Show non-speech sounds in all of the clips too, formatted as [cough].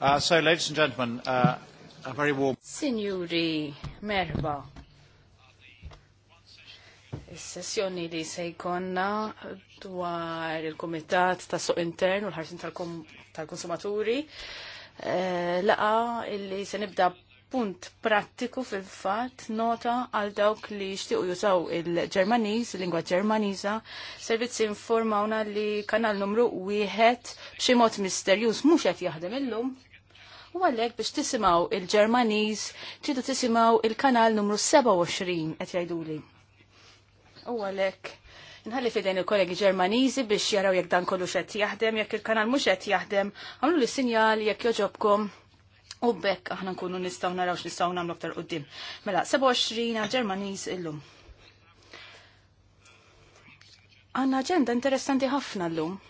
Uh, so, ladies and gentlemen, uh, a very warm... Signori, merba. Is-sessjoni li se dwar il-Kumitat ta' Suq Intern u l-ħarsin tal-Konsumaturi tal eh, laqa illi se nibda punt prattiku fil-fat nota għal dawk li xtiqu jużaw il-Ġermaniż, il-lingwa Ġermaniża, servizzi informawna li kanal numru wieħed b'xi mod misterjuż mhux qed jaħdem illum u għalhekk biex tisimgħu il-Ġermaniż tridu tisimgħu il-kanal numru 27 qed jgħiduli. U għalhekk nħalli fidejn il-kollegi Ġermaniżi biex jaraw jekk dan kollu xed jaħdem, jekk il-kanal mhux qed jaħdem, għamlu li sinjal jekk joġobkom u bekk aħna nkunu nistgħu naraw x'nistgħu nagħmlu aktar qudiem. Mela 27 għal-Ġermaniż illum. Għanna ġenda interessanti ħafna l-lum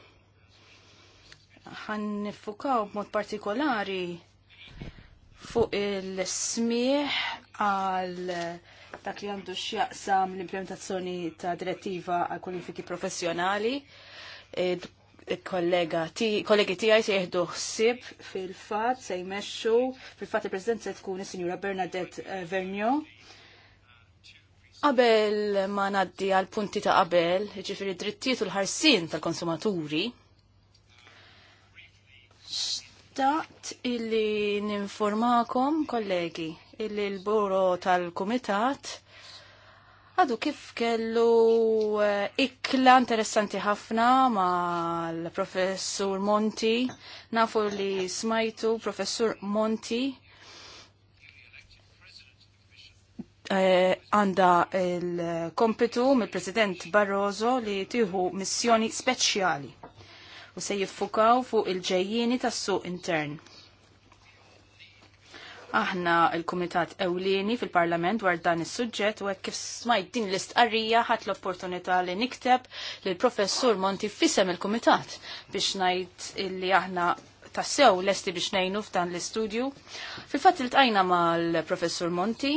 ħan nifukaw b'mod partikolari fuq il-smieħ għal dak li għandu x'jaqsam l-implementazzjoni ta' direttiva għal kwalifiki professjonali. Kollega ti, kollegi tiegħi se jieħdu ħsieb fil-fatt se jmexxu fil-fatt il-President se tkun is-Sinjura Bernadette eh, Vernio. Qabel ma ngħaddi għal punti ta' qabel, ġifieri drittijiet u l-ħarsin tal-konsumaturi, Xtaqt illi ninformakom, kollegi, illi l-buro tal-komitat għadu kif kellu eh, ikla interessanti ħafna mal professur Monti. Nafu li smajtu professur Monti eh, għanda il-kompitu mill-President Barroso li tiħu missjoni speċjali u se jiffukaw fuq il-ġejjieni tas-suq intern. Aħna il-Kumitat Ewlieni fil-Parlament dwar dan is-suġġett u hekk kif smajt din l-istqarrija ħadd l-opportunità li nikteb lil professur Monti fisem il-Kumitat biex ngħid illi aħna tassew lesti biex nejnu f'dan l-istudju. Fil-fatt il-tajna mal-professur Monti,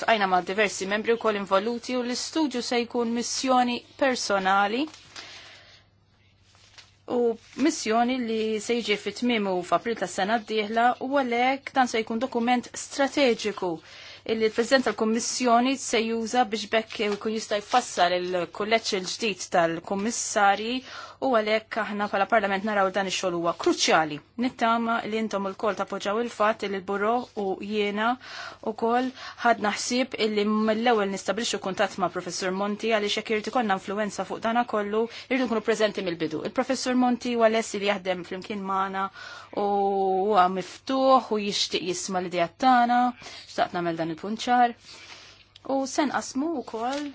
għajna ma' diversi membri u kol involuti u l-istudju se jkun missjoni personali u missjoni li se jiġi fit-tmimu f'April tas sena d-dieħla u għalhekk dan se jkun dokument strateġiku illi l-President tal-Kommissjoni se juża biex bekk kun jista' jfassal il-kulleġġ il-ġdid tal-Kummissarji u għalhekk aħna bħala Parlament naraw dan ix-xogħol huwa kruċjali. Nittama li intom ukoll tappoġġaw il-fatt li l-Buro u jiena ukoll ħadna ħsieb illi mill-ewwel nistabbilxu kuntatt ma' Professur Monti għaliex jekk irid ikollna influenza fuq dana kollu irridu nkunu preżenti mill-bidu. Il-Professur Monti huwa lesti li jaħdem flimkien magħna u huwa miftuħ u jixtieq jisma' l-idea tagħna, xtaqt nagħmel dan dan il punċar ċar. U sen qasmu wkoll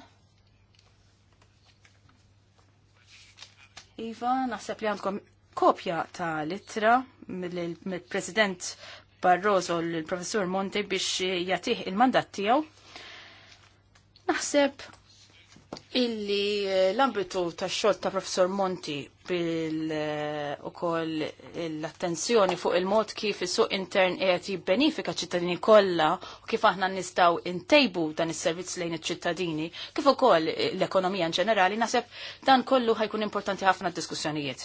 Iva, naħseb li għandkom kopja ta' litra mill-President Barroso l-Professur Monti biex jatih il-mandat tiegħu. Naħseb illi eh, l-ambitu ta' xogħol ta' Professor Monti bil eh, ukoll l-attenzjoni fuq il-mod kif is-suq intern qiegħed jibbenifika ċittadini kollha u kif aħna nistgħu intejbu dan is-servizz lejn iċ-ċittadini, kif ukoll l-ekonomija ġenerali naħseb dan kollu ħajkun importanti ħafna d-diskussjonijiet.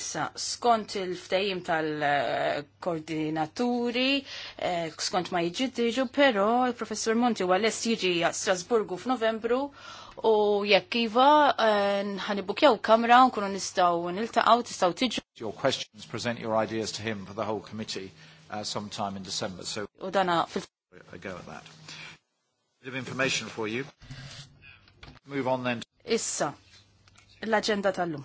Issa, skont il-ftehim tal-koordinaturi, eh, skont ma jiġi diġu, però il-Professor Monti huwa lest jiġi Strasburgu f'Novembru u jekk iva eh, ħanibukjaw kamra nkunu nistgħu niltaqgħu tistaw tiġu. Your questions present your ideas to him for the whole committee uh, sometime in December. So u dana fil a go at that. A bit of information for you. Move on then. Issa l agenda tal-lum.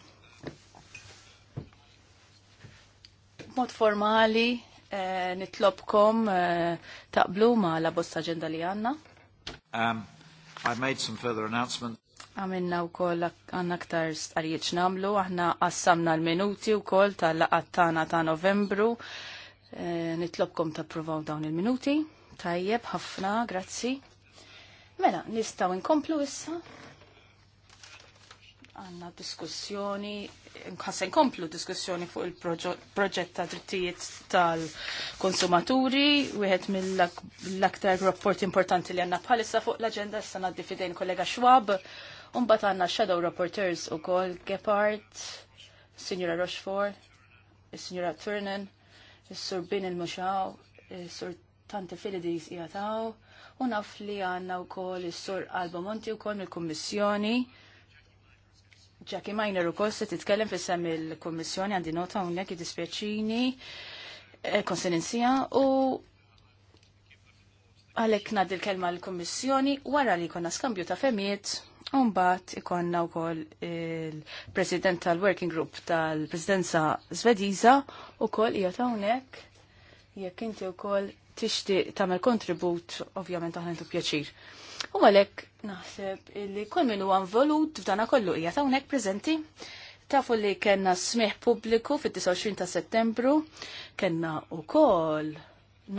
Mod formali eh, nitlobkom eh, taqblu ma la bosta agenda li għanna. Um, I made some further announcement. Għamilna u koll għanna ktar starijiet namlu, aħna għassamna l-minuti u koll tal-laqattana ta' novembru. Eh, nitlobkom ta' provaw dawn il-minuti. Tajjeb, ħafna, grazzi. Mela, nistaw inkomplu issa għanna diskussjoni, nħassan nkomplu diskussjoni fuq il-proġett ta' drittijiet tal-konsumaturi, wieħed mill-aktar rapport importanti li għanna bħalissa fuq l-agenda s-sana fidejn kollega Schwab, unbat għanna Shadow Reporters u kol Gepard, Signora Rochefort, Signora Turnen, Sur Bin il-Muxaw, Sur Tante Filidis jgħataw, unaf li għanna u kol Sur Alba Monti u kol il kommissjoni Jackie Miner u se titkellem fissem il-kommissjoni għandi nota unnek id-dispieċini eh, konsenenzija u għalek nad il-kelma l-kommissjoni wara li konna skambju ta' femiet Umbat ikonna u koll il-president tal-working group tal-presidenza svediza u koll jgħata unnek jekk inti u koll tixtieq tagħmel kontribut, ovvjament aħna tu pjaċir. U għalhekk naħseb li kull minn huwa volut f'dana kollu hija ta' hawnhekk preżenti. Tafu li kena smieħ pubbliku fit-29 ta' settembru, kena u koll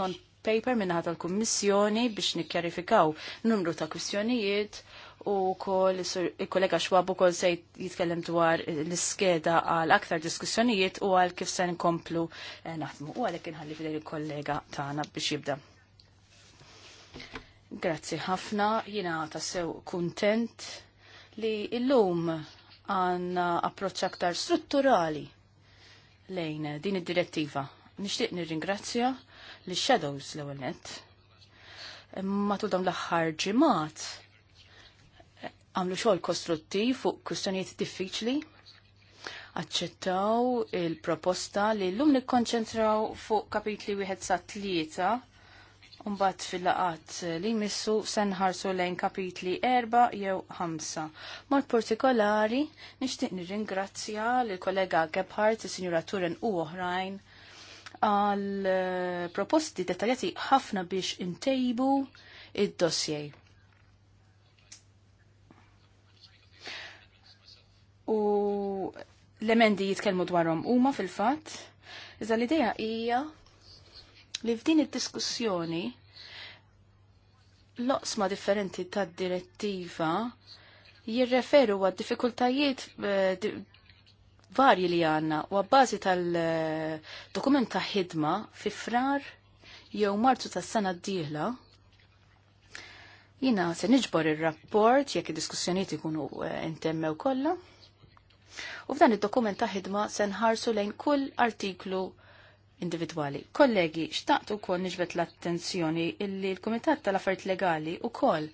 non paper minnaħat tal-Kummissjoni biex nikkjarifikaw numru ta' kwistjonijiet u kol il-kollega xwabu kol se jitkellem dwar l-skeda għal aktar diskussjonijiet u għal kif se nkomplu eh, naħdmu. U għalek nħalli fidel il-kollega tagħna biex jibda. Grazzi ħafna, jina tassew kontent li illum għanna approċċ aktar strutturali lejn din id-direttiva. Nixtieq nirringrazzja li shadows l-ewwel net. Matul dawn l-aħħar ġimgħat għamlu xogħol kostruttiv fuq kwistjonijiet diffiċli. Aċċettaw il-proposta li l-lum nikkonċentraw fuq kapitli wieħed sa tlieta Umbat fil-laqat li missu senħarsu lejn kapitli erba' jew ħamsa. Mod partikolari, nixtieq nirringrazzja lill kollega Gebhardt, il-Sinjura Turen u oħrajn għal eh, proposti dettaljati ħafna biex intejbu id-dossier. u l-emendi jitkellmu dwarhom huma fil-fatt. Iżda l-idea hija li f'din id-diskussjoni loqsma differenti tad direttiva jirreferu għad diffikultajiet eh, varji li għanna u għabbażi tal-dokument ta' ħidma fi frar jew marzu tas sena d-dieħla jina se niġbor il-rapport jekk id-diskussjoniet ikunu eh, intemmew kollha U f'dan id-dokument ta' ħidma se nħarsu lejn kull artiklu individwali. Kollegi, xtaqt ukoll niġbet l-attenzjoni illi l-Kumitat tal-Affarijiet Legali wkoll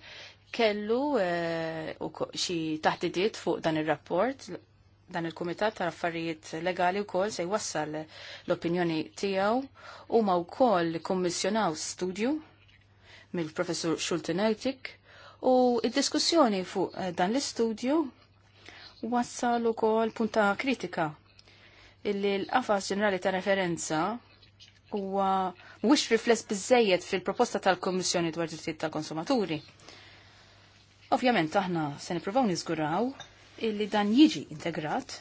kellu eh, xi taħdidiet fuq dan ir-rapport dan il-Kumitat tal-Affarijiet Legali wkoll se jwassal l-opinjoni tiegħu huma wkoll kummissjonaw studju mill-professur Schulten u id-diskussjoni fuq eh, dan l-istudju wassal ukoll punta kritika illi l-qafas ġenerali ta' referenza huwa mhuwiex rifless biżejjed fil-proposta tal-Kummissjoni dwar Dritt tal-konsumaturi. Ovvjament aħna se nippruvaw niżguraw illi dan jiġi integrat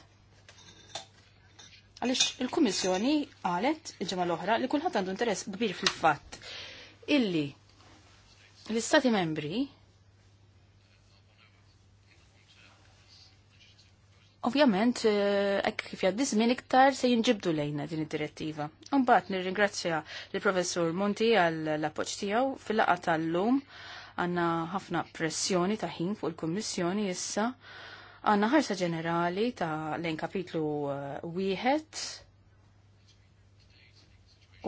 għalix il-Kummissjoni għalet il ġimgħa l-oħra li kullħat għandu interess kbir fil-fatt illi l-Istati membri Ovvjament, eh, hekk kif jgħaddi żmien iktar se jinġibdu lejna din id-direttiva. nir nirringrazzja lill professor Monti għall appoġġ tiegħu fil-laqgħa tal-lum għandna ħafna pressjoni ta' ħin fuq il-Kummissjoni issa. Għandna ħarsa ġenerali ta' lejn kapitlu eh, wieħed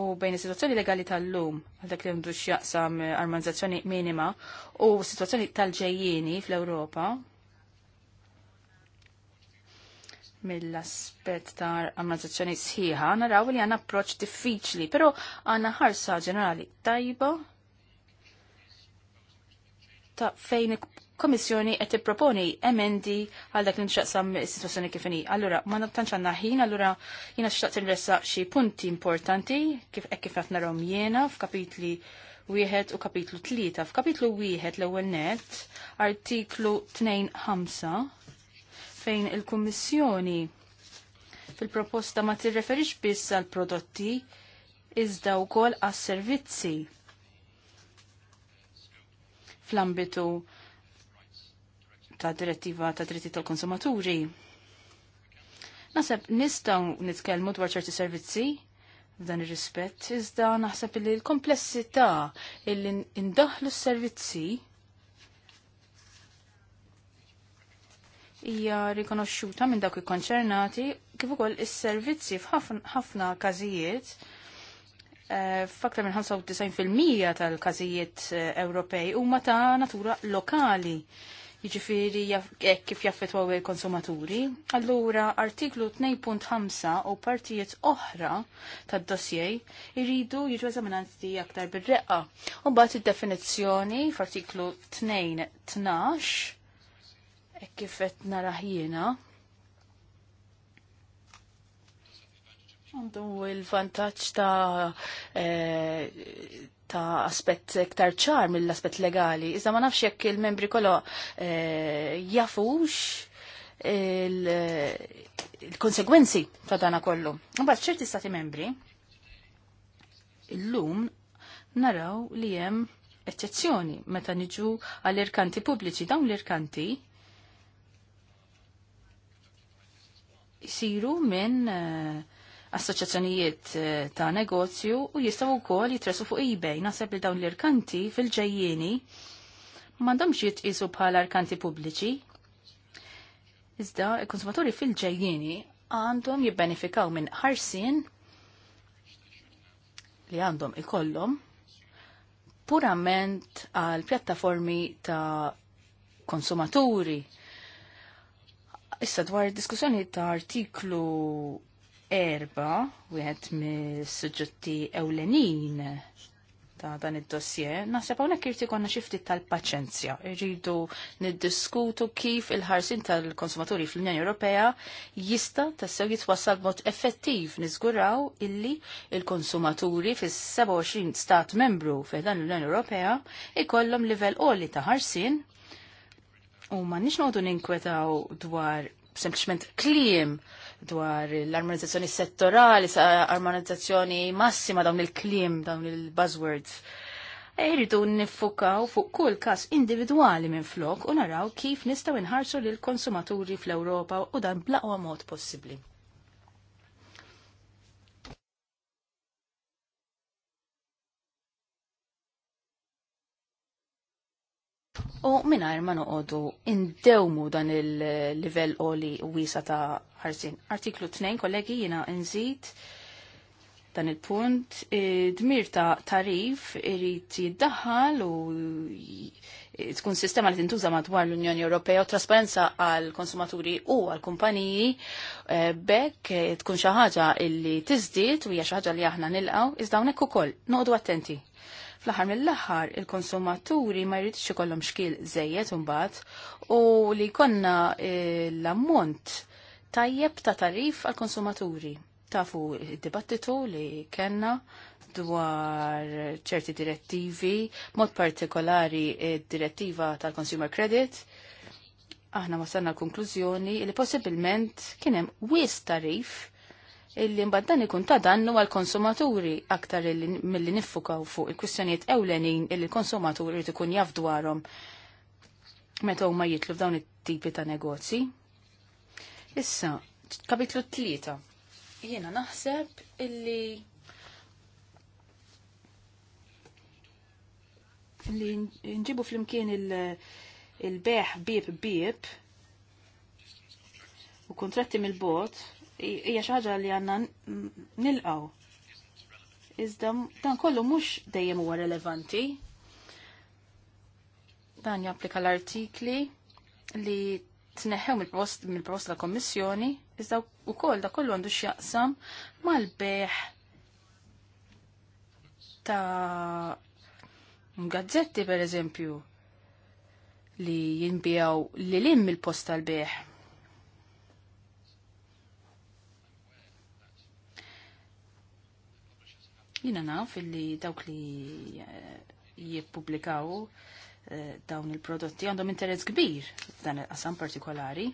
u bejn is-sitwazzjoni legali tal-lum għal dak li għandu x'jaqsam armanizzazzjoni minima u s-sitwazzjoni tal-ġejjieni fl-Ewropa mill-aspet ta' amministrazzjoni sħiħa, naraw li għanna approċ diffiċli, pero għanna ħarsa ġenerali tajba ta' fejn komissjoni qed tipproponi emendi għal dak li nxaqsam is-sitwazzjoni kif inhi. Allura ma tantx għandna ħin, allura jiena xtaqt inressa xi punti importanti kif hekk kif qed narhom jiena f'kapitli wieħed u kapitlu tlieta. F'kapitlu wieħed l-ewwel net, artiklu tnejn 5 fejn il-Kummissjoni fil-proposta ma tirreferix biss għal prodotti iżda wkoll għas servizzi fl-ambitu ta' direttiva ta' dritti tal-konsumaturi. Naseb nistaw nitkellmu dwar ċerti servizzi f'dan ir-rispett, iżda naħseb li l-komplessità illi indaħlu s-servizzi hija rikonoxxuta minn dawk konċernati kif ukoll is-servizzi f'ħafna każijiet eh, f'aktar minn 95% tal-każijiet eh, Ewropej huma ta' natura lokali. Jiġifieri hekk eh, kif jaffettwaw il-konsumaturi. Allura artiklu 2.5 u partijiet oħra tad-dossier iridu jiġu eżaminanti aktar bir-reqqa. U mbagħad id-definizzjoni f'artiklu 2.12 E kifet naraħjina. Għandu il-vantaċ ta' e, ta' aspett iktar ċar mill-aspett legali. Iżda ma nafx jekk il-membri kolo e, jafux il-konsegwenzi ta' dana kollu. Mbagħad ċerti stati membri illum naraw li hemm eċċezzjoni meta niġu għall-irkanti pubbliċi dawn l-irkanti jisiru minn eh, assoċjazzjonijiet eh, ta' negozju u jistaw ukoll jitresu fuq eBay. Naseb li dawn l-irkanti fil-ġejjieni m'għandhomx jitqisu bħala arkanti pubbliċi. Iżda il-konsumaturi fil-ġejjieni għandhom jibbenefikaw minn ħarsien li għandhom ikollhom purament għal pjattaformi ta' konsumaturi Issa dwar diskussjoni ta' artiklu erba, wieħed mis-suġġetti ewlenin ta' dan id-dossier, naħseb hawnhekk irid ikollna xi ftit tal-paċenzja. Irridu niddiskutu kif il-ħarsin tal-konsumaturi fl-Unjoni Ewropea jista' tassew jitwassal b'mod effettiv niżguraw illi il-konsumaturi fis-27 stat membru fih dan l-Unjoni Ewropea ikollhom livell qoli ta' ħarsin U ma nix noqdu ninkwetaw dwar sempliciment kliem dwar l-armonizzazzjoni settorali, sa armonizzazzjoni massima dawn il-kliem, dawn il-buzzwords. Ejridu nifukaw fuq kull kas individuali minn flok u naraw kif nistaw inħarsu l konsumaturi fl-Ewropa u dan blaqwa mod possibli. u mingħajr ma noqogħdu indewmu dan il u li wiesa ta' ħarsin. Artiklu 2, kollegi, jiena nżid dan il-punt, dmir ta' tarif irrit jiddaħħal u tkun sistema li tintuża madwar l-Unjoni Ewropea u trasparenza għal konsumaturi u għal kumpaniji eh, bekk eh, tkun xi ħaġa li tiżdied u hija xi ħaġa li aħna nilqgħu iżda hawnhekk ukoll noqogħdu attenti fl-aħħar mill-aħħar il-konsumaturi ma jridx ikollhom xkil żejjed imbagħad u li jkollna eh, l-ammont tajjeb ta' tarif għall konsumaturi Tafu id-dibattitu li kellna dwar ċerti direttivi, mod partikolari id-direttiva tal-Consumer Credit, aħna wasalna l-konklużjoni li possibilment kienem wis tarif illi mbagħad dan ikun ta' dannu għal konsumaturi aktar milli niffukaw fuq il-kwistjonijiet ewlenin illi konsumaturi irid ikun jaf dwarhom meta huma jitlu f'dawn it-tipi ta' negozji. Issa, kapitlu tlieta. Jiena naħseb illi li nġibu fl-imkien il-beħ bib bib u kontratti mill-bot hija xi ħaġa li għandna nilqgħu. Iżda dan kollu mhux dejjem huwa relevanti. Dan japplika l-artikli li tneħħew mill-post mill-post ta' kommissjoni, iżda wkoll da kollu għandu x'jaqsam mal-beħ ta' gazzetti per eżempju li jinbijaw li lim il-post tal-beħ Jina naf illi dawk li eh, jippubblikaw eh, dawn il-prodotti għandhom interess kbir f'dan il-qasam partikolari.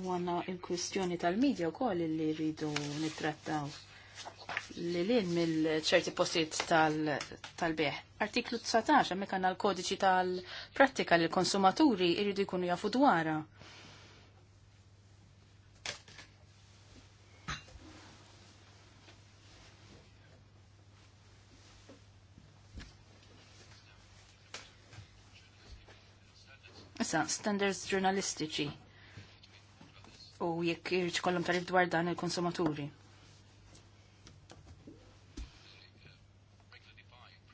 U għanna il-kwistjoni tal-medja u koll li rridu nittrattaw li lin mill-ċerti postiet tal-beħ. Artiklu 19, għamek kanna l-kodiċi tal-prattika li l-konsumaturi irridu jkunu jafu dwara. Issa, standards ġurnalistiċi u jekk irċ kollum tarif dwar dan il-konsumaturi.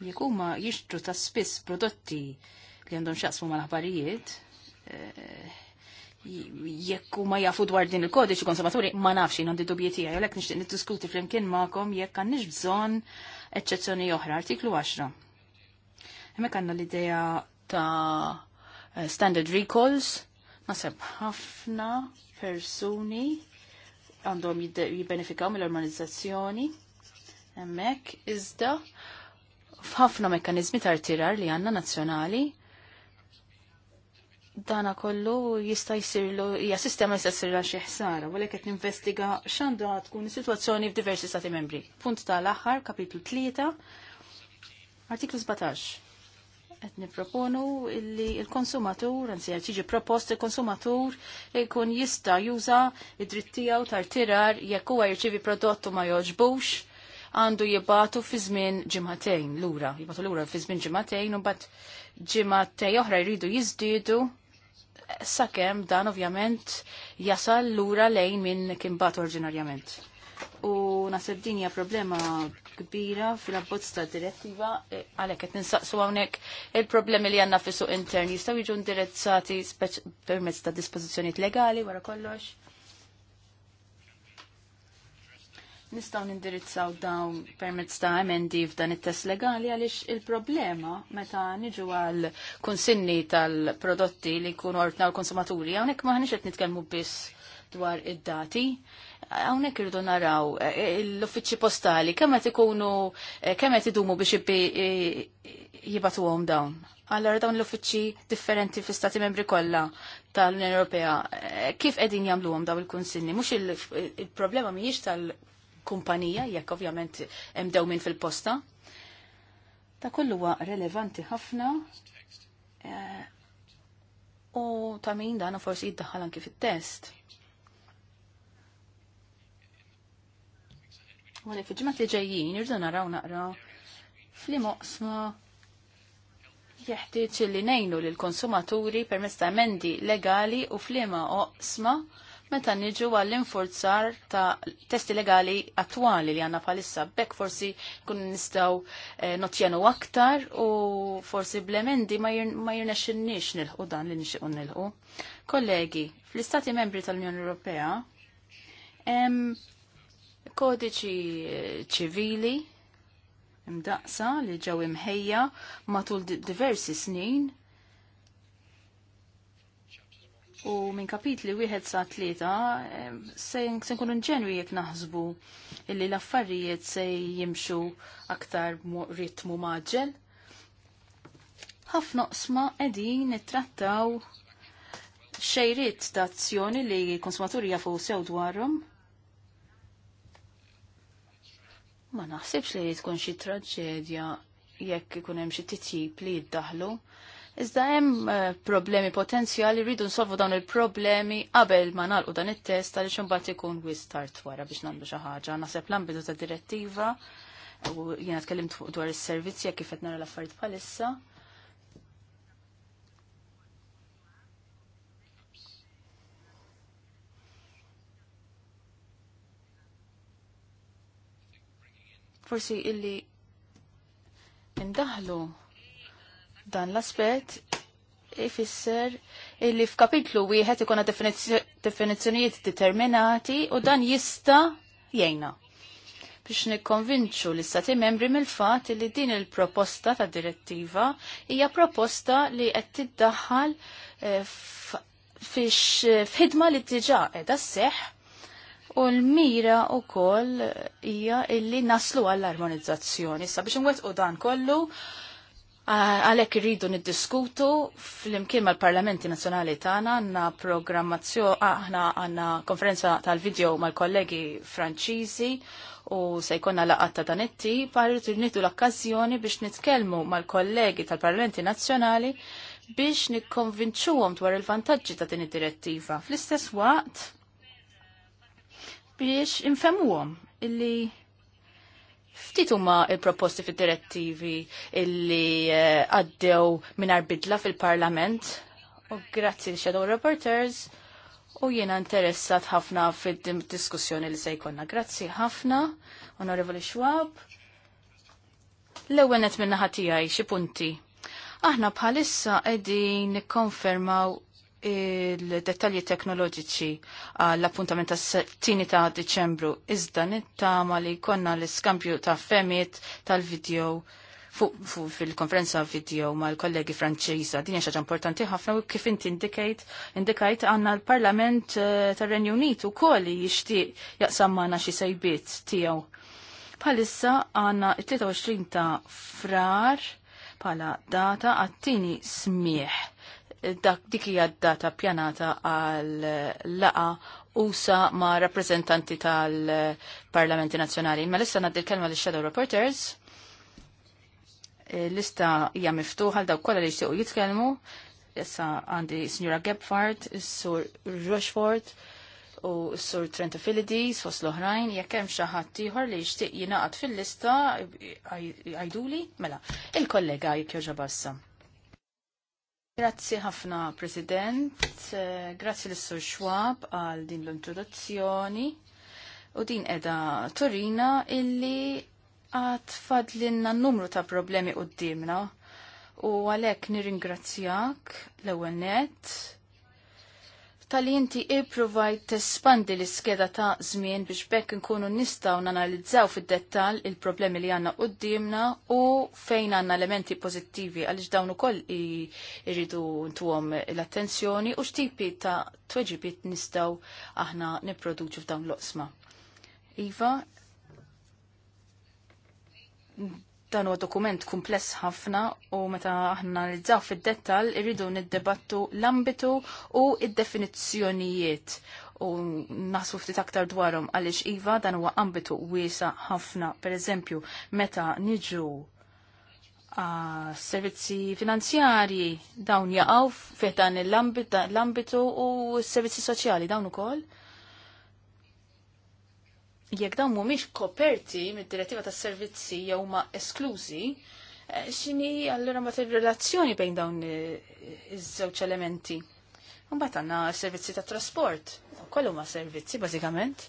Jekk huma jixtru ta' spiss prodotti li għandhom xaqsmu mal-aħbarijiet, eh, jekk huma jafu dwar din il-kodiċi konsumaturi, ma nafx jien għandi dubji tiegħi, għalhekk nixtieq niddiskuti flimkien magħkom jekk għandniex bżonn eċċezzjoni oħra, artiklu 10. Hemmhekk għandna l-idea ta' Eh, standard recalls, nasab ħafna persuni għandhom jibbenefikaw mill-organizzazzjoni hemmhekk iżda f'ħafna mekkaniżmi ta' tirar li għandna nazzjonali dana kollu jista' jsirlu hija sistema jista' jsirla xi ħsara, u qed ninvestiga x'għandu tkun is-sitwazzjoni f'diversi stati membri. Punt tal-aħħar, kapitlu 3, artiklu 17 qed nipproponu li l-konsumatur, anzi qed jiġi propost il-konsumatur jkun jista' juża id-dritt tiegħu tar-tirar jekk huwa jirċievi prodott u ma jogħġbux għandu jibatu fi żmien ġimagħtejn lura, jibatu lura fi żmien ġimagħtejn u mbagħad ġimagħtej oħra jridu jiżdiedu sakemm dan ovvjament jasal lura lejn minn kien bat oriġinarjament. U nasib din hija problema kbira fil-abbozz ta' direttiva e, għalhekk qed ninsaqsu hawnhekk il-problemi li għandna fis-suq intern jistgħu jiġu indirezzati permezz ta' dispożizzjonijiet legali wara kollox. nistaw nindirizzaw dawn permezz ta' emendi f'dan it-test legali għaliex il-problema meta niġu għal kunsinni tal-prodotti li jkunu ordna l-konsumaturi hawnhekk maħniex qed nitkellmu biss dwar id-dati hawnhekk irdu naraw eh, eh, l-uffiċċji postali kemm qed ikunu eh, kemm qed idumu biex jibatuhom dawn. Allora dawn l-uffiċċji differenti fi stati membri kollha tal-Unjoni Ewropea, kif qegħdin jagħmluhom daw il-kunsinni? Mhux il-problema mhijiex tal-kumpanija, jekk ovvjament hemm dewmin fil-posta. Ta' kollu huwa relevanti ħafna u ta' min dan forsi jiddaħħal anki fit-test. U għalek fil-ġimat li ġejjin jirdu naraw naqra fli moqsma jeħtieġ li nejnu lil konsumaturi permezz ta' emendi legali u flima oqsma meta niġu għall-infurzar ta' testi legali attwali li għanna palissa bekk forsi kun nistaw eh, notjenu aktar u forsi blemendi ma jirnexinniex nilħu dan li nixqu nilħu. Kollegi, fl-Istati membri tal-Unjoni Ewropea kodiċi eh, ċivili imdaqsa li ġew imħejja matul diversi snin u minn kapitli wieħed sa tlieta eh, se nkunu nġenwi jekk naħsbu illi l-affarijiet se jimxu aktar ritmu maġġel. Ħafna qsma qegħdin nittrattaw xejriet ta' azzjoni li konsumaturi jafu sew dwarhom Ma naħsibx li tkun xi traġedja jekk ikun hemm xi titjib li jiddaħlu. Iżda hemm eh, problemi potenzjali rridu nsolvu dawn il-problemi qabel ma nagħlqu dan it-test għaliex imbagħad ikun wistart wara biex nagħmlu xi ħaġa. Naħseb l-ambitu ta' direttiva u jiena tkellimt fuq dwar is-servizzi jekk kif qed nara l-affarijiet bħalissa. forsi illi indaħlu dan l-aspet ifisser illi f'kapitlu wieħed ikona definizzjonijiet determinati u dan jista jgħinna biex nikkonvinċu l-istati membri mill-fat li din il-proposta ta' direttiva hija proposta li qed tiddaħħal eh, eh, f'ħidma li diġà qiegħda sseħħ U l-mira u koll hija illi naslu għall-armonizzazzjoni. Sa biex nwet u dan kollu, għalek rridu niddiskutu fl-imkien mal-parlamenti nazjonali tagħna għandna programmazzjoni aħna għandna konferenza tal-video mal-kollegi Franċiżi u se jkollna laqgħat ta' dan it-tip rridu nidu l-okkażjoni biex nitkellmu mal-kollegi tal-parlamenti nazzjonali biex nikkonvinċuhom dwar il-vantaġġi ta' din id-direttiva. Fl-istess waqt, biex infemuhom illi ftit huma il-proposti fid-direttivi illi eh, għaddew mingħajr bidla fil-Parlament u grazzi l-Shadow Reporters u jiena interessat ħafna fid-diskussjoni li se jkollna. Grazzi ħafna, Onorevoli Schwab. L-ewwel minna ħatijaj xi punti. Aħna bħalissa qegħdin nikkonfermaw il detalji teknoloġiċi għall-appuntament ta' tini ta' Deċembru. Iżda nittama li konna l-iskampju ta' femiet tal-video fu, fil-konferenza video ma' l-kollegi franċiża. Din hija xaġa importanti ħafna u kif inti indikajt indikajt għandna l-Parlament eh, tar-Renju Unit ukoll jixtieq jaqsam magħna xi sejbiet tiegħu. Bħalissa għandna 23 ta' frar bħala data għat-tieni smieħ dak dik hija data pjanata għal laqa usa ma' rappresentanti tal-Parlamenti Nazzjonali. Ma lista naddi l-kelma li shadow Reporters. Lista hija miftuħa għal dawk kollha li jixtiequ jitkellmu. Issa għandi Signora Gebhardt, Sur Rushford u Sur Trenta Filidis, fos l-oħrajn, jekk hemm xi ħadd ieħor li jixtieq jingħaqad fil-lista għajduli, mela, il-kollega jekk joġa bassa. Grazzi ħafna, President. Eh, grazzi l sur Schwab għal din l-introduzzjoni. U din edha Torina illi għad fadlinna numru ta' problemi u d-dimna. U għalek nirringrazzjak l-ewenet tal-li inti i-provajt t-spandi l-iskeda ta' zmin biex bekk nkunu nistaw nanalizzaw fid-dettal il-problemi li għanna d-dimna u fejn għanna elementi pozittivi għalix dawn ukoll irridu ntuhom l-attenzjoni u x'tipi ta' tweġibit nistaw aħna niproduċu f'dawn l-oqsma. Iva, dan huwa dokument kumpless ħafna u meta aħna analizzaw fid-dettal irridu niddebattu l-ambitu u id-definizzjonijiet u nasu ftit aktar dwarhom għaliex iva dan huwa ambitu wiesa ħafna. Pereżempju, meta niġu servizzi finanzjarji dawn jaqgħu fih dan l-ambitu u s-servizzi soċjali dawn ukoll jekk dawn mhumiex koperti mid-direttiva tas-servizzi jew ma esklużi, eh, x'inhi allura ma relazzjoni bejn dawn eh, iż-żewġ elementi. Mbagħad għandna s-servizzi tat trasport, kollu ma servizzi bażikament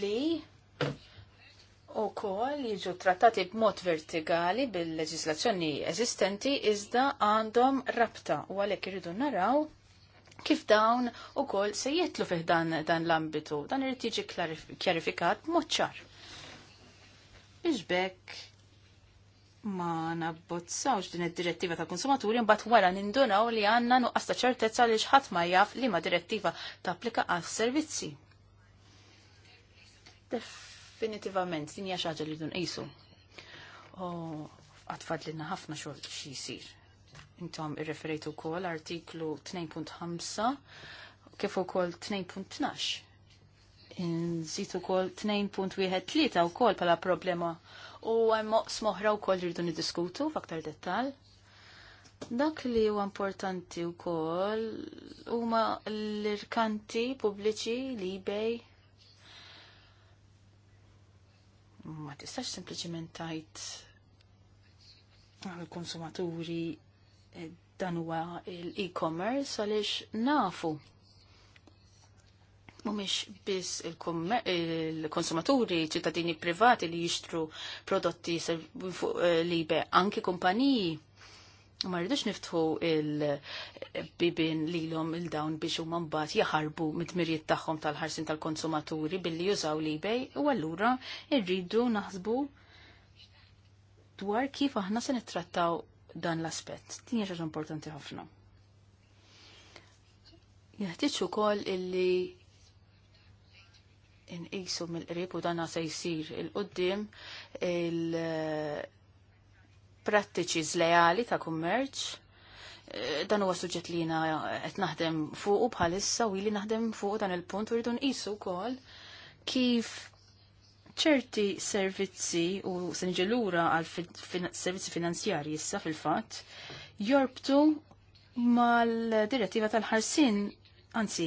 li u jiġu trattati b'mod vertikali bil-leġislazzjoni eżistenti iżda għandhom rabta u għalhekk irridu naraw kif dawn ukoll se jietlu fih dan, dan l-ambitu, dan irid jiġi kjarifikat mod ċar. Iġbek ma nabbozzawx din id-direttiva ta' konsumaturi mbagħad wara nindunaw li għandna nuqqas ta' ċertezza li x'ħadd ma jaf li ma direttiva tapplika għas servizzi. Definitivament din hija xi ħaġa li dun qisu. Oh, Għatfad li ħafna xogħol xi jsir intom irreferejtu kol artiklu 2.5 kif ukoll 2.12. Nżid ukoll 2.13 wkoll bħala problema u hemm smoħra wkoll rridu nidiskutu f'aktar dettall. Dak li huwa importanti wkoll huma l-irkanti pubbliċi li ebay ma tistax sempliċiment tajt għal konsumaturi dan huwa l-e-commerce għaliex nafu mhumiex biss il-konsumaturi, ċittadini privati li jixtru prodotti eh, libe, anki kumpaniji. Ma rridux niftħu il-bibin lilhom il-dawn biex huma mbagħad jaħarbu mid mirjiet tagħhom tal-ħarsin tal-konsumaturi billi jużaw l u allura rridu naħsbu dwar kif aħna se nittrattaw dan l-aspett. Din hija importanti ħafna. Jeħtieġ ukoll illi inqisu mill-qrib u dan se jsir il-qudiem il-prattiċi zlejali ta' kummerċ eh, dan huwa suġġett li jina qed naħdem fuq bħalissa u li naħdem fuq dan il-punt u rridu nqisu wkoll kif ċerti servizzi u senġelura għal servizzi finanzjari issa fil-fatt jorbtu mal-direttiva tal-ħarsin, anzi,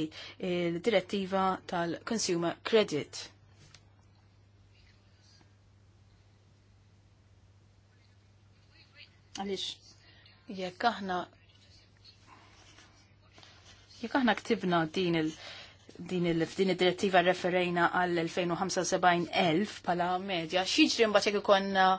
direttiva tal-Consumer Credit. Għalix, jekk aħna jekk aħna ktibna din il- din il-din id-direttiva referejna għall 2075.000 pala medja, xieġri mbaċek ikonna um,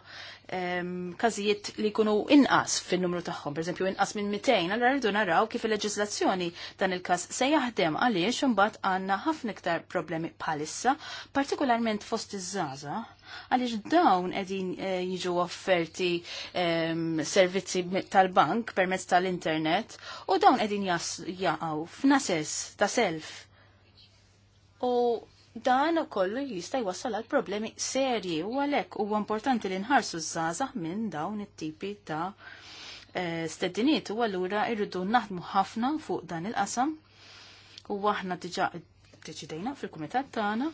ehm, kazijiet li kunu inqas fin-numru tagħhom, pereżempju inqas minn 200, allora rridu naraw kif il-leġislazzjoni dan il-każ se jaħdem għaliex imbagħad għandna ħafna iktar problemi bħalissa, partikolarment fost iż-żaża, għaliex dawn qegħdin eh, jiġu offerti ehm, servizzi tal-bank permezz tal-internet u dawn qegħdin jaqgħu f'nases ta' self u dan kollu jista' jwassal għal problemi serji u għalhekk huwa importanti li nħarsu z-zaza minn dawn it-tipi ta' eh, stedinit u allura irridu naħdmu ħafna fuq dan il-qasam u aħna diġa deċidejna fil-kumitat tagħna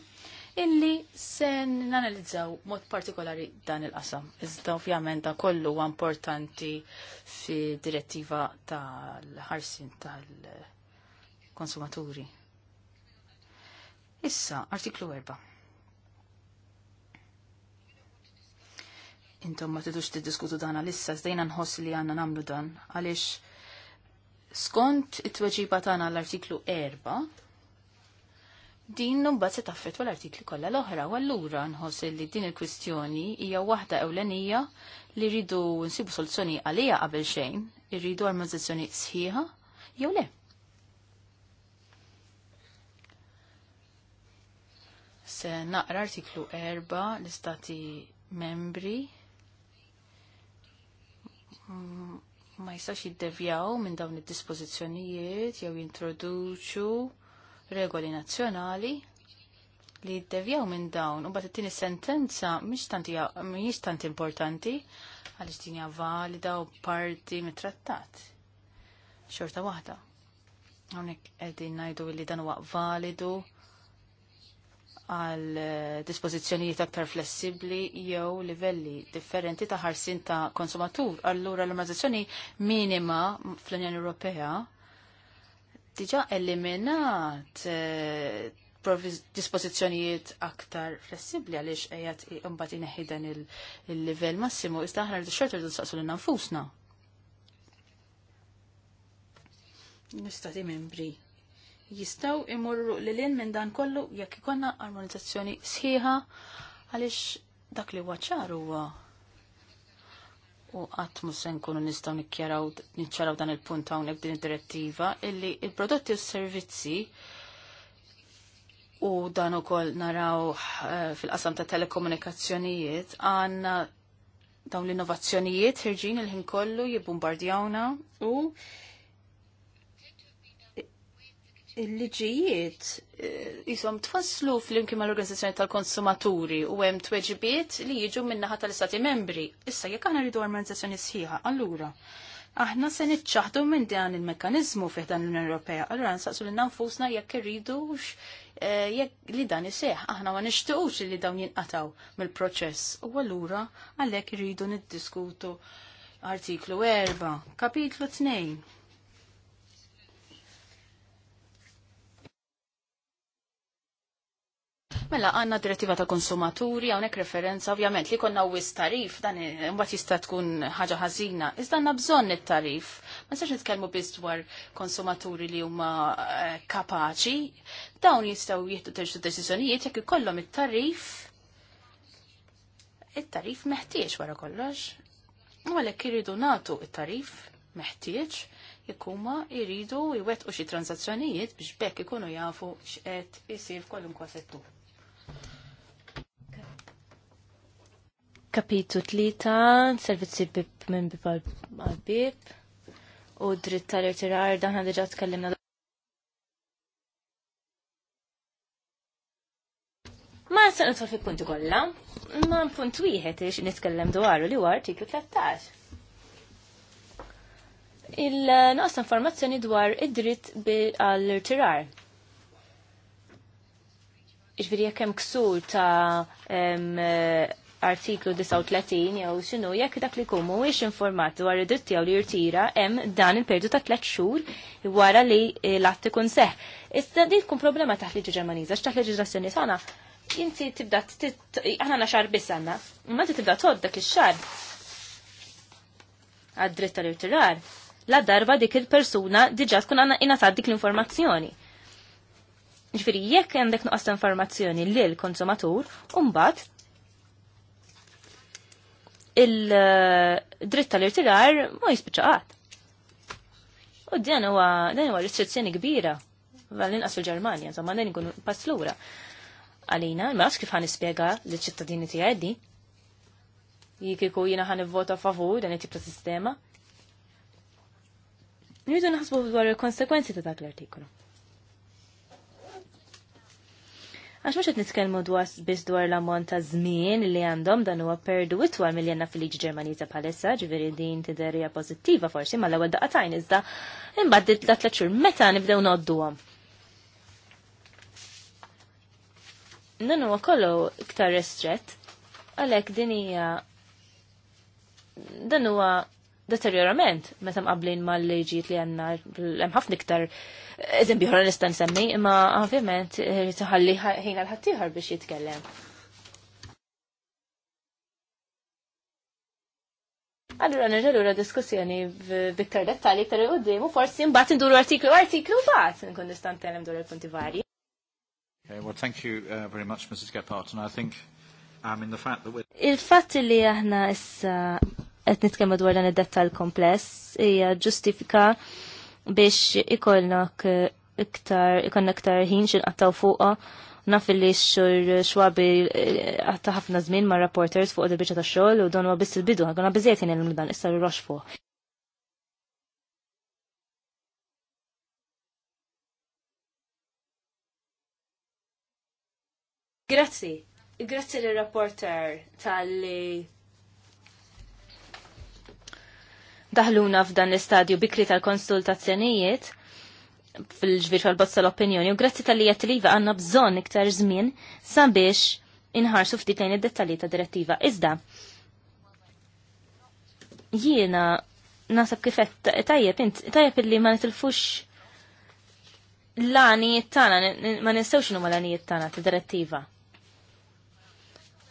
illi se nanalizzaw mod partikolari dan il-qasam. Iżda ovvjament da kollu huwa importanti fi direttiva tal-ħarsin tal-konsumaturi. Issa, artiklu 4. Intom ma tidux tiddiskutu dan għal-issa, zdejna nħoss li għanna namlu dan, għalix skont it-tweġiba tagħna l-artiklu 4, din numbat se taffetwa l-artikli kollha l-oħra u allura nħoss li din il-kwistjoni hija waħda ewlenija li rridu nsibu soluzzjoni għalija qabel xejn, irridu armonizzazzjoni sħiħa jew le. se naqra artiklu 4 l-istati membri ma jistax jiddevjaw minn dawn id-dispożizzjonijiet jew jintroduċu regoli nazzjonali li jiddevjaw minn dawn u bat it-tieni sentenza mhijiex tant importanti għaliex din hija valida u parti mit-trattat. Xorta waħda. Hawnhekk qegħdin ngħidu li dan huwa validu għal eh, dispożizzjonijiet aktar flessibbli jew livelli differenti ta' ħarsin ta' konsumatur. Allura l organizzazzjoni minima fl-Unjoni Ewropea diġa eliminat dispozizjonijiet eh, dispożizzjonijiet aktar flessibbli għaliex qiegħed imbagħad ineħħi dan il-livell massimu iżda aħna rridu xorta rridu saqsu lil nfusna. Nistati membri jistaw imurru li l minn dan kollu jekk ikonna armonizzazzjoni sħiħa għaliex dak li waċar huwa u qatt mhux se nkunu nistgħu nikkjaraw niċċaraw dan il-punt hawnhekk din id-direttiva illi il-prodotti u s-servizzi u dan ukoll naraw eh, fil-qasam ta' telekomunikazzjonijiet għandna dawn l-innovazzjonijiet ħirġin il-ħin kollu jibbombardjawna u il-liġijiet eh, jisom tfasslu fl-imkien mal-organizzazzjoni tal-konsumaturi u hemm tweġibiet li jiġu minnaħa tal-istati membri. Issa jekk aħna rridu organizzazzjoni sħiħa, allura aħna se niċċaħdu minn dan il-mekkanizmu fih dan l-Unjoni Ewropea. Allura nsaqsu lil nfusna jekk irridux eh, jekk li dan iseħ, aħna ma nixtiequx li dawn jinqataw mill-proċess. U allura għalhekk irridu niddiskutu artiklu 4, kapitlu 2 Mela għanna direttiva ta' konsumaturi, għonek referenza ovvjament li konna u tarif, dan mbagħad jista' tkun ħaġa ħażina, iżda għandna bżonn it-tarif. Ma sax nitkellmu biss dwar konsumaturi li huma eh, kapaċi, dawn jistgħu jieħdu terġu deċiżjonijiet jekk ikollhom it-tarif. It-tarif meħtieġ wara kollox. U Għalhekk iridu nagħtu it-tarif meħtieġ huma jiridu jwettqu xi transazzjonijiet biex bekk ikunu jafu x'qed isir kollum settur. Kapitu tlita, servizzi bib minn bib għal-bib, u dritt tal-irtirar, daħna diġa tkellimna. Ma nsan nitfall fi punti kollha, ma punt wieħed ix nitkellem dwaru li huwa artiklu 13. Il-naqs informazzjoni dwar id-dritt għall-irtirar. Iġviri jekk hemm ksur ta' artiklu 39 jew xinu jekk dak li kumu mhuwiex informat dwar id dritti li jirtira hemm dan il-perdu ta' tliet xhur wara li l-att ikun seħ. Issa din tkun problema taħt liġi Ġermaniża x'taħt leġiżlazzjoni tagħna inti tibda aħna naxar biss għandna, imma inti tibda tod dak ix-xar għad-dritt tal-irtirar, la darba dik il-persuna diġa tkun għanna inatad dik l-informazzjoni. Ġifiri, jekk għandek nuqqas informazzjoni li l-konsumatur, mbagħad il-dritt tal-irtirar ma jispiċaqat. U dan huwa dan huwa restrizzjoni kbira għall-inqas il ġermanja insomma dan ikun pass lura. Għalina, ma nafx kif ħanispjega liċ-ċittadini tiegħi di. Jikiku jiena ħanivvota favur dan it-tip ta' sistema. Nridu naħsbu dwar il-konsekwenzi ta' dak l-artikolu. Għax mux nitkelmu dwas bis dwar l-ammont ta' zmin li għandhom dan huwa perdu itwal mill fil-liġi ġermaniza bħalissa, ġveri din tiderja pozittiva forsi, ma l-ewel daqatajn iżda imbaddit la tlaċur meta nibdew noddu għom. Dan huwa kollu iktar restret, għalek din hija dan huwa Deteriorament meta mqablin mal-leġijiet li għandna hemm ħafna iktar eżempju ħra nista' nsemmi, imma ovvjament eh, tħalli ħin għal ħaddieħor biex jitkellem. Allura nerġa' lura diskussjoni b'iktar dettali iktar il-qoddim u forsi mbagħad induru artiklu artiklu mbagħad nkun nista' ntellem dwar il-punti varji. Okay, well thank you uh, very much Mrs. Gephardt and I think um, I mean the fact that il fat li aħna issa qed nitkellmu dwar dan id dettall kompless hija ġustifika biex ikollok eh, iktar ikollna iktar ħin xinqattaw fuqha naf li xur xwabi eh, għatta ħafna żmien ma' reporters fuq il-bicċa ta' xogħol u don huwa biss il-bidu ħagħna biżejjed jien il dan issa rox fuq. Grazzi, grazzi l-rapporter tal-li daħluna f'dan l-istadju bikri tal-konsultazzjonijiet fil-ġbir tal-bozza l-opinjoni u grazzi tal-li jattiliva għanna bżon iktar żmien sabiex inħarsu ftit lejn id-dettalji ta' direttiva. Iżda, jiena nasab kifet tajjeb, tajjeb illi ma nitilfux l-għanijiet tana, ma nistawx numa l-għanijiet tana ta' direttiva.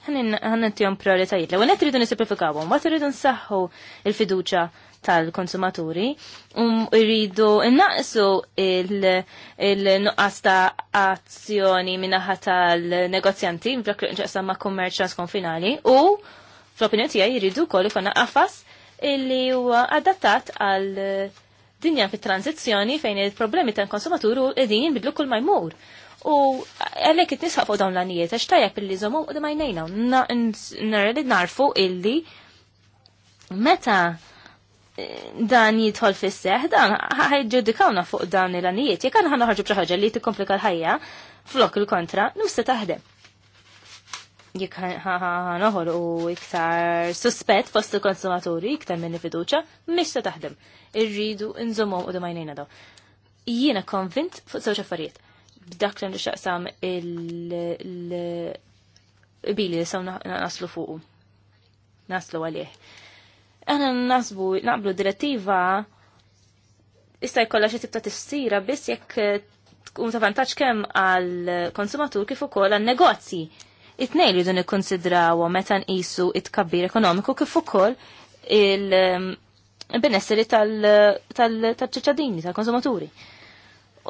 Għannin għannin tijom prioritajiet, l għanet rridu nisimplifikawom, għat rridu nsaħħu il-fiduċa tal-konsumaturi u um, rridu innaqsu il-nuqqas il ta' azzjoni minnaħa tal-negozjanti ġaqsam ma' kummerċ transkonfinali u fl-opinjoni tijaj jridu wkoll ikun qafas illi huwa adattat għal dinja fit-tranzizzjoni fejn il-problemi tal-konsumaturu id-din jinbidlu kull ma jmur. U għalek it nisħafu dawn l-anijiet, għax tajab illi zomu u d-majnejna, narrid narfu illi meta dan jidħol fis-seħ, dan ħajġudikawna fuq dan il-għanijiet, jek għanna ħanaħarġu bċaħġa li tikkomplika l-ħajja, flok il-kontra, nusta taħdem. Jek ħanoħol u iktar suspett fost il-konsumaturi, iktar minni fiduċa, mish taħdem. Irridu nżommom u d-majnejna daw. Jiena konvint fuq sewċ affarijiet. B'dak li xaqsam il-bili li saw naslu fuq. Naslu għalih Aħna nasbu naqblu direttiva issa jkollha xi tibta tissira biss jekk eh, tkun ta' vantaġġ kemm għall konsumatur kif ukoll għan-negozji. It-tnejn li dun ikkonsidrawhom meta nqisu it-kabbir ekonomiku kif ukoll il-benesseri eh, tal-ċittadini, tal-konsumaturi.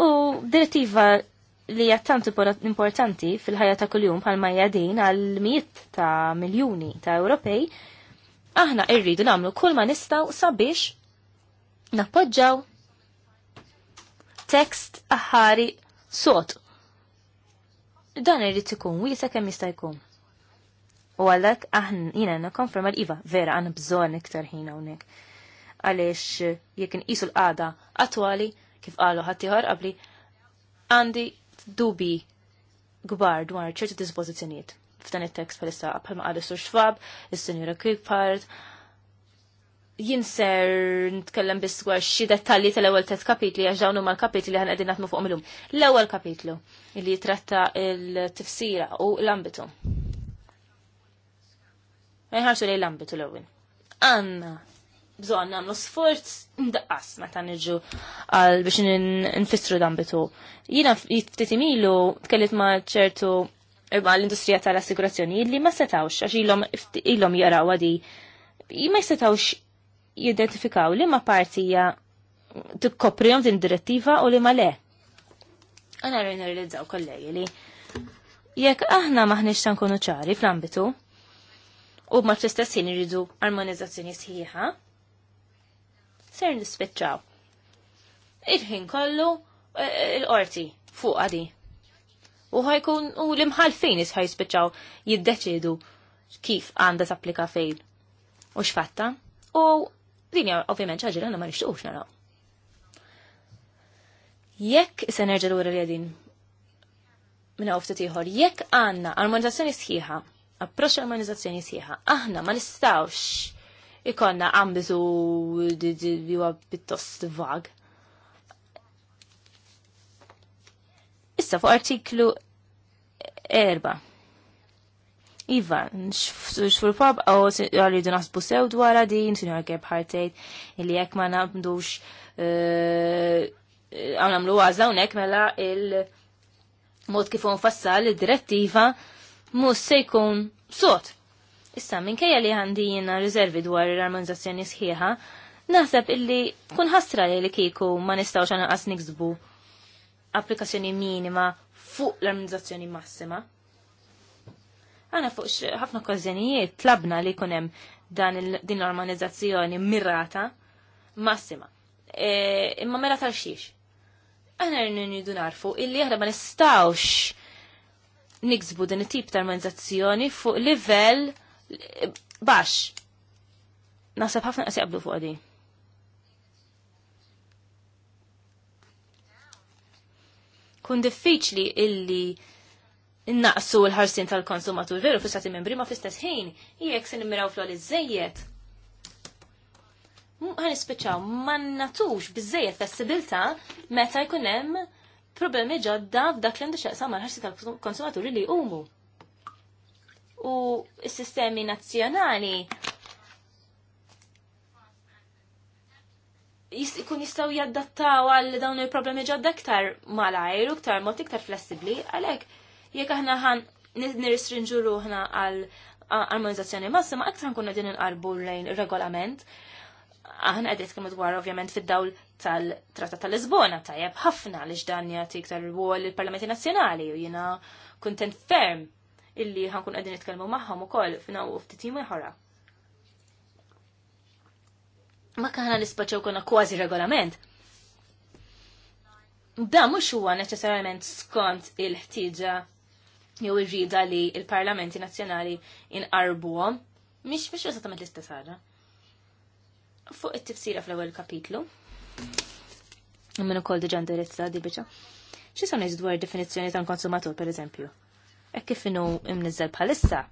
U direttiva li hija tant importanti fil-ħajja ta' kuljum bħalma hija din għal mijiet ta' miljuni ta' Ewropej aħna irridu namlu kull ma nistaw sabiex nappoġġaw tekst aħari sot. Dan irrid ikun wiesa kemm jista' jkun. U għalhekk aħna jiena nikkonferma l-iva vera għandna bżonn iktar ħin hawnhekk. Għaliex jekk inqisu l-qagħda attwali kif qalu ħadd ieħor qabli għandi dubi gbar dwar ċerti dispożizzjonijiet f'dan it-tekst bħalissa bħalma qal is-Sur Schwab, is-Sinjura Kirkpard. Jien ser nitkellem biss dwar xi dettalji tal-ewwel tet kapitli għax dawn huma l-kapitli li ħan qegħdin naħdmu fuqhom illum. L-ewwel kapitlu li jitratta l-tifsira u l-ambitu. Ma jħarsu lejn l-ambitu l-ewwel. Għandna bżonn nagħmlu sforz ndaqqas meta niġu għal biex nfissru l-ambitu. Jiena ftit ilu tkellit ma ċertu imma l-industrija tal-assigurazzjoni li ma setawx għax ilhom ilhom jaraw għadi ma setawx jidentifikaw li ma partija tikkoprihom din direttiva u li ma le. Għana rejna realizzaw kollegi li jekk aħna maħniex ta' nkunu ċari fl-ambitu u ma t-istessin rridu armonizazzjoni sħiħa, ser nispeċċaw. Il-ħin kollu eh, il-qorti fuq għadi u ħajkun u l-imħalfin isħaj jispiċaw jiddeċidu kif għanda s-applika fejn u xfatta u dinja ovvjament ċaġir għanna ma nixtuqx naraw. Jekk se nerġa' lura li għedin minna uftu ieħor, jekk għandna armonizazzjoni sħiħa, approċċ armonizazzjoni sħiħa, aħna ma nistgħux ikonna għambizu huwa pittost vag Issa fuq artiklu 4. Iva, xfur pab, għaw għalridu naħsbu sew dwar din, sinjor Gebhardt illi jekk ma nabdux eh, għaw namlu għazla unek mela il-mod kif fassal id-direttiva mus se jkun sot. Issa, minkejja li għandi jena riservi dwar l-armonizzazzjoni sħiħa, naħseb illi tkun ħastra li li kiku ma nistawx għana qas niksbu applikazzjoni minima fuq l-armonizzazzjoni massima. Għana fuq ħafna kważjonijiet tlabna li kunem dan din l-armonizzazzjoni mirrata massima. E, imma mela tal-xiex. Għana rnidu narfu illi aħna ma nistawx niksbu din it-tip ta' armonizzazzjoni fuq livell baxx. Nasab ħafna qas jaqblu fuq din. kun diffiċli illi innaqsu l-ħarsin tal-konsumatur veru fissat membri ma fl ħin jekk se nimmiraw fl iżejjed. Għan ispiċaw, man natux bizzejiet flessibilta meta jkun hemm problemi ġodda f'dak li għandu xaqsa ma l-ħarsin tal-konsumaturi li umu. U s-sistemi nazzjonali jkun jistaw jaddattaw għal dawn il-problemi ġodda ktar malajr għajru ktar mod iktar flessibli, għalek jekk aħna ħan nirrestrinġu ruħna għal armonizzazzjoni massima, aktar nkunna din inqarbu lejn regolament. Aħna qed kemm dwar ovvjament fid-dawl tal-Trattat tal-Lisbona tajjeb ħafna li dan jagħti iktar rwol il-Parlamenti Nazzjonali u jiena kontent ferm illi ħankun qegħdin nitkellmu magħhom ukoll f'naw ftit ieħor ma kħana nispaċew konna kważi regolament. Da mux huwa neċessarjament skont il-ħtiġa jew il rida li il-parlamenti nazzjonali inqarbuhom, mhix mhix eżattament l-istess ħaġa. Fuq it-tifsira fl-ewwel kapitlu. Minn ukoll diġà ndirizza di biċa. Xi sa ngħid dwar definizzjoni ta' konsumatur pereżempju? Hekk kif inhu imniżżel bħalissa.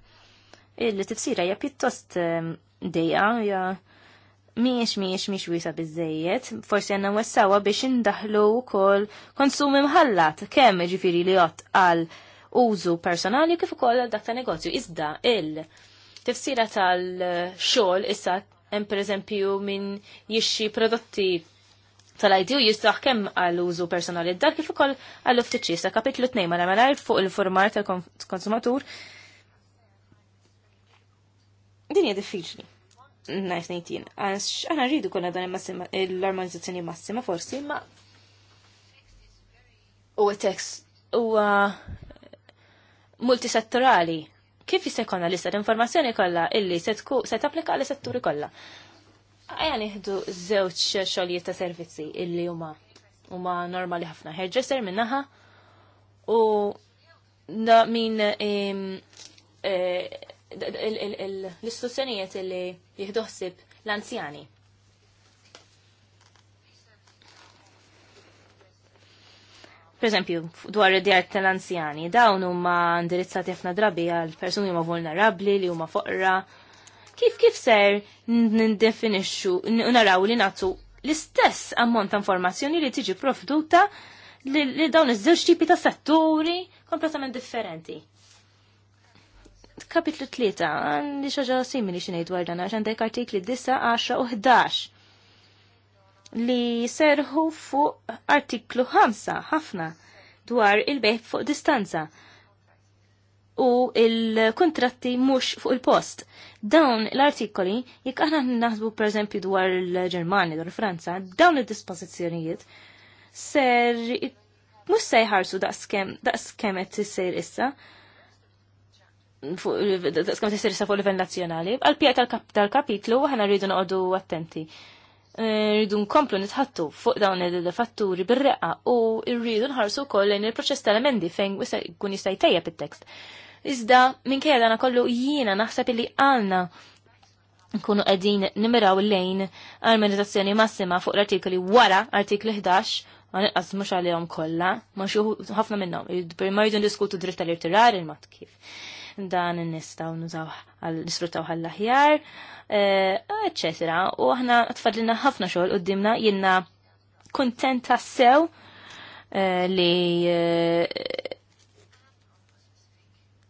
Il-tifsira hija pjuttost ehm, dejja hija miex miex miex wisa bizzejiet, forsi għanna wessawa biex indaħlu kol konsumi mħallat. kemm ġifiri li jott għal użu personali kif ukoll għal dak ta' negozju. Iżda il tifsira tal-xogħol issa hemm pereżempju minn jixxi prodotti tal-ID u jistaħ kemm għal użu personali dak kif ukoll għal uftiċċi sa kapitlu 2 mala mala fuq il-formar tal-konsumatur. Dinja diffiċli najt nejtin. Għax, għana rridu konna dan l-armonizzazzjoni massima forsi, ma. U tekst u uh, multisettorali. Kif jisekonna lista l-informazzjoni kolla illi se tapplika għal setturi kolla? Għajan iħdu zewċ xogħlijiet ta' servizzi illi huma huma normali ħafna. Hairdresser minnaħa u da min eh, l istuzzjonijiet li jihdoħsib l-anzjani. Per eżempju, dwar id-djar tal-anzjani, dawn huma indirizzati ħafna drabi għal persuni huma vulnerabbli li huma foqra. Kif kif ser nindefinixxu naraw li nagħtu l-istess ammont ta' informazzjoni li tiġi profduta li dawn iż-żewġ tipi ta' setturi kompletament differenti kapitlu 3 għandi xaġa simili xi ngħid dwar dan għax għandek artikli 9, 10 u 11 li serħu fuq artiklu 5 ħafna dwar il-beħ fuq distanza u il-kontratti mhux fuq il-post. Dawn l-artikoli, jekk aħna naħsbu pereżempju dwar il-Ġermanja, dwar Franza, dawn id-dispożizzjonijiet ser mhux se jħarsu daqskemm daqskemm skemet isir issa skam tisir sa fuq livell nazzjonali, għal pija tal-kapitlu aħna rridu noqogħdu attenti. Eh, rridu nkomplu nitħattu fuq dawn il-fatturi bir-reqqa u rridu nħarsu wkoll lejn il-proċess tal-emendi fejn kun jista' jtejjeb it-tekst. Iżda minkejja dana kollu jiena naħseb li għalna nkunu qegħdin nimiraw lejn armonizzazzjoni massima fuq l-artikoli wara artikli 11 ma nqas mhux għalihom kollha, ma xi ħafna minnhom, ma jridu diskutu dritt tal-irtirar il-mat kif dan nistaw nużaw nisfruttaw għall-aħjar, eccetera. Eh, U aħna tfadlina ħafna xogħol qudiemna jiena kuntenta sew eh, li eh,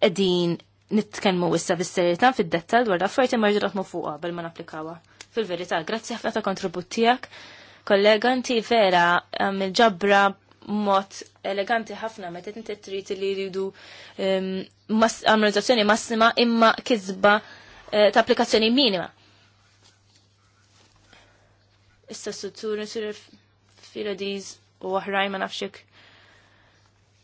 qegħdin nitkellmu issa fis-serjetà fid-dettal dwar affarijiet imma rridu fuqha bil ma napplikawha. Fil-verità, grazzi ħafna ta' kontribut tiegħek. Kollega, inti vera mill-ġabra mod eleganti ħafna meta inti trid li jridu ehm, Ammonizzazzjoni massima imma kizba eh, ta' applikazzjoni minima. Issa s-sutturi, fila diz u oħrajn ma nafxek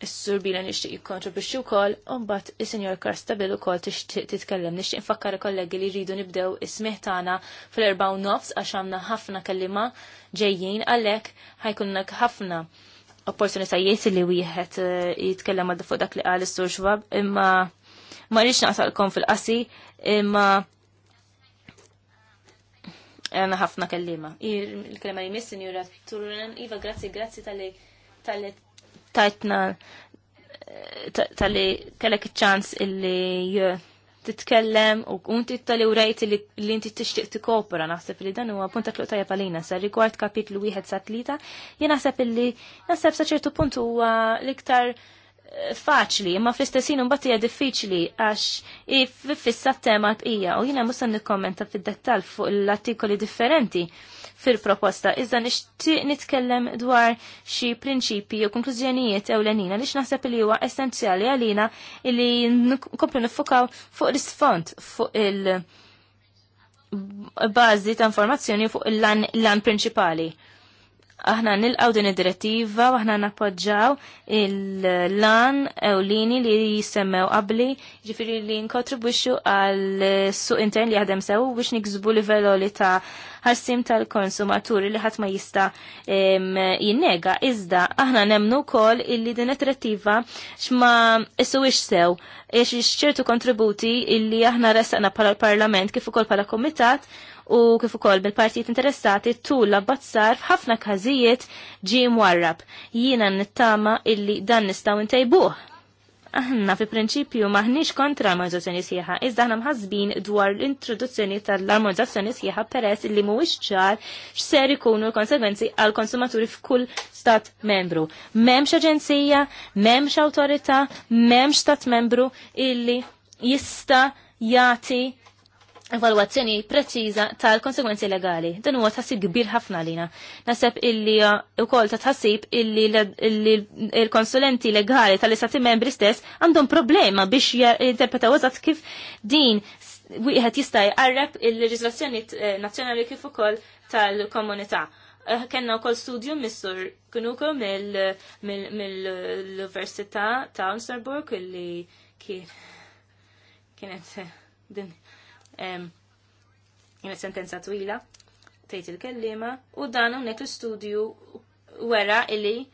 Is-sur bila nishtiq jikkontribwixxi wkoll u mbagħad is-Sinjor Karstabil ukoll tixtieq titkellem. Nixtieq infakkar kollegi li jridu nibdew is fil tagħna fl nofs għax għandna ħafna kellima ġejjin għalhekk ħajkunnak ħafna opportunitajiet li wieħed eh, jitkellem għadda fuq dak li qal is-sur xwab, imma ma rridx naqsalkom fil-qasi, imma għanna ħafna kellima. Il-kellima li missin jura turunan, Iva, grazzi, grazzi tal-li tal-li tajtna eh, tal-li kellek ċans illi titkellem u inti tali u rajti li inti tixtieq kopra naħseb li dan huwa punta tluq tajja palina sa rigward kapitlu wieħed sa tlieta jien naħseb illi naħseb sa ċertu puntu l-iktar faċli, imma fl-istessin un hija diffiċli għax fissa tema t-ija, u jiena musan nikkommenta fid-dettall fuq l-artikoli differenti fil-proposta, iżda nixtieq nitkellem dwar xi prinċipi u konklużjonijiet ewlenina li naħseb li huwa essenzjali għalina li nkomplu nifukaw fuq l-isfond fuq il- bażi ta' informazzjoni fuq il-lan prinċipali. Aħna nilqaw din id-direttiva u aħna nappoġġaw il-lan ewlini li jisemmew qabli ġifiri li nkontribwixxu għal suq intern li jaħdem sew biex nikzbu livelloli ta' ħassim tal-konsumaturi li ħadd ma jista' jinnega. Iżda aħna nemnu wkoll illi din id-direttiva x'ma issuwix sew ċertu kontributi illi aħna ressaqna bħala l parlament kif ukoll bħala komitat u kif ukoll bil-partijiet interessati tul l-abbazzar f'ħafna każijiet ġie mwarrab. Jiena nittama illi dan nistgħu ntejbuh. Aħna fi prinċipju maħniex kontra l-armonizzazzjoni sħiħa, iżda aħna mħazbin dwar l-introduzzjoni tal-armonizzazzjoni sħiħa peress li mhuwiex ċar x'ser ikunu l-konsegwenzi għal konsumaturi f'kull stat membru. M'hemmx aġenzija, m'hemmx awtorità, m'hemmx stat membru illi jista' jagħti evalwazzjoni preċiża tal-konsekwenzi legali. Dan huwa tħassib kbir ħafna lina. Naseb illi wkoll ta' tħassib illi l-konsulenti legali tal-istati membri stess għandhom problema biex jinterpretaw eżatt kif din wieħed jista' jqarreb il-leġislazzjoni eh, nazzjonali kif ukoll tal-komunità eh, Kenna wkoll studju missur kunuko mill-Università ta' Unsterburg illi kienet eh, din jina sentenza twila, tejt il-kellima, u dan hawnhekk l-istudju wera illi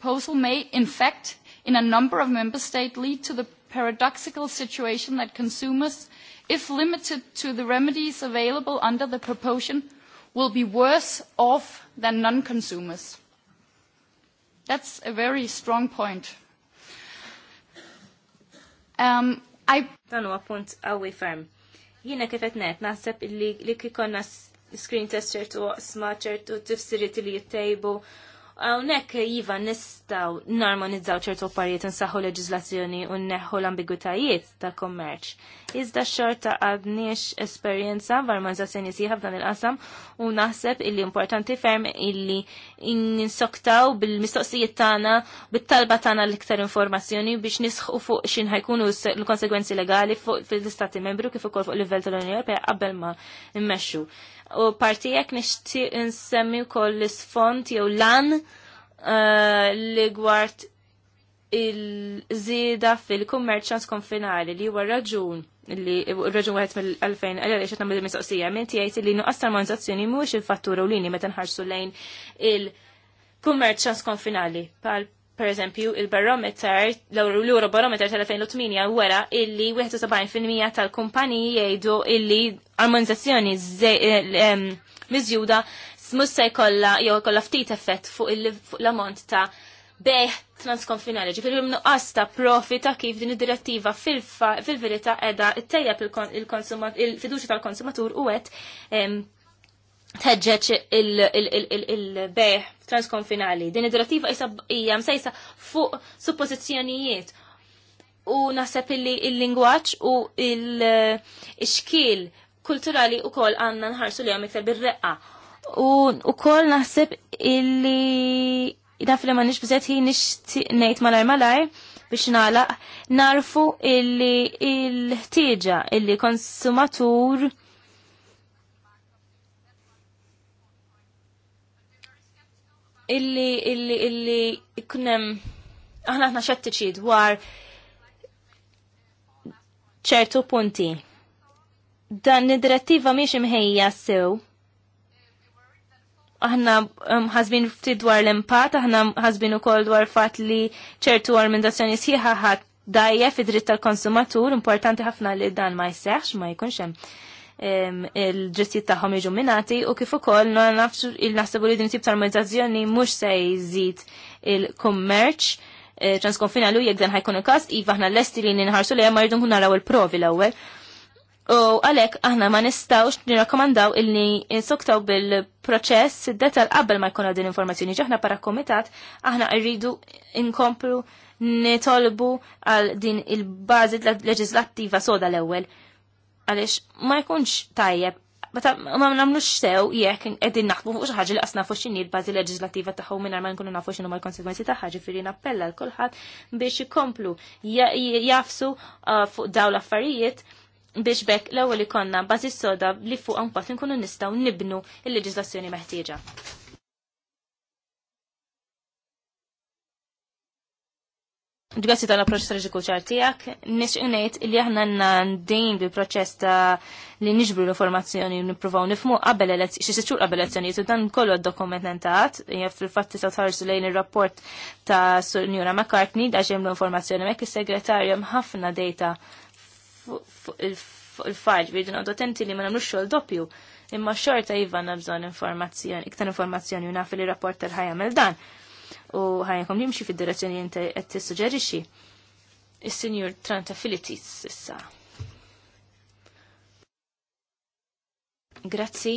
Proposal may, in fact, in a number of member states lead to the paradoxical situation that consumers, if limited to the remedies available under the proposal, will be worse off than non-consumers. That's a very strong point. Um, I... Don't Dan huwa punt qawwi ferm. Jiena kif qed ngħid naħseb li kikonna screen test ċertu qsma ċertu tifsiriet li jittejbu Hawnhekk iva nistgħu narmonizzaw ċertu affarijiet insaħħu leġizlazzjoni u nneħħu l-ambigwitajiet ta' kommerċ. Iżda xorta għadniex esperjenza varmonizzazzjoni sieħa f'dan il-qasam u naħseb illi importanti ferm illi insoktaw bil-mistoqsijiet tagħna bit-talba tagħna l-iktar informazzjoni biex nisħu fuq x'in ħajkunu l-konsegwenzi legali fuq fil-istati membru kif ukoll fuq livell tal-Unjoni Ewropea qabel ma immexxu u partijek nixtieq insemmi wkoll l-isfond jew lan uh, li gwart il-żieda fil kummerċans konfinali li huwa raġun li raġun għet mill-2000 għalli xetna mill mistoqsija minn tijajt li nuqqas tal-manzazzjoni mux il-fattura u lini meta nħarsu lejn il kummerċans konfinali. pal per eżempju, il-barometer, l barometer tal-2008 wera illi 71% tal-kumpaniji jgħidu illi armonizzazzjoni eh, miżjuda smussa jkolla jkollha jew kollha ftit effett fuq l-ammont ta' beħ transkonfinali. Ġifir nuqqas ta' profi ta' kif din id-direttiva fil-verità qiegħda ttejjeb il il-fiduċi tal-konsumatur u għet teġġeċ il-beħ transkonfinali. Din id-direttiva hija msejsa fuq suppozizjonijiet u naħseb illi il-lingwaġġ u il-xkil kulturali u kol għanna nħarsu li għam iktar bil-reqqa. U kol naħseb illi naf li ma nix bizzet hi nix nejt malaj malaj biex nalaq narfu illi il-ħtieġa illi konsumatur illi illi illi kunem aħna aħna xettiċi dwar ċertu punti. Dan id-direttiva miex imħejja sew. Aħna um, ħazbin ftit dwar l-impat, aħna ħazbin ukoll dwar fatt li ċertu armendazzjoni sħiħa ħadd dajja fi dritt tal-konsumatur, importanti ħafna li dan ma jseħx, ma jkunx hemm il-ġittijiet tagħhom jiġu minati u kif ukoll il nasabu li din tip ta' armonizzazzjoni mhux se jżid il-kummerċ eh, transkonfinalu jekk dan ħajkun il-każ iva aħna lesti li ninħarsu li hemm rridu nkun naraw il-provi l-ewwel. U għalek aħna ma nistawx nirrakkomandaw illi nsoktaw bil-proċess detal qabel ma jkun din informazzjoni. Ġaħna para komitat aħna rridu inkomplu nitolbu għal din il-bażi leġislattiva soda l-ewwel għaliex ma jkunx tajjeb ma namlux sew jekk qegħdin naħbu fuq xi ħaġa li qasna fuq x'inhi l-bażi leġislattiva tagħhom mingħajr ma nkunu nafu x'inhu l-konsegwenzi tagħha ġifieri nappella l kulħadd biex jkomplu jafsu uh, fuq daw l-affarijiet biex bekk l-ewwel ikonna bażi soda li fuq mbagħad nkunu nistgħu nibnu l-leġislazzjoni meħtieġa. Għazzi tal-approċ strategiku ċartijak, nisċinajt li aħna dejn bil-proċess ta' li nġbru l-informazzjoni nipruvaw nifmu qabel elezzjoni, qabel elezzjoni, u dan kollu għad-dokumentat, jgħaf fil-fatti ta' tħarsu lejn il-rapport ta' Sunjura McCartney, daġem l informazzjoni, mek il-segretarju mħafna data il-fajġ, bieġin għadu attenti li ma namlux xol doppju, imma xorta jivan għabżon informazzjoni, iktar informazzjoni u naf li rapport tal-ħajja dan u ħajnkom nimxi fid-direzzjoni jente qed tissuġġerixxi. Is-Sinjur Tranta Filitis issa. Grazzi.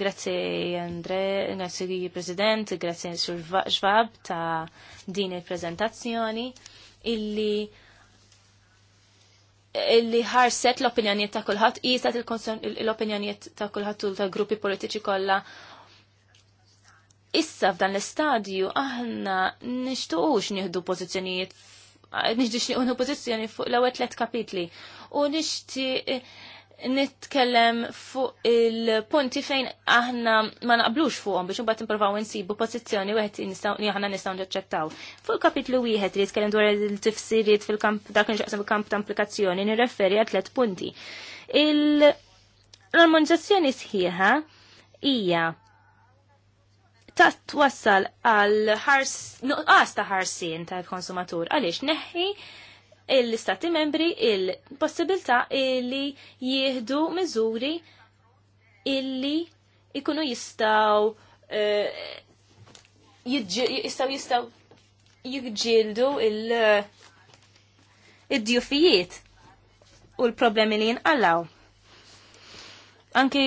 Grazzi Andre, grazzi President, grazzi Sur Xvab ta' din il-prezentazzjoni illi illi ħarset l-opinjoniet ta' kulħadd, qisat l-opinjoniet ta' kulħadd u ta' gruppi politiċi kollha issa f'dan l-istadju aħna nixtuqux nieħdu pożizzjonijiet nixdix nieħdu pożizzjoni fuq l-ewwel tliet kapitli u nixti nitkellem fuq il-punti fejn aħna ma naqblux fuqhom biex imbagħad nippruvaw insibu pożizzjoni wieħed nistgħu aħna nistgħu naċċettaw. Fuq il-kapitlu wieħed li jitkellem dwar il-tifsiriet fil-kamp dak nixaqsam il-kamp ta' implikazzjoni nirreferi għal tliet punti. Il-armonizzazzjoni sħiħa hija ta' twassal għal ħars, nuqqas ta' ħarsin ta' konsumatur, għaliex neħi l-istati membri il-possibilta illi jihdu miżuri illi ikunu jistaw eh, jistaw jistaw jikġildu il-djufijiet eh, u l-problemi li jinqallaw. Anki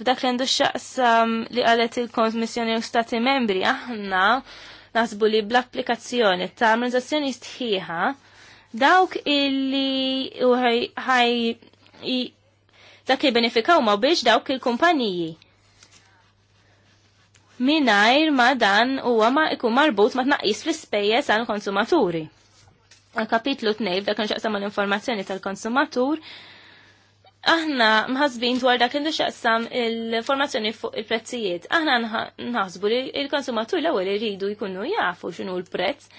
F'dak li għandu xaqsam li għalet il-Komissjoni u Stati Membri, aħna nasbu li bl-applikazzjoni ta' amministrazzjoni stħiħa, dawk illi ħaj dak li benefikaw ma biex dawk il-kumpaniji. Minajr ma dan huwa għama ikun marbut ma tnaqqis fl-ispejjeż għal konsumaturi. Għal kapitlu 2 f'dak nxaqsam l-informazzjoni tal-konsumatur, Aħna mħasbin dwar dak kendu xaqsam il-formazzjoni fuq il-prezzijiet. Aħna nħasbu li il-konsumatur l-ewwel irridu jkunu jafu x'inhu l-prezz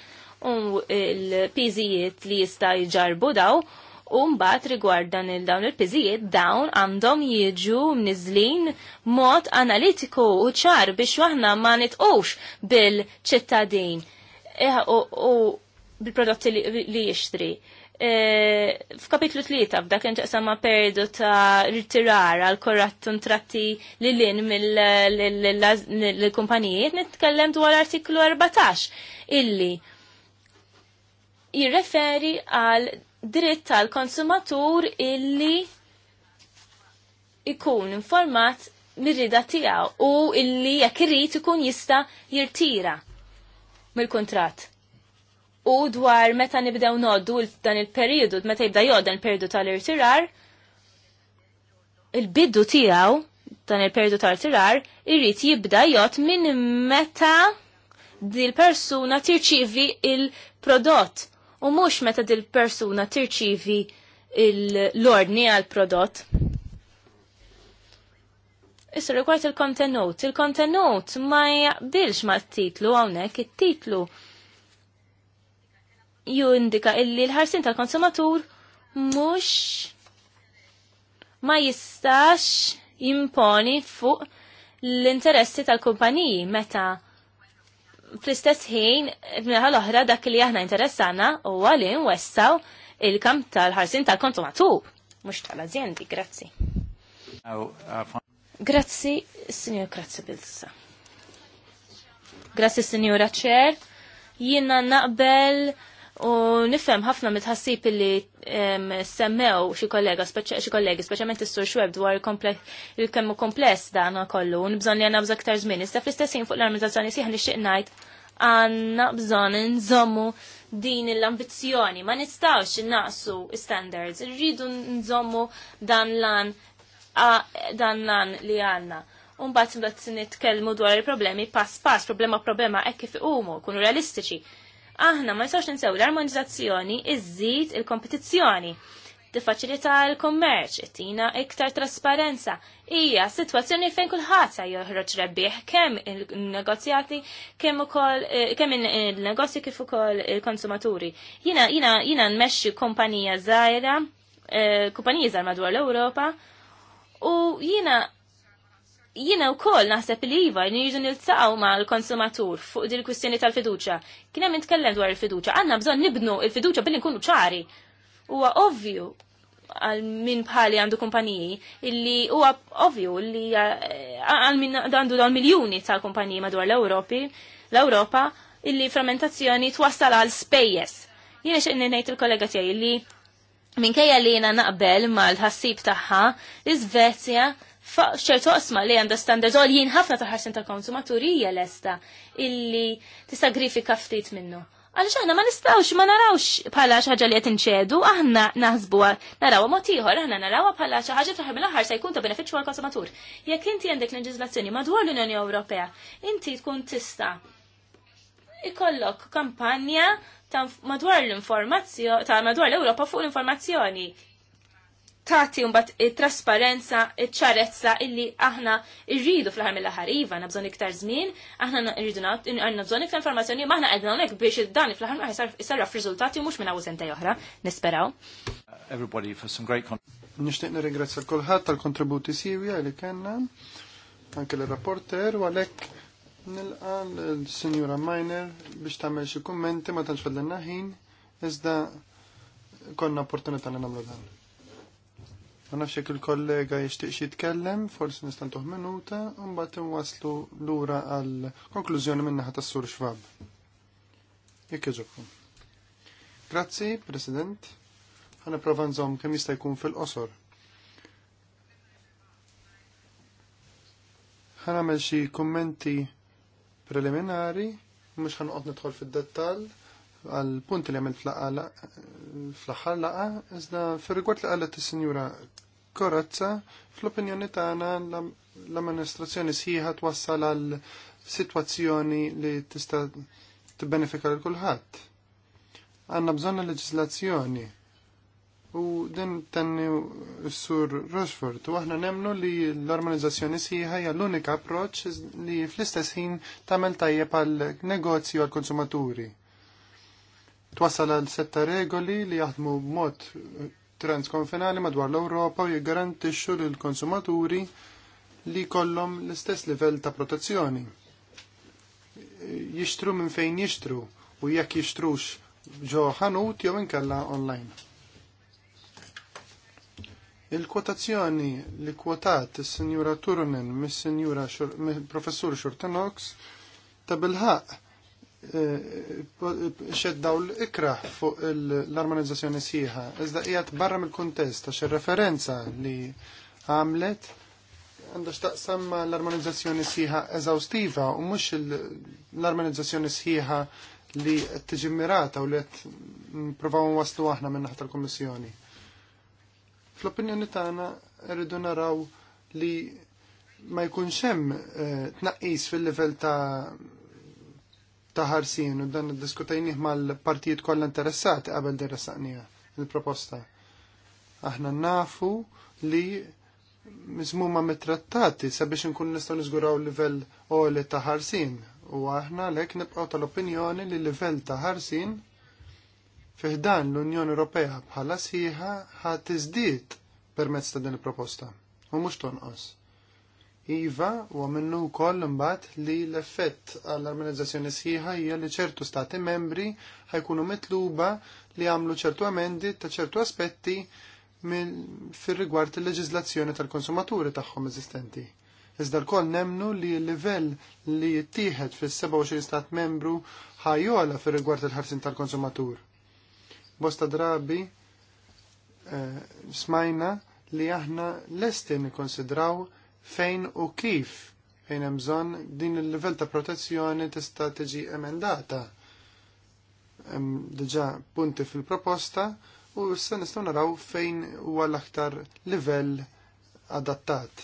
u l pizijiet li jista' jġarbu daw u mbagħad rigward dan il-dawn il-piżijiet dawn għandhom jiġu mniżlin mod analitiku u ċar biex aħna ma nitqux bil-ċittadin. Eh, u bil-prodotti li jixtri. E, f'kapitlu 3 f'dak inġaqsam ma' perdu ta' ritirar għal korrat tratti li l-in mill-kumpanijiet, nitkellem dwar artiklu 14 illi jirreferi għal dritt tal konsumatur illi ikun informat mir-rida tiegħu u illi jekk irid ikun jista' jirtira mill-kuntratt u dwar meta nibdew noddu dan il-periodu, meta jibda jod dan il-periodu tal-irtirar, il-biddu tijaw dan il-periodu tal-irtirar irrit jibda jod minn meta dil-persuna tirċivi il-prodott u mux meta dil-persuna tirċivi l-ordni għal-prodott. Issa rigward il-kontenut, il-kontenut ma jaqbilx ma t-titlu għawnek, il-titlu il kontenut ma jaqbilx ma titlu għawnek il titlu il ma t titlu għawnek il titlu Ju indika illi l-ħarsin tal-konsumatur mux ma jistax jimponi fuq l-interessi tal-kumpaniji meta fl-istess ħin minnaħa l-oħra dak li aħna interessana u għalin wessaw il-kamp tal-ħarsin tal-konsumatur mux tal-azjendi, grazzi. Uh, grazzi, signor Grazzi Bilsa. Grazzi, signora Cher. Jina naqbel U nifhem ħafna mitħassib li semmew xi kollega xi kollegi speċjalment is-sur xweb dwar il-kemm kompless dan kollu u nibżonn li għandna bżonn aktar żmien. Iżda fl-istessin fuq l-armizzazzjoni sieħ nixtieq ngħid għandna bżonn nżommu din l-ambizzjoni. Ma nistgħux innaqsu standards, irridu nżommu dan lan dan lan li għandna. Umbat mbagħad nitkellmu dwar il-problemi pass pass, problema problema hekk fi umu, kunu realistiċi Aħna ma jistax ninsew l-armonizzazzjoni iżżid il-kompetizzjoni tiffaċilita l-kummerċ, tina iktar trasparenza. Hija sitwazzjoni fejn kullħat se joħroġ rebbieħ kemm il-negozjati kemm ukoll eh, kemm il-negozji kif ukoll il-konsumaturi. Jina jina jina nmexxi kumpanija żgħira, eh, kumpanija żgħar madwar l-Ewropa u jina jina u koll naħseb li jiva nirridu nil-taqaw ma l-konsumatur fuq dil kwistjoni tal-fiduċa. Kien hemm tkellem dwar il-fiduċa, għandna bżonn nibnu il-fiduċa billi nkunu ċari. Huwa ovvju għal min bħali għandu kumpaniji illi huwa ovvju li eh, għal min għandu dawn miljuni tal kumpaniji madwar l-Ewropi, l-Ewropa illi fermentazzjoni twassal għal spejjes. Jiena xeqni ngħid il-kollega tiegħi li minkejja li jiena naqbel mal-ħassib tagħha, iż-Svezja ċertu qasma li għandha standards jien ħafna ta' ħarsin ta' konsumaturi hija esta illi tisagrifika ftit minnu. Għaliex aħna ma nistawx, ma narawx bħala xi ħaġa li qed inċedu, aħna naħsbuha narawha mod ieħor, aħna narawha bħala xi ħaġa fl mill-aħħar se jkun ta' benefiċċju għall-konsumatur. Jekk inti għandek leġiżlazzjoni madwar l-Unjoni Ewropea, inti tkun tista' ikollok kampanja ta' madwar l-informazzjoni, ta' madwar l-Europa fuq l-informazzjoni tati mbagħad it-trasparenza, iċ-ċarezza illi aħna irridu fl-aħħar mill-aħħar iva, nabżon iktar zmin, aħna rridu għandna bżonn iktar informazzjoni, maħna għedna unek biex dan fl-aħħar mill-aħħar isarraf riżultati mhux minn hawn sentej oħra, nisperaw. Uh, everybody for some great Nixtieq nirringrazzja kolħat tal-kontributi sirja li kellna, anke l-rapporter u għalhekk nilqa l-Sinjura Miner biex tamel xie kommenti ma tantx fadlenna ħin iżda konna opportunità li nagħmlu dan. Ma nafx jekk il-kollega jixtieq xi jitkellem, forsi nista' ntuħ minuta u mbagħad inwasslu lura għal konklużjoni min naħa tas-Sur Xwab. Jekk iġobkom. Grazzi, President. Ħana prova nżomm kemm jista' jkun fil-qosor. Ħana nagħmel xi kummenti preliminari, mhux ħanqod nidħol fid-dettall għal punt li għamil fl-axar laqa, iżda fil-rigward li għallet il-Sinjura Korazza, fl-opinjoni tagħna l-amministrazzjoni sħiħa twassal għal situazzjoni li tista' tibbenefika l kulħadd. Għandna bżonna leġislazzjoni u din tenni s-sur Rochefort, u aħna nemnu li l-armonizzazzjoni sħiħa hija l-unika approċċ li fl-istess ħin tagħmel tajjeb għal negozju għal konsumaturi Twassal għal setta regoli li jaħdmu b'mod transkonfinali madwar l-Ewropa u jiggarantixxu lil konsumaturi li kollhom l-istess livell ta' protezzjoni. Jixtru minn fejn jixtru u jekk jixtrux ġo ħanut jew inkella online. Il-kwotazzjoni li kwotat is-Sinjura Turunen mis-Sinjura professur Xurtenox ta' bilħaq Eh, xeddaw l ikra fuq l-armonizzazzjoni sħiħa. Iżda qiegħed barra mill-kuntest għax ir-referenza li għamlet għandha x'taqsam l-armonizzazzjoni sħiħa eżawstiva u mhux l-armonizzazzjoni sħiħa li tiġi ġimmirata u li qed nippruvaw waslu aħna minn naħta l-Kummissjoni. Fl-opinjoni tagħna rridu naraw li ma jkunx hemm eh, tnaqqis fil-livell ta' ta' ħarsien u dan diskutajnih mal-partijiet kollha interessati qabel derressaqnija il-proposta. Aħna nafu li mizmuma mitrattati sabiex nkun nistgħu niżguraw livell għoli ta' ħarsin u aħna lek nibqgħu tal-opinjoni li livell ta' ħarsin fiħdan l-Unjoni Ewropea bħala sħiħa ħat iżdied permezz ta' din il-proposta u mhux tonqos. Iva u għamennu koll mbagħad li l-effett għall-armonizzazzjoni sħiħa hija li ċertu stati membri ħajkunu mitluba li għamlu ċertu amendi ta' ċertu aspetti fir rigward il-leġizlazzjoni tal-konsumaturi tagħhom eżistenti. Iżda l-koll nemnu li l-livell li jittieħed fis-27 stat membru ħajjola fir rigward il-ħarsin tal-konsumatur. Bosta drabi eh, smajna li aħna lesti nikkonsidraw konsidraw fejn u kif fejn hemm bżonn din il-livell ta' protezzjoni tista' tiġi emendata. Hemm diġà punti fil-proposta u issa nistgħu naraw fejn huwa l-aktar livell adattat.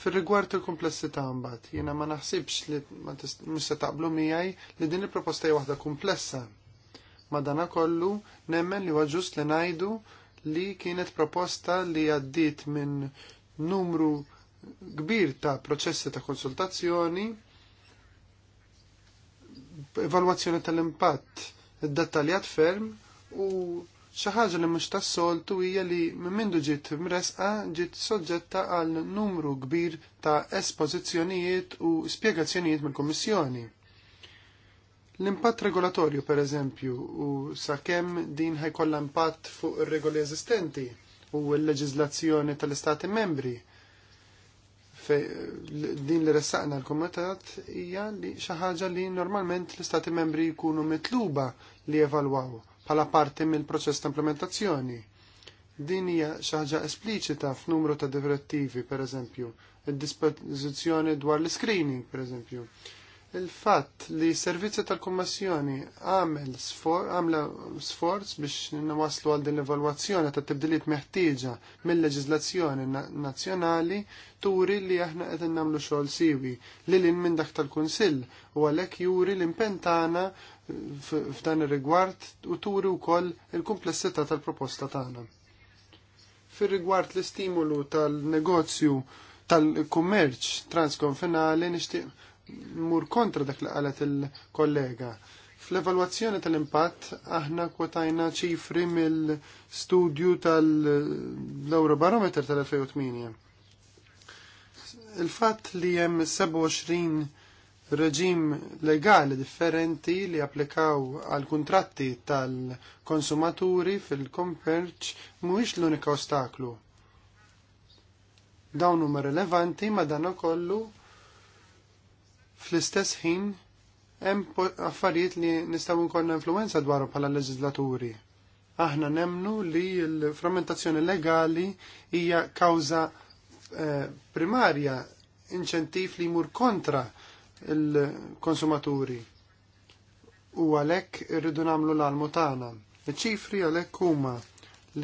Fil-rigward il-komplessità mbagħad, jiena ma naħsibx li mhux se taqblu miegħi li din il-proposta hija waħda komplessa. Madana kollu nemmen li huwa li ngħidu li kienet proposta li għaddiet minn numru kbir ta' proċessi ta' konsultazzjoni, evalwazzjoni tal-impatt dettaljat ferm u xi ħaġa li mhux tas-soltu hija li minn mindu ġiet mresqa ġiet soġġetta għal numru kbir ta' espożizzjonijiet u spjegazzjonijiet mill-Kummissjoni. L-impatt regolatorju pereżempju u sakemm din ħajkollha impatt fuq ir-regoli eżistenti u l-leġiżlazzjoni tal-Istati membri din li ressaqna l-komitat hija li xi ħaġa li normalment l-istati membri jkunu mitluba li evalwaw bħala parti mill-proċess ta' implementazzjoni. Din hija xi ħaġa espliċita f'numru ta' direttivi, pereżempju, id-dispożizzjoni dwar l-screening, pereżempju. eżempju il-fatt li servizzi tal-Kommissjoni għamel sforz biex nwaslu għal din l-evalwazzjoni ta' tibdiliet meħtieġa mill-leġiżlazzjoni nazzjonali turi li aħna qed nagħmlu xogħol siwi li lil minn dak tal-Kunsill u għalhekk juri l-impentana f'dan ir-rigward u turi wkoll il-kumplessità tal-proposta tagħna. Fir-rigward l-istimulu tal-negozju tal-kummerċ transkonfinali nixtieq mur kontra dak li qalet il-kollega. Fl-evalwazzjoni tal-impatt aħna kwotajna ċifri mill-studju tal-Eurobarometer tal-2008. Il-fatt li hemm 27 reġim legali differenti li applikaw għal kuntratti tal-konsumaturi fil-kommerċ mhuwiex l-unika ostaklu. Dawn huma rilevanti ma dan kollu fl-istess ħin hemm affarijiet li nistgħu nkollna influenza dwarhom bħala leġislaturi. Aħna nemnu li l-frammentazzjoni legali hija kawża eh, primarja inċentiv li jmur kontra il-konsumaturi. U għalhekk irridu nagħmlu l-almu tagħna. Iċ-ċifri għalhekk huma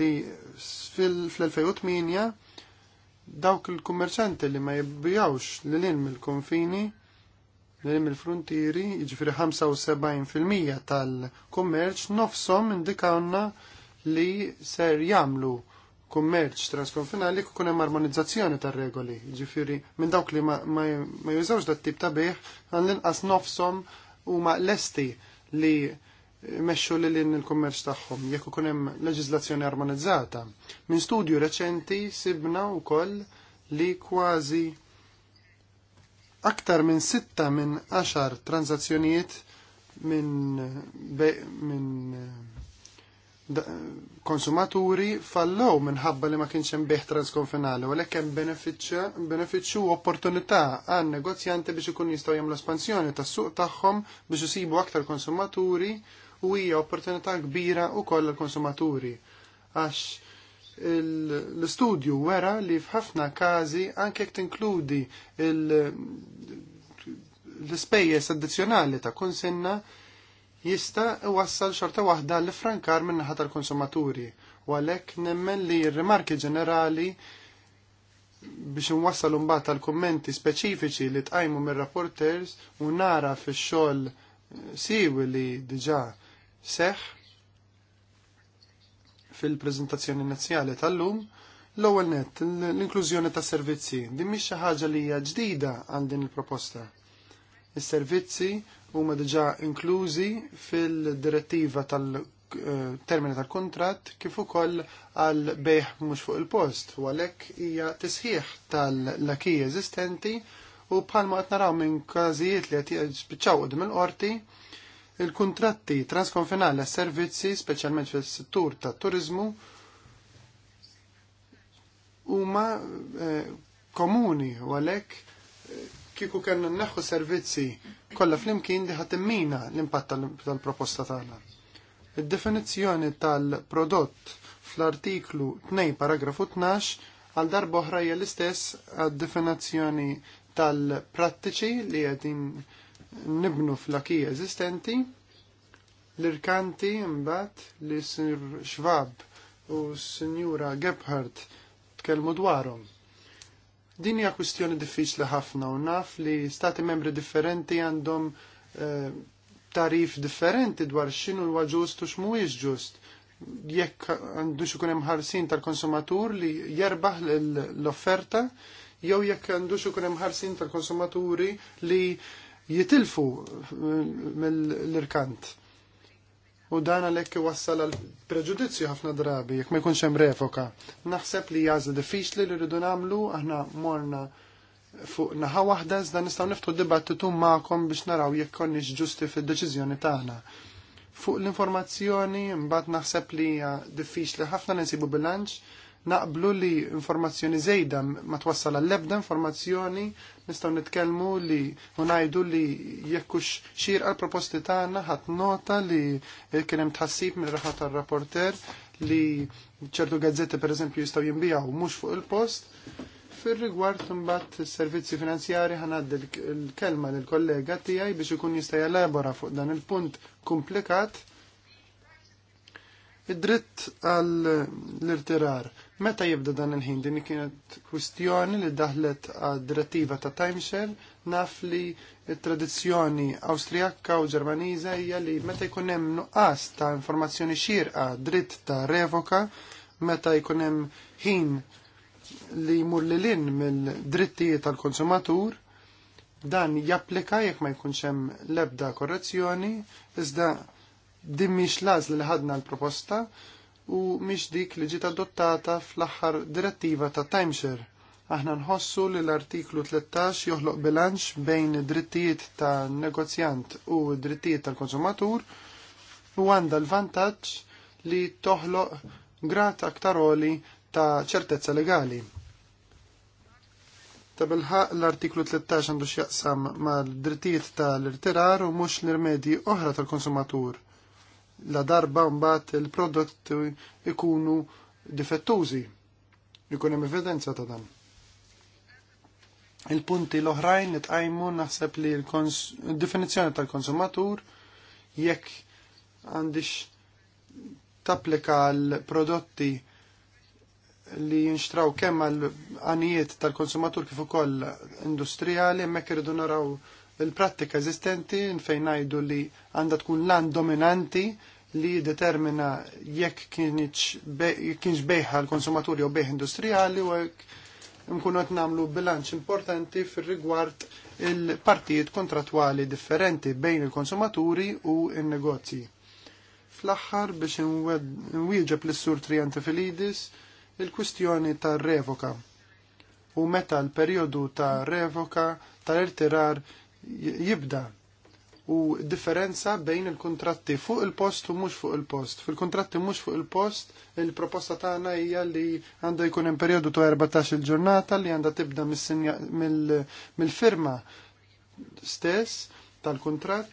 li fl-2008 dawk il-kummerċanti li ma jibbijawx li l mill-konfini Nerim il-frontieri, jiġifieri 75% tal-kummerċ, nofsom indikawna li ser jagħmlu kummerċ transkonfinali kun hemm armonizzazzjoni tar-regoli. Ġifieri minn dawk li ma, ma, ma jużawx dat tip ta' bih għan inqas nofshom huma lesti li li lil in il-kummerċ tagħhom jekk ikun hemm leġiżlazzjoni armonizzata. Minn studju reċenti sibna wkoll li kważi aktar minn sitta minn għaxar tranzazzjonijiet minn min, eh, konsumaturi fallow minħabba li ma kienx hemm beħ transkonfinali u lekk hemm benefiċċju opportunità għan negozjanti biex ikun jistgħu jagħmlu espansjoni tas-suq tagħhom biex isibu aktar konsumaturi u hija opportunità kbira wkoll għall-konsumaturi għax l-studju wera li f'ħafna każi anke jekk tinkludi l-ispejjeż addizzjonali ta' konsenna jista' iwassal xorta waħda l frankar min-naħa tal-konsumaturi u għalhekk nemmen li r-rimarki ġenerali biex nwassal mbagħad tal-kummenti speċifiċi li tqajmu mir-rapporters u nara fix-xogħol siwi li diġà seħħ fil-prezentazzjoni nazjali tal-lum l-ewwel net l-inklużjoni ta' servizzi. Din mhix xi ħaġa li hija ġdida għal din il-proposta. Is-servizzi huma diġà inklużi fil-direttiva tal- eh, termini tal kuntratt kif ukoll għal bejħ mhux fuq il-post u għalhekk hija tisħiħ tal-lakija eżistenti u bħalma qed naraw minn każijiet li qed jispiċċaw qudiem il-qorti il-kuntratti transkonfinali għas servizzi speċjalment fis-settur tat-turiżmu huma eh, komuni u għalhekk eh, kieku kellna neħu servizzi kollha flimkien li ħatimmina l-impatt tal-proposta tagħna. Id-definizzjoni tal-prodott fl-artiklu 2 paragrafu 12 għal darba oħra hija l-istess għad-definizzjoni tal-prattiċi li qegħdin nibnu flaki eżistenti l-irkanti mbagħad li sir Schwab u s-Sinjura Gebhardt tkellmu dwarhom. Din hija kwistjoni diffiċli ħafna u naf li stati membri differenti għandhom eh, tarif differenti dwar x'inhu huwa ġust u x'mhuwiex ġust. Jekk għandux ikun hemm ħarsin tal-konsumatur li jerbaħ l-offerta jew jekk għandux ikun hemm ħarsin tal-konsumaturi li jitilfu mill-irkant. U dan għalhekk wassal għal preġudizzju ħafna drabi jekk ma jkunx hemm revoka. Naħseb li jażla diffiċli li rridu nagħmlu aħna morna fuq naħa waħda iżda nistgħu niftu dibattitu magħkom biex naraw jekk konniex ġusti fid-deċiżjoni tagħna. Fuq l-informazzjoni mbagħad naħseb li hija diffiċli ħafna ninsibu bilanċ naqblu li informazzjoni zejda ma twassal għall-ebda informazzjoni nistgħu nitkellmu li unajdu li jekkux xir għal-proposti tagħna ħadd nota li kien hemm tħassib minn raħat tar-rapporter li ċertu gazzetti pereżempju jistgħu jinbijaw mhux fuq il-post fil-rigward imbagħad is-servizzi finanzjari ħanaddi il kelma lill kollega tiegħi biex ikun jista' jelabora fuq dan il-punt komplikat. Id-dritt għall irtirar Meta jibda dan il-ħin din kienet kwistjoni li daħlet għad direttiva ta' timeshare naf li tradizzjoni Awstrijakka u Ġermaniża hija li meta jkun hemm nuqqas ta' informazzjoni xirqa dritt ta' revoka, meta jkun hemm ħin li jmur li lin mill-drittijiet tal-konsumatur, dan japplika jekk ma jkunx hemm l-ebda korrezzjoni, iżda din mhix l-għażla li ħadna l-proposta u mhix dik li ġiet adottata fl-aħħar direttiva ta' timeshare. Aħna nħossu li l-artiklu 13 joħloq bilanċ bejn drittijiet ta' negozjant u drittijiet tal-konsumatur u għandha l-vantaġġ li toħloq grat aktar oli ta' ċertezza legali. Ta' l-artiklu 13 għandu x'jaqsam mal-drittijiet tal-irtirar u mhux l-irmedji oħra tal-konsumatur la darba mbagħad il-prodotti ikunu difettużi. Ikun hemm evidenza ta' dan. Il-punti l-oħrajn li naħseb li l-definizzjoni tal-konsumatur jekk għandix tapplika l-prodotti li jinxtraw kemm għal anijiet tal-konsumatur kif ukoll industrijali hemmhekk irridu naraw il-prattika eżistenti fejn ngħidu li għandha tkun lan dominanti li determina jekk kienx bejħa l-konsumaturi u bejħ industrijali u nkunu qed nagħmlu bilanċ importanti fir-rigward il-partijiet kontratwali differenti bejn il-konsumaturi u n-negozji. Fl-aħħar biex nwieġeb l-sur Filidis, il-kwistjoni tar-revoka u meta l-perjodu ta' revoka tal-irtirar jibda u differenza bejn il-kontratti fuq il-post u mhux fuq il-post. Fil-kontratti mhux fuq il-post, il-proposta tagħna hija li għandu jkun hemm perjodu ta' 14 il-ġurnata li għandha tibda mill-firma stess tal-kontratt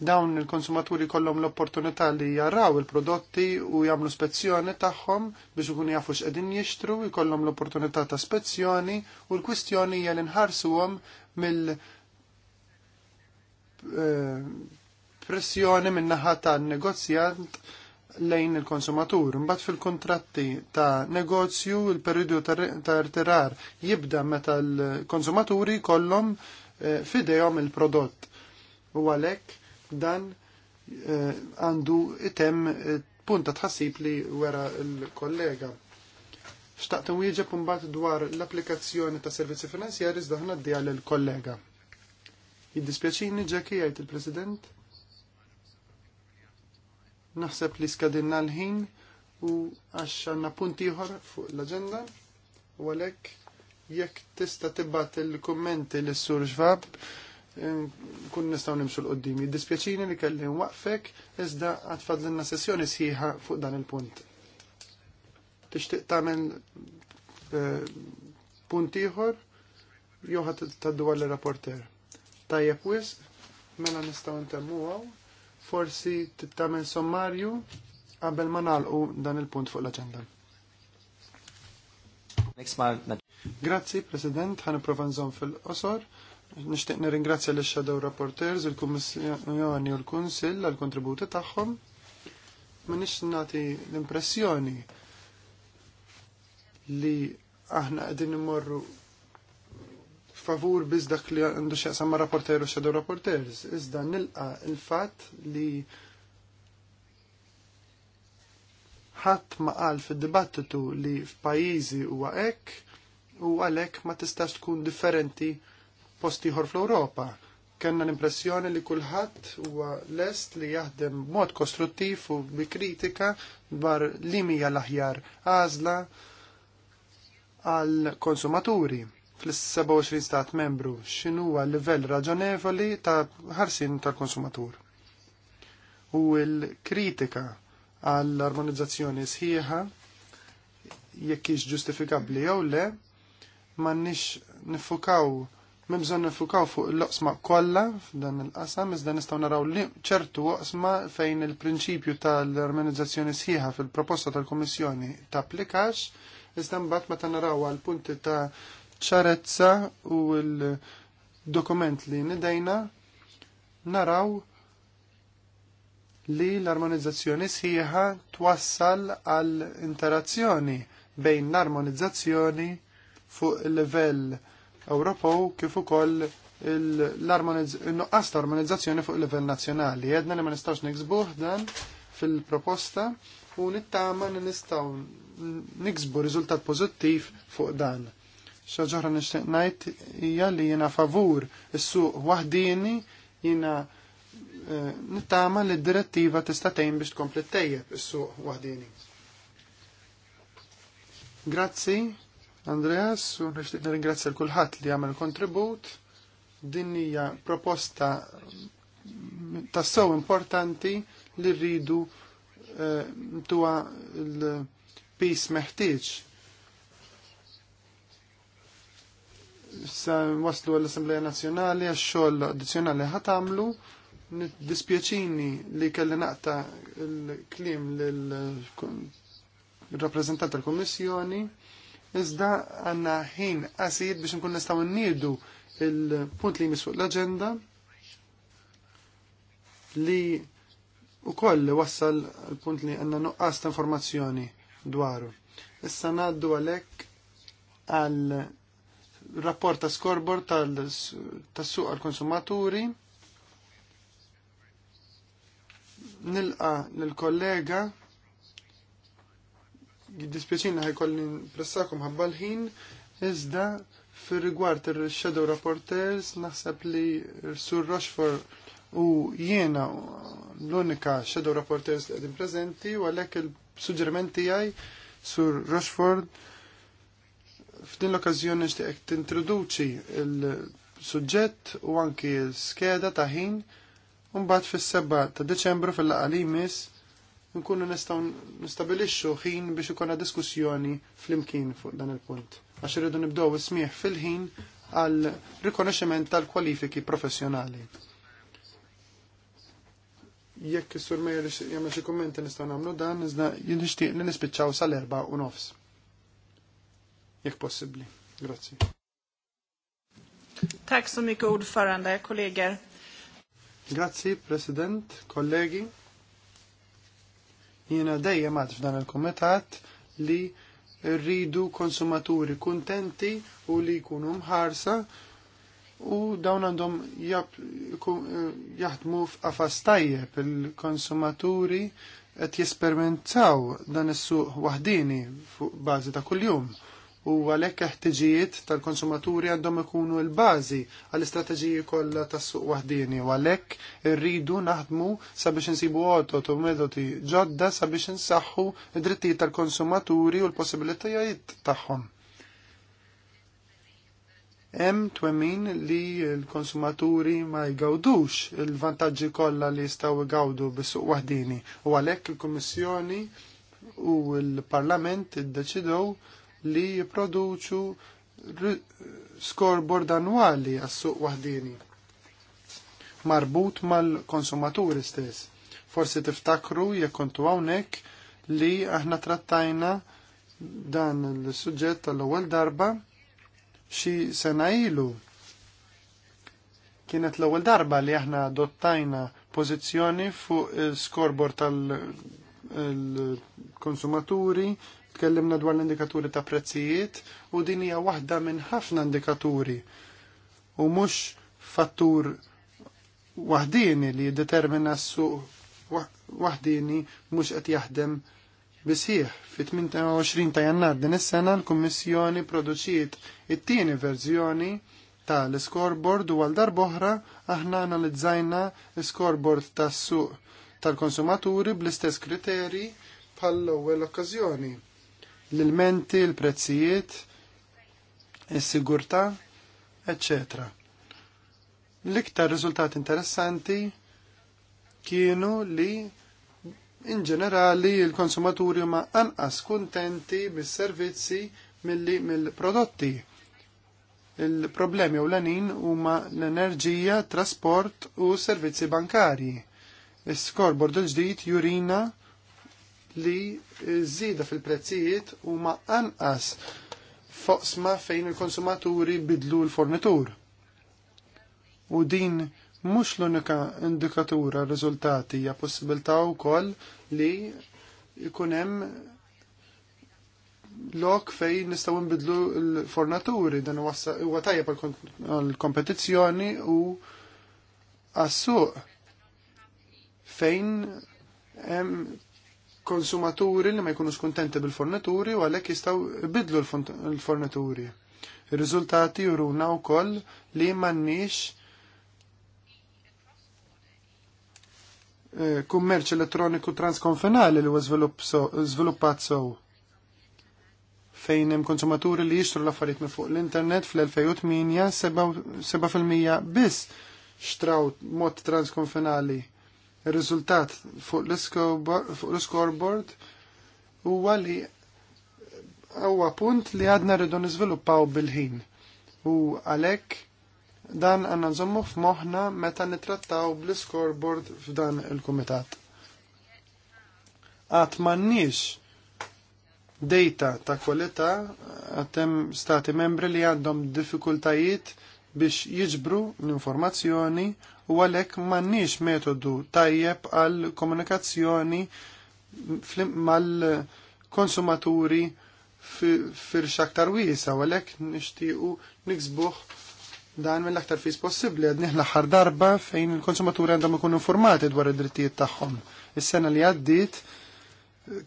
dawn il-konsumaturi kollhom l-opportunità li jarraw il-prodotti u jagħmlu spezzjoni tagħhom biex ikun jafu x'qegħdin jixtru, jkollhom l-opportunità ta' spezzjoni u l-kwistjoni hija li nħarsuhom mill- Eh, pressjoni min-naħa tan-negozjant lejn il-konsumatur. Mbagħad fil-kontratti ta' negozju il-periodu ta' irtirar jibda meta l-konsumaturi kollhom eh, fidejhom il-prodott. U għalhekk dan eh, għandu item punta tħassib li wera l-kollega. Xtaqt nwieġeb mbagħad dwar l-applikazzjoni ta' servizzi finanzjari żdaħna d-dija l-kollega. Jiddispjaċini ġeki jgħid il-President. Naħseb li skadinna l-ħin u għax għanna punt ieħor fuq l agenda u għalhekk jekk tista' tibgħat il-kummenti lis sur Xvab kun nistgħu nimxu l-qoddim. Jiddispjaċini li kelli waqfek iżda għatfadlinna sessjoni sħiħa fuq dan il-punt. Tixtieq tagħmel eh, punti uħor, joħat t taddu għall-rapporter. Tajjeb wisq mela nistgħu intemmu għaw, forsi tittamel sommarju qabel ma nalqu dan il-punt fuq l-aġenda. Grazzi, President, ħan iprofa nżomm fil-qosor. Nishtiq nirringrazzja l-Shadow Rapporteurs, il-Kummissjoni u l-Kunsill għal kontributi tagħhom. Ma nix nagħti l-impressjoni li aħna qegħdin immorru favur biz dak li għandu xaqsam samma rapporter u shadow rapporters. Iżda nilqa il-fat li ħadd ma qal fid-dibattitu li f'pajjiżi huwa hekk u għalhekk ma tistax tkun differenti postiħor fl-Ewropa. Kenna l-impressjoni li kulħadd huwa lest li jaħdem mod kostruttiv u bi kritika dwar limija l-aħjar għażla għal konsumaturi fl-27 stat membru xinu huwa livell raġonevoli ta' ħarsin tal-konsumatur. U l-kritika għall-armonizzazzjoni sħiħa jekk hix ġustifikabbli jew le, nix nifukaw bżon nifukaw fuq l-oqsma kollha f'dan il-qasam, iżda nistgħu naraw li ċertu oqsma fejn il-prinċipju tal-armonizzazzjoni sħiħa fil-proposta tal-Kummissjoni tapplikax, iżda mbagħad meta naraw għal punti ta' ċarezza u l-dokument li nidejna naraw li l-armonizzazzjoni sħiħa twassal għal interazzjoni bejn l-armonizzazzjoni fuq il-level Ewropew kif ukoll l-nuqqas armonizzazzjoni fuq il-level nazzjonali. Jedna li ma nistgħux niksbuh dan fil-proposta u nittama li nistaw niksbu riżultat pożittiv fuq dan xaġoħra nishtiq najt hija li jiena favur is-suq waħdini jiena eh, nittama li d-direttiva tista' tgħin biex tkompli tejjeb is-suq waħdini. Grazzi, Andreas, u nixtieq nirringrazzja l kulħadd li għamel kontribut. Din hija proposta tas-sew importanti li rridu eh, tuwa l-pis meħtieġ Se waslu l-Assembleja Nazzjonali għax xogħol addizzjonali ħadd għamlu dispjaċini li kelli naqta l-klim lill rappreżentant tal kummissjoni iżda għandna ħin qasir biex nkun nistgħu nniedu il-punt li fuq l-aġenda li wkoll wassal il-punt li għandna nuqqas ta' informazzjoni dwaru. Issa ngħaddu għalhekk għal rapport ta' skorbor tas-suq għal-konsumaturi. Nilqa l-kollega dispjaċina ħajkolli pressakom pressakum l iżda fir rigward il-Shadow Rapporters naħseb li Sur Rochefort u jiena l-unika Shadow Rapporters li għedin prezenti u għalek il sugġermenti għaj Sur Rochefort F'din l-okkażjoni nixtieqek tintroduċi il-suġġett u anki l-skeda ta' ħin u mbagħad fis seba ta' Deċembru fil-laqgħa li jmiss nkunu nistgħu nistabilixxu ħin biex ikolna diskussjoni flimkien fuq dan il-punt. Għax irridu nibdew ismieħ fil-ħin għal rikonoxximent tal-kwalifiki professjonali. Jekk is-sur Mejer jagħmel xi kummenti nistgħu nagħmlu dan, iżda jinixtieq li nispiċċaw sal-erba' u nofs jekk possibbli. Grazzi. Tack så mycket ordförande, kollegor. Grazzi, President, kollegi. Jiena dejjem għad f'dan il-komitat li rridu konsumaturi kuntenti u li jkunu mħarsa u dawn għandhom jaħdmu f'qafas tajjeb il-konsumaturi qed jesperimentaw dan is-suq waħdini fuq bażi ta' kuljum u għalhekk ħtiġijiet tal-konsumaturi għandhom ikunu l-bażi għall-istrateġiji kollha tas-suq waħdini u għalhekk irridu naħdmu sabiex insibu għodot u metodi ġodda sabiex insaħħu id-drittijiet tal-konsumaturi u l-possibilitajiet tagħhom. Hemm twemmin li l-konsumaturi ma jgawdux il-vantaġġi kollha li jistgħu jgawdu bis-suq waħdini u għalhekk il-Kummissjoni u l-Parlament iddeċidew il li jipproduċu scoreboard annwali għas-suq waħdini marbut mal-konsumaturi stess. Forsi tiftakru jekk kontu hawnhekk li aħna trattajna dan il-suġġett tal-ewwel darba xi sena ilu. Kienet l-ewwel darba li aħna adottajna pożizzjoni fuq il-scoreboard tal-konsumaturi Tkellimna dwar l-indikaturi ta' prezzijiet u din hija waħda minn ħafna indikaturi u mhux fattur waħdini li determina s-suq waħdini mhux qed jaħdem Bisih, fit-28 ta' jannar din is-sena l-Kummissjoni produċiet it-tieni verżjoni ta' l-scoreboard u għal darboħra aħna analizzajna l-scoreboard tas suq tal-konsumaturi bl-istess kriteri bħall ewwel okkażjoni l ilmenti l-prezzijiet, is-sigurtà, etc. L-iktar riżultati interessanti kienu li in ġenerali il-konsumaturi ma anqas kuntenti bis-servizzi milli mill-prodotti. Il-problemi u l-anin huma l-enerġija, trasport u servizzi bankari. il scoreboard il-ġdid jurina li żieda fil-prezzijiet huma anqas foqsma fejn il-konsumaturi bidlu l-fornitur. U din mhux l-unika indikatura riżultati hija possibilità wkoll li jkun hemm lok fej nistaw nbidlu l-fornaturi dan huwa tajja l kompetizzjoni u għassu fejn konsumaturi li ma jkunux kontenti bil-fornituri u għalhekk jistgħu bidlu l-fornituri. Ir-riżultati juruna wkoll li m'għandniex eh, kummerċ elettroniku transkonfinali li huwa żviluppat sew fejn hemm konsumaturi li jixtru l-affarijiet minn fuq l-internet fl-2008 7% biss xtraw mod transkonfinali Ir-riżultat fuq l-scoreboard huwa li huwa punt li għadna rridu niżviluppaw bil-ħin. U għalhekk dan għandna nżommu f'moħħna meta nitrattaw bl-scoreboard f'dan il-kumitat. Għat m'għandniex data ta' kwalità għatem stati membri li għandhom diffikultajiet biex jiġbru l-informazzjoni u għalhekk m'għandniex metodu tajjeb għal komunikazzjoni mal-konsumaturi firx aktar wiesa u għalhekk nixtiequ niksbuh dan mill-aktar fis possibbli għad niħla ħar darba fejn il-konsumaturi għandhom ikunu informati dwar id-drittijiet tagħhom. Is-sena li għaddiet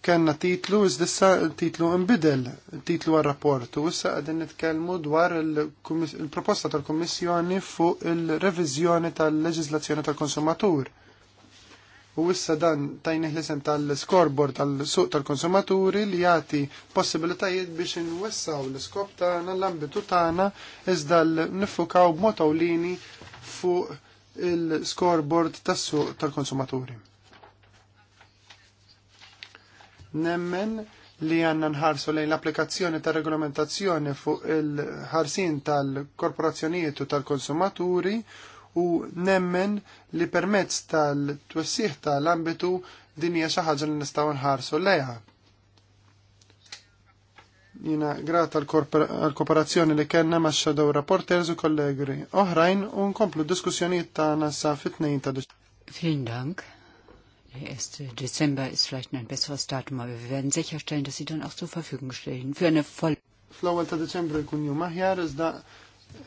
kellna titlu, iżdissa titlu imbidel, titlu għal-rapportu, issa għadin nitkellmu dwar il-proposta tal kummissjoni fuq il-reviżjoni tal leġizlazzjoni tal-konsumatur. U issa dan tajniħ l-isem tal-scoreboard tal-suq tal-konsumaturi li jagħti possibilitajiet biex inwessaw l-iskop tagħna l-ambitu tagħna iżda nifukaw b'mod fuq il-scoreboard tas-suq tal-konsumaturi. Nemmen li għanna nħarsu lejn l-applikazzjoni ta' regolamentazzjoni fuq il-ħarsin tal-korporazzjonijiet u tal-konsumaturi u nemmen li permezz tal twessiħ tal-ambitu din hija xi ħaġa li nistgħu nħarsu lejha. Jina grata għal kooperazzjoni li kellna ma' Shadow Reporters u kollegri oħrajn u nkomplu diskussjonijiet ta' nasa fit-tnejn ta' Vielen Dank erst Dezember ist vielleicht ein besseres Datum, aber wir werden sicherstellen, dass sie dann auch zur Verfügung stehen für eine voll. Flower ewwel ta' Deċembru jkun jum aħjar iżda eh,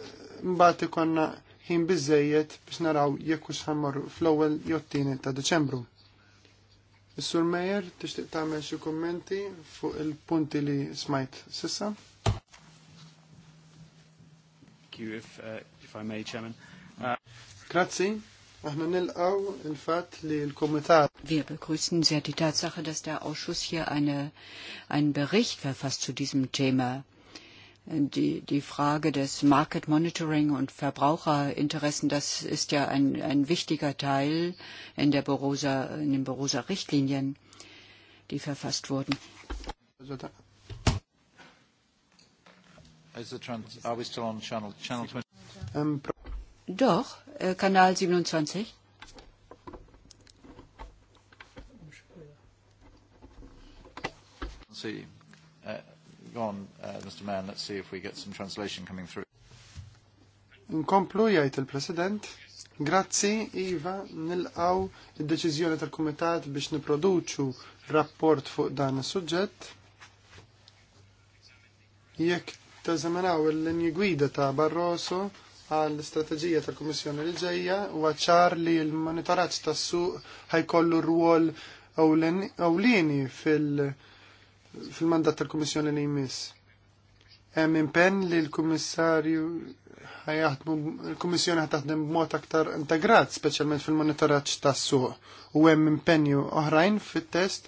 mbagħad ikonna ħin biżejjed biex naraw jekk hux ħammar fl-ewwel jottini ta' Deċembru. Is-Sur Mejer tixtieq tagħmel xi kummenti fuq il-punti li smajt sissa. Thank you if, uh, I may, Chairman. Uh... Aħna nilqaw il-fat li l-Komitat. Wir begrüßen sehr die Tatsache, dass der Ausschuss hier eine, einen Bericht verfasst zu diesem Thema. Die, die Frage des Market Monitoring und Verbraucherinteressen, das ist ja ein, ein wichtiger Teil in, der Borosa, in den Borosa Richtlinien, die verfasst wurden. Is the trans, are we still on channel, channel 20? Doch, äh, Kanal 27. See, uh, go on, uh, Mr. Mann, let's see if we get some translation coming through. Nkomplu jgħid il-President. Grazzi, Iva, nilqaw il-deċizjoni tal-Kumitat biex niproduċu rapport fuq dan is-suġġett. Jekk teżaminaw il-linji gwida ta' Barroso, għall strategija tal-Kummissjoni li ġejja huwa ċar li l-monitoraġġ tas-suq ħajkollu rwol ewlieni fil-mandat tal-Kummissjoni li jmiss. Hemm impenn li l-Kummissarju ħajaħdmu l-Kummissjoni ħad b'mod aktar integrat, speċjalment fil-monitoraġġ tas-suq u hemm impenju oħrajn fit-test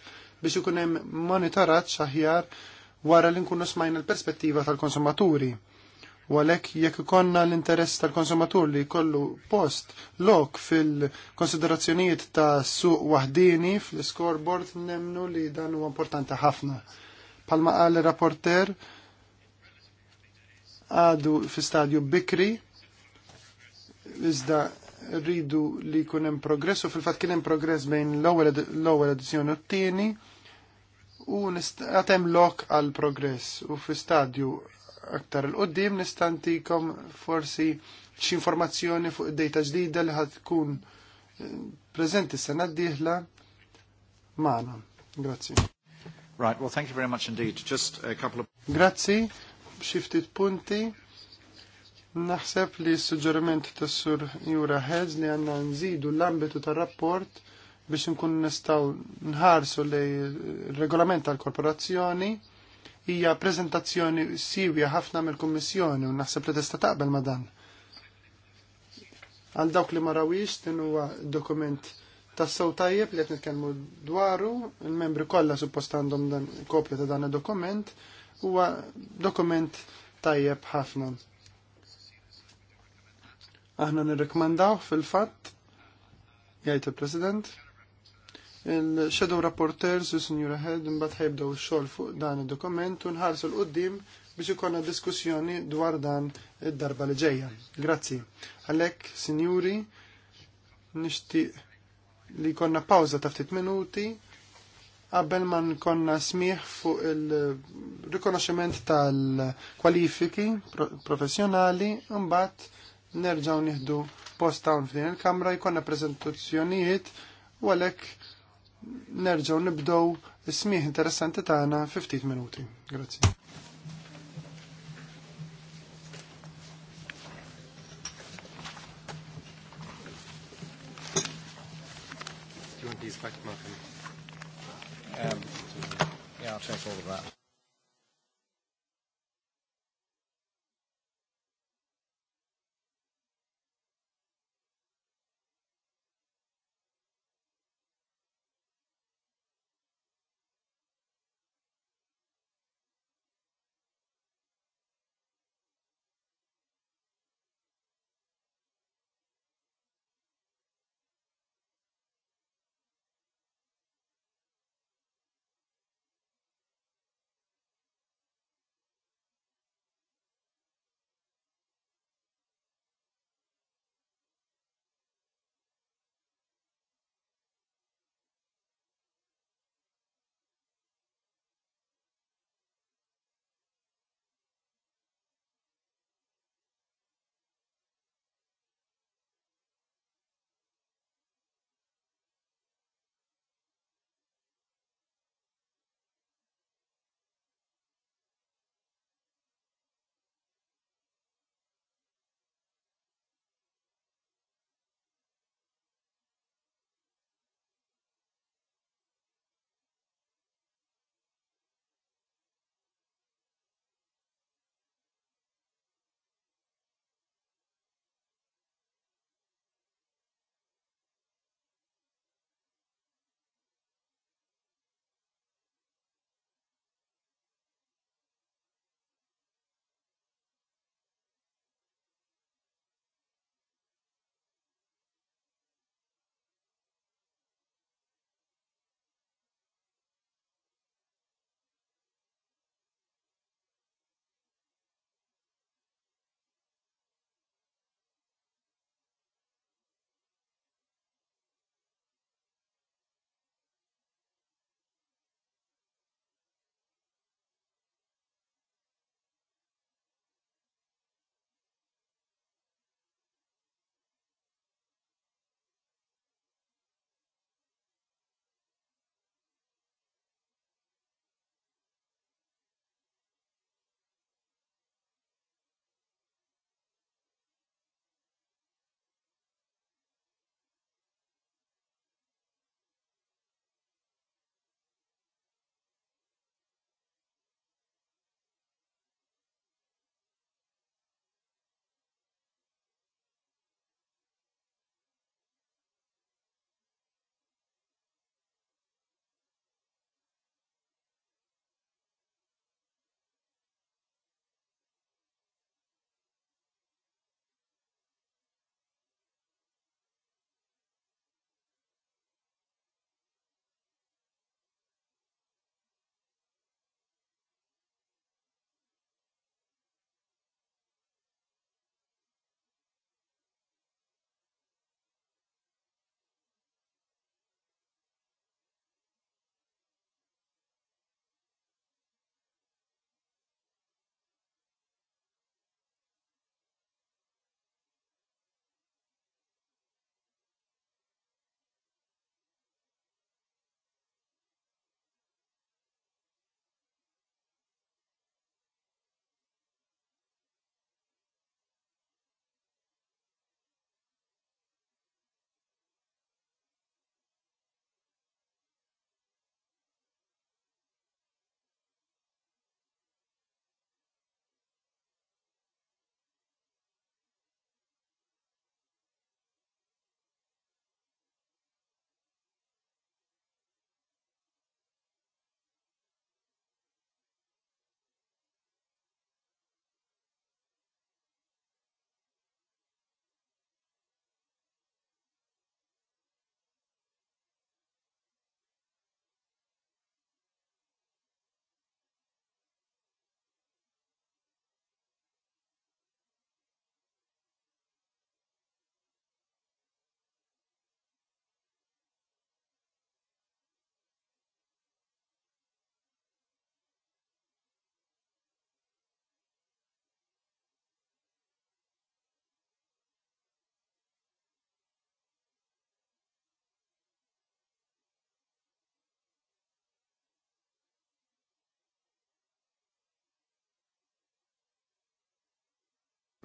biex ikun hemm monitorat aħjar wara li nkunu smajna l-perspettiva tal-konsumaturi U għalhekk jekk ikonna l-interess tal-konsumatur li jkollu post lok fil-konsiderazzjonijiet ta' suq wahdini fl-scoreboard nemnu li dan huwa importanti ħafna. Palma qal rapporter għadu fi stadju bikri iżda rridu li jkun hemm progress u fil-fatt kien hemm progress bejn l-ewwel edizzjoni u t-tieni u għatem lok għal progress u fi stadju aktar il-qoddim nistantikom forsi x'informazzjoni fuq id-data ġdida li ħad tkun eh, preżenti s-sena d-dieħla magħna. Grazzi. Right, well thank you very much indeed. Just a couple of Grazzi, xiftit punti. Naħseb li s-suġġeriment tas-sur Jura ħedz li għandna nżidu l-ambitu tar-rapport biex nkun nistaw nħarsu li regolament tal-korporazzjoni hija prezentazzjoni siwja ħafna mill-Kummissjoni u naħseb li tista' taqbel ma' dan. Għal dawk li ma din huwa dokument tas-sew tajjeb li qed nitkellmu dwaru, il-membri kollha suppost għandhom dan kopja ta' dan id-dokument, huwa dokument tajjeb ħafna. Aħna nirrekmandaw fil-fatt jgħid il-President Il-Shadow Rapporters u Signora Head mbagħad ħajbdew ix-xogħol fuq dan id-dokument u nħarsu l-qudiem biex ikonna diskussjoni dwar dan id-darba li ġejja. Grazzi. Għalhekk, Sinjuri, nixtieq li konna pawza ta' ftit minuti qabel ma nkonna smieħ fuq il-rikonoxximent tal-kwalifiki professjonali mbagħad nerġgħu nieħdu post hawn f'din il-kamra jkollna prezentazzjonijiet u għalhekk nerġaw nibdow is interessanti tagħna fi ftit minuti. Grazzi. Um, yeah, I'll check all of that.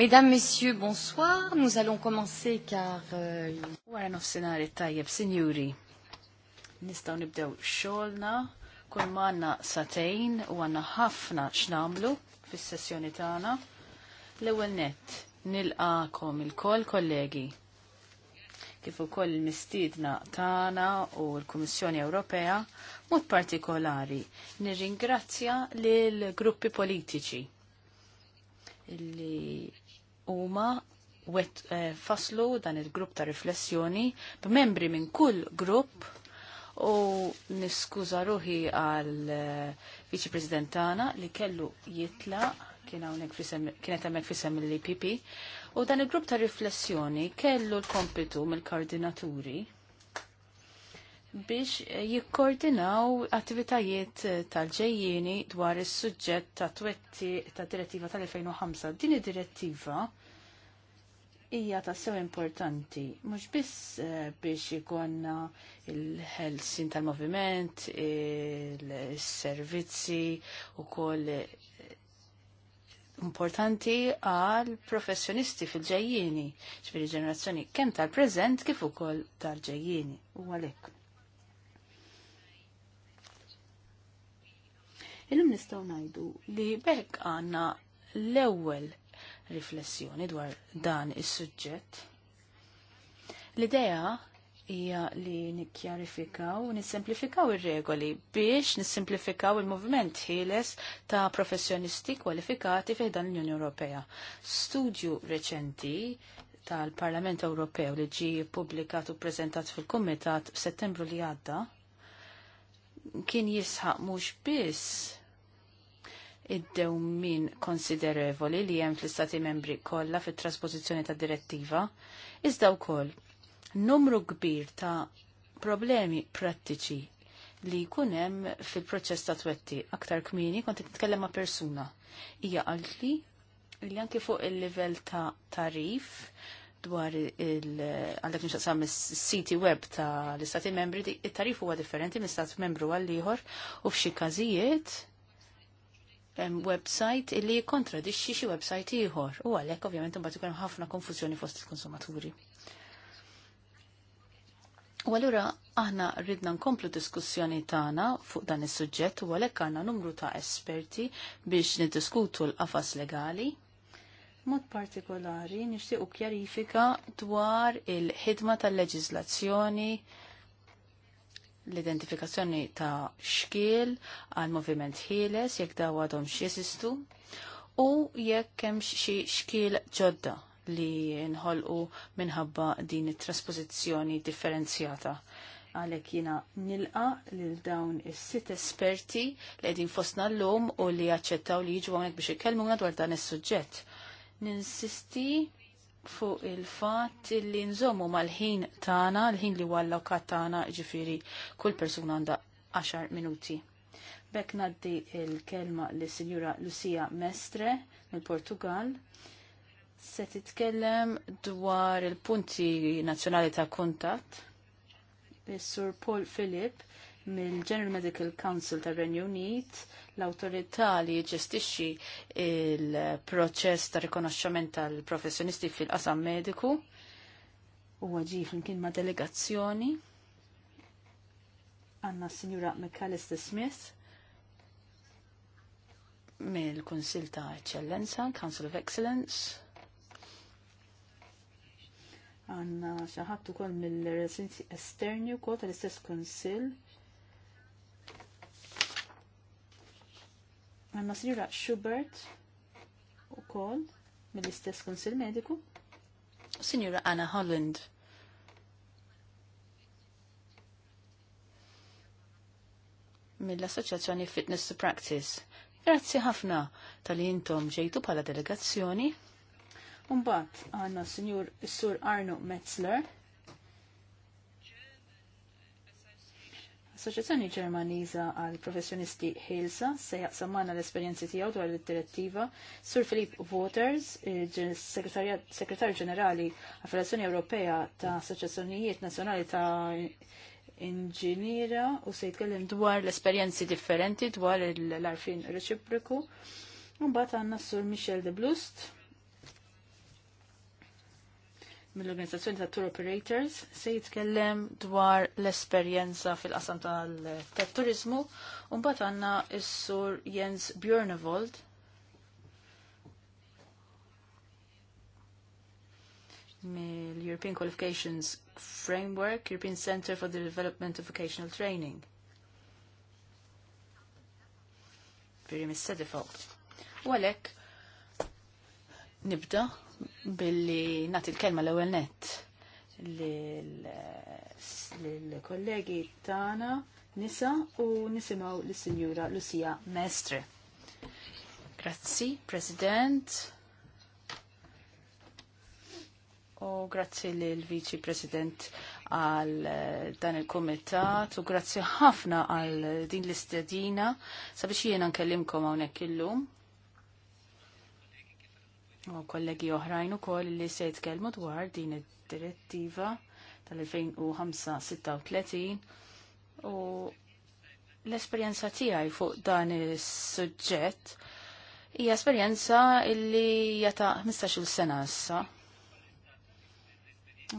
Mesdames, Messieurs, bonsoir. Nous allons commencer car... Euh, Wara nofsinari tajjeb, signori. Nistaw nibdew xolna, kull manna satajn u għanna ħafna xnamlu fis-sessjoni tagħna. L-ewwel net nilqakom il-koll kollegi kif ukoll il-mistiedna tagħna u l-Kummissjoni Ewropea mod partikolari nirringrazzja lil gruppi politiċi li huma wet eh, faslu dan il-grupp ta' riflessjoni b'membri minn kull grupp u niskuża ruħi għal eh, viċi President li kellu jitla kienet hemmhekk fisem l-IPP u dan il-grupp ta' riflessjoni kellu l-kompitu mill-koordinaturi biex jikkoordinaw attivitajiet tal ġejjini dwar is-suġġett ta' twetti ta' direttiva tal-2005. Din id-direttiva hija ta' sew importanti, mhux biss eh, biex jikonna il-ħelsin tal-moviment, il-servizzi u koll eh, importanti għal professjonisti fil ġejjini ġviri ġenerazzjoni kemm tal-preżent kif ukoll tal ġejjini u għalhekk. Illum nistgħu ngħidu li bekk għandna l-ewwel riflessjoni dwar dan is-suġġett. L-idea hija li nikkjarifikaw u nissemplifikaw ir-regoli biex nissimplifikaw il-moviment ħieles ta' professjonisti kwalifikati fih dan l-Unjoni Ewropea. Studju reċenti tal-Parlament Ewropew li ġi publikat u prezentat fil-Kumitat f'Settembru li għadda kien jisħaq mhux biss id-dewmin konsiderevoli li hemm fl-istati membri kollha fit-trasposizzjoni ta' direttiva, iżda wkoll numru kbir ta' problemi prattiċi li jkun hemm fil-proċess ta' twetti aktar kmini kont titkellem ma' persuna. Hija qalt li li fuq il-livell ta' tarif dwar il għandek nixtaqsam is-siti web ta' l-istati membri, it-tarif huwa differenti mis stat membru għal ieħor u f'xi każijiet website illi kontradixxi xi website ieħor u għalhekk ovvjament imbagħad ikun ħafna konfużjoni fost il-konsumaturi. U allura aħna ridna nkomplu diskussjoni tagħna fuq dan is-suġġett u għalhekk għandna numru ta' esperti biex niddiskutu l-qafas legali. Mod partikolari nixtiequ kjarifika dwar il-ħidma tal-leġiżlazzjoni l-identifikazzjoni ta' xkiel għal moviment ħieles jekk daw għadhom x'jeżistu u jekk hemm xi xkiel ġodda li nħolqu minħabba din it-trasposizzjoni differenzjata. Għalhekk jiena nilqa lil dawn is-sitt esperti li qegħdin fostna llum u li jaċċettaw li jiġu hawnhekk biex ikellmuna dwar dan is-suġġett. Ninsisti fuq il-fat li nżommu mal-ħin tagħna, l-ħin li huwa u tagħna, ġifiri kull persuna għandha 10 minuti. Bek naddi il-kelma li sinjura Lucia Mestre mill-Portugal se titkellem dwar il-punti nazzjonali ta' kontat, il sur Paul Philip mill-General Medical Council tar renju Unit l-autorità li ġestixxi il-proċess ta' rikonoxxament tal-professjonisti fil-qasam mediku u ġi flimkien ma' delegazzjoni għanna s-Sinjura McAllister Smith mill-Kunsil ta' Eccellenza, Council of Excellence, għanna xaħat u koll mill-residenti esterni u koll tal-istess konsil Għanna s-sirra Schubert u kol mill-istess konsil mediku. Sinjura Anna Holland. mill-Assoċjazzjoni Fitness to Practice. Grazzi ħafna tal intom ġejtu pala delegazzjoni. Umbat għanna Sinjur Sur Arno Metzler Associazzjoni Ġermaniża għal Professjonisti Hilsa se jaqsam l-esperjenzi tiegħu dwar id-direttiva Sur Filip Waters, Segretarju Ġenerali għal Federazzjoni Ewropea ta' Assoċjazzjonijiet Nazzjonali ta' Inġiniera u se jitkellem dwar l-esperjenzi differenti dwar l-arfin reċiproku. Mbagħad għandna Sur Michel de Blust, mill-Organizzazzjoni ta' Tour Operators se jitkellem dwar l-esperjenza fil-qasam tal-turizmu u mbagħad għandna s-sur Jens Björnevold mill-European Qualifications Framework, European Center for the Development of Vocational Training. Veri mis-sedifaw. U għalek, nibda billi nagħti l-kelma l-ewwel nett lill-kollegi tagħna nisa u nisimgħu l signora Lucia Mestre. Grazzi, President. U grazzi l vici President għal eh, dan il-komitat u grazzi ħafna għal din l-istedina sabiex jiena nkellimkom hawnhekk illum u kollegi oħrajn ukoll li se jitkellmu dwar din id-direttiva tal-2005-36 u l-esperjenza tiegħi fuq dan is-suġġett hija esperjenza li ta' 15-il sena issa.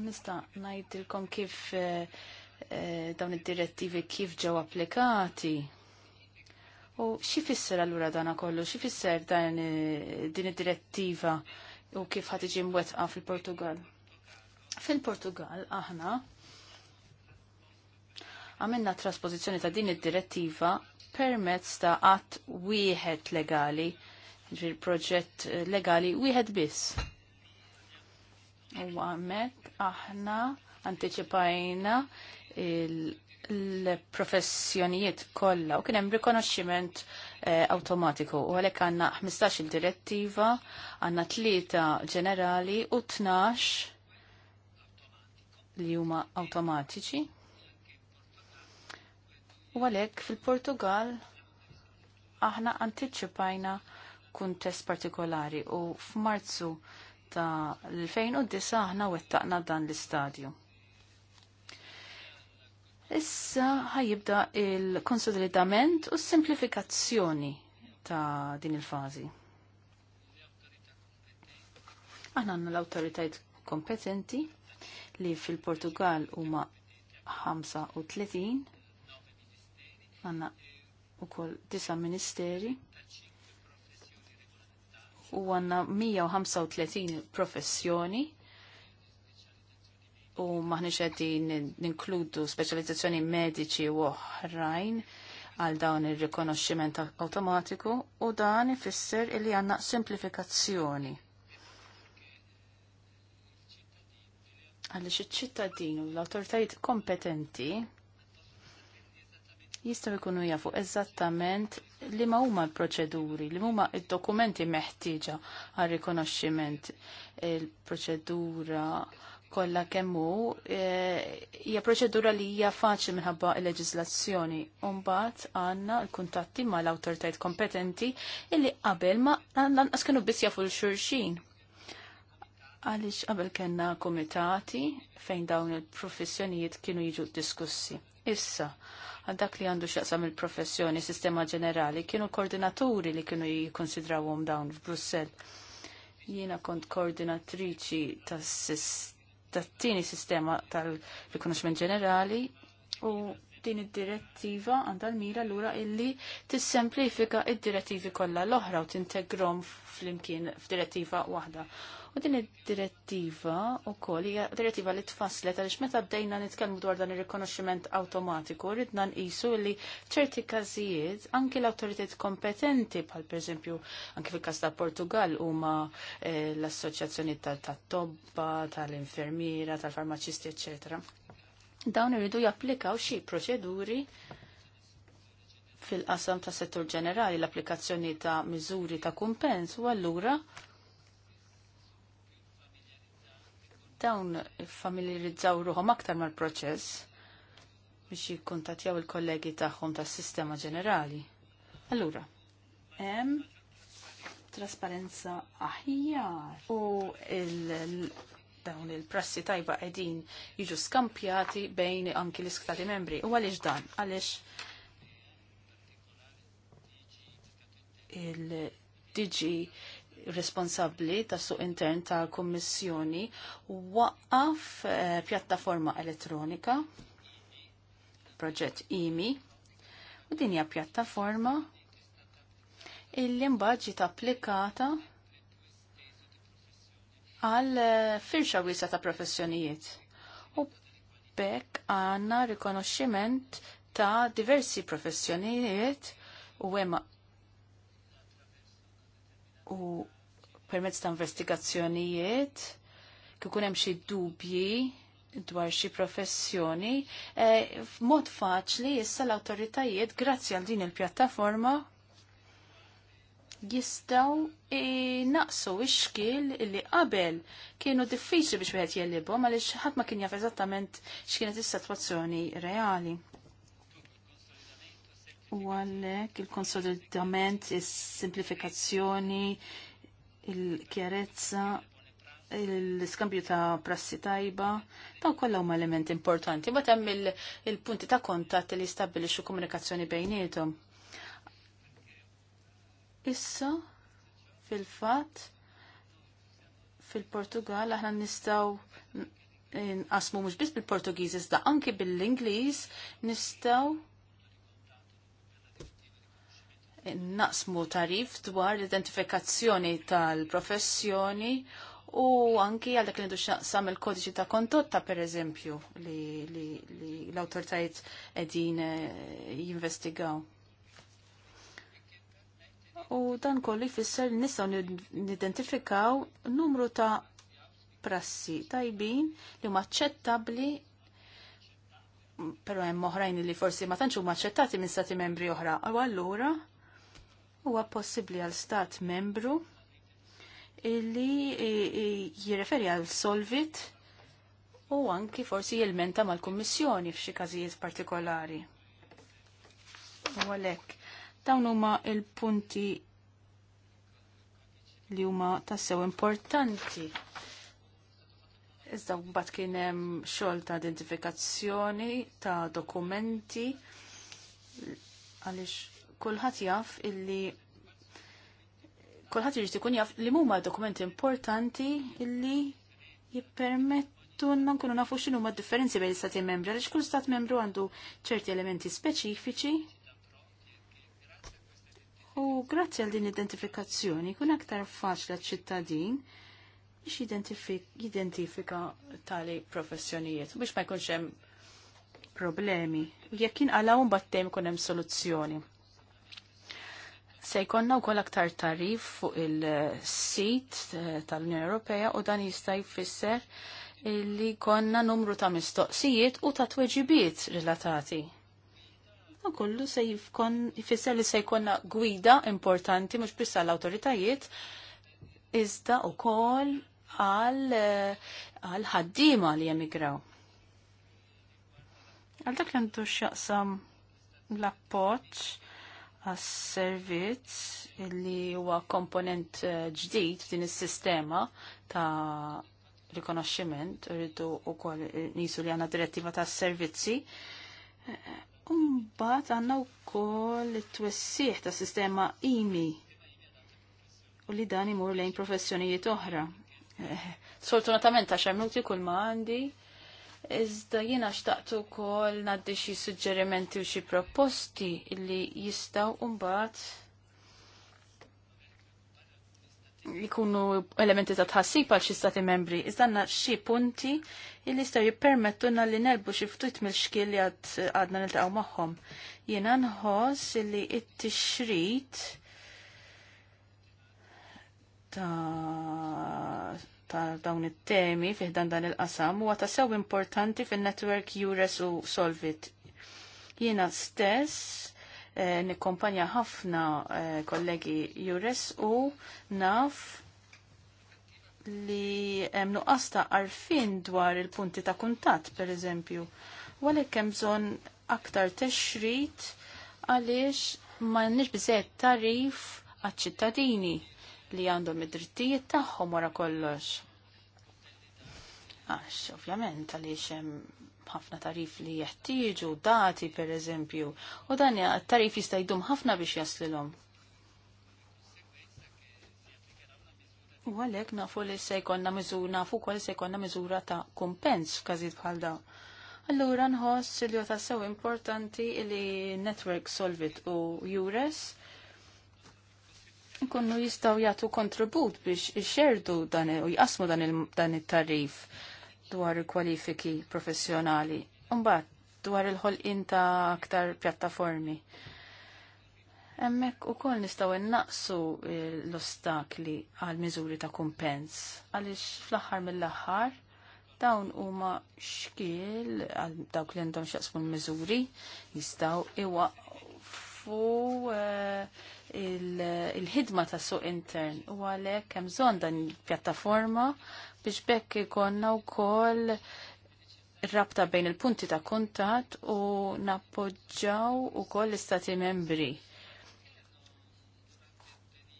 Nista' ngħidilkom kif eh, eh, dawn id-direttivi kif ġew applikati U xifisser allura dana kollu, xifisser dan eh, din id-direttiva u kif ħat iġi mwetqa fil-Portugal? Fil-Portugal aħna għamilna trasposizjoni ta' din id-direttiva permezz ta' għat wieħed legali, ġir proġett eh, legali wieħed biss. U għamek aħna anticipajna il- l-professjonijiet kollha u kien hemm rikonoxximent eh, awtomatiku u għalhekk għandna 15 il-direttiva, għandna tlieta ġenerali u 12 li huma awtomatiċi. U għalhekk fil-Portugal aħna antiċipajna kuntest partikolari u f'Marzu ta' l-2009 aħna wettaqna dan l-istadju. Issa ħajibda il-konsolidament u s-simplifikazzjoni ta' din il-fazi. Aħna għanna l-autoritajt kompetenti li fil-Portugal huma 35 għanna u koll 9 ministeri u għanna 135 professjoni u maħni għedin ninkludu specializzazzjoni mediċi u oħrajn għal dawn il-rikonoxximent automatiku u dan ifisser illi għanna simplifikazzjoni. Għalli iċ-ċittadin u l autoritajt kompetenti jistaw ikunu jafu eżattament li ma huma l-proċeduri, li huma il dokumenti meħtieġa għal rikonoxximent il-proċedura Kolla kemm hu e, hija proċedura li hija faċli minħabba l u Mbagħad għandna l-kuntatti mal-awtoritajiet kompetenti illi qabel ma lanqas kienu biss jafu l-xulxin. Għaliex qabel kellna komitati fejn dawn il-professjonijiet kienu jiġu diskussi. Issa, għal dak li għandu xaqsam il-professjoni, sistema ġenerali, kienu koordinaturi li kienu jikkonsidrawhom dawn f'Brussell. Jiena kont koordinatriċi tas-sistema tat-tieni sistema tal-rikonoxment ġenerali u din id-direttiva għandha l-mira lura illi tissemplifika id-direttivi kollha l-oħra u tintegrom fl-imkien f'direttiva waħda. U din id-direttiva u koll hija direttiva li tfasslet għaliex meta bdejna nitkellmu dwar dan ir-rikonoxximent awtomatiku ridna nqisu li ċerti każijiet anki l-awtoritajiet kompetenti bħal pereżempju anki fil-każ ta' Portugal huma eh, l-assoċjazzjoni tat-tobba, tal-infermiera, tal-farmaċisti, eċetera. Dawn iridu japplikaw xi proċeduri fil-qasam ta' settur ġenerali l-applikazzjoni ta' miżuri ta' kumpens u allura dawn familjarizzaw ruħom aktar mal-proċess biex jikkuntatjaw il-kollegi tagħhom tas-sistema ġenerali. Allura, hemm trasparenza aħjar u il dawn il-prassi tajba qegħdin jiġu skampjati bejn anki l isktati membri. U għaliex dan? Għaliex il-DG responsabli ta' suq intern ta' kommissjoni waqqaf eh, pjattaforma elettronika, proġett IMI, u din hija pjattaforma illi mbagħad ta' applikata għal eh, firxa wiesa ta' professjonijiet. U bekk għandna rikonoxximent ta' diversi professjonijiet u hemm u permezz ta' investigazzjonijiet, kikun hemm xi dubji dwar xi professjoni, e, f'mod faċli issa l-awtoritajiet grazzi għal din il-pjattaforma jistaw naqsu ix-xkil li qabel kienu diffiċli biex wieħed jellibhom għaliex ħadd ma kien jaf eżattament x'kienet is-sitwazzjoni reali. U għalhekk il-konsolidament, is-simplifikazzjoni, il il-kjerezza, il-skambju ta' prassi tajba, ta' kollha huma elementi importanti. Bat hemm il-punti ta' kontatt li jistabbilixxu komunikazzjoni bejniethom. Issa fil-fatt fil-Portugal aħna nistgħu nqasmu mhux biss bil-Portugiż iżda anki bil-Ingliż nistgħu naqsmu tarif dwar l-identifikazzjoni tal-professjoni u anki għal dak li sam il-kodiċi ta' kondotta per eżempju li, li, li l autoritajt edin eh, jinvestigaw. U dan kollu jfisser li nistgħu nidentifikaw numru ta' prassi tajbin li huma aċċettabbli però hemm oħrajn li forsi ma tantx huma aċċettati minn stati membri oħra. U allura huwa possibbli għal stat membru illi jirreferi għal solvit u anki forsi jilmenta mal-Kummissjoni f'xi każijiet partikolari. U għalhekk dawn huma il-punti li huma tassew importanti. Iżda mbagħad kien hemm xogħol ta' identifikazzjoni ta' dokumenti għaliex kulħadd jaf illi kulħadd irid ikun jaf li huma dokumenti importanti illi jippermettu ma nkunu nafu xinu ma differenzi bejn l-istati membri għaliex kull stat membru għandu ċerti elementi speċifiċi U grazzi għal din identifikazzjoni kun aktar faċli ċittadin biex jidentifika tali professjonijiet biex ma jkunx hemm problemi. U jekk inqalaw mbagħad dejjem ikun hemm soluzzjoni. Se jkonna u aktar tarif fuq il-sit eh, tal-Unjoni Ewropea u dan jista' jfisser li konna numru ta' mistoqsijiet u ta' tweġibiet relatati. U kollu se jfisser li se jkonna gwida importanti mhux biss għall-awtoritajiet iżda u koll għal eh, ħaddima li jemigraw. Għal dak l-għandu l-appoċ għas-servizz li huwa komponent eh, ġdid f'din is-sistema ta' rikonoxximent, rridu wkoll nisu li għandna direttiva tas servizzi. Eh, mbagħad għandna wkoll it-twessieħ tas sistema IMI u li dan imur lejn professjonijiet oħra. Eh, sfortunatament xi minuti kull ma għandi Iżda jiena xtaqtu wkoll ngħaddi xi suġġerimenti u xi proposti li jistgħu mbagħad jkunu elementi ta' tħassib għal xi stati membri. Iżda għandna xi punti li jistgħu jippermettuna li nelbu xi ftit mill-xkil li għadna niltaqgħu magħhom. Jiena nħoss li t-tixrid ta' ta' dawn it-temi fiħdan dan il-qasam huwa ta' sew importanti fin-network Jures u Solvit. Jiena stess eh, nikkompanja ħafna eh, kollegi Jures u naf li hemm nuqqas ta' arfin dwar il-punti ta' kuntatt, per eżempju. Għalhekk hemm bżonn aktar texrit għaliex ma nix bizet tarif għal-ċittadini li għandhom id-drittijiet tagħhom wara kollox. Għax, ovvjament, għaliex hemm ħafna tarif li jeħtieġu dati per eżempju, u dan tarif jista' jdum ħafna biex jaslilhom. U għalhekk nafu li se jkollna miżura nafu kol se jkollna miżura ta' kumpens f'każijiet bħal dawn. Allura nħoss li jota sew importanti li Network Solvit u Jures Nkunnu jistaw jagħtu kontribut biex ixxerdu dan u jqasmu dan it-tarif dwar il-kwalifiki professjonali. Umbat, dwar il-ħolqien ta' aktar pjattaformi. Emmek u kol nistaw innaqsu l-ostakli għal miżuri ta' kumpens. Għalix fl-axar mill-axar, dawn huma xkiel għal dawk li għandhom xaqsmu l-miżuri jistaw iwa nafu eh, il-ħidma ta' suq intern u għalhekk hemm bżonn dan il-pjattaforma biex bekk ikonna wkoll rabta bejn il-punti ta' kuntat u nappoġġaw ukoll l-istati membri.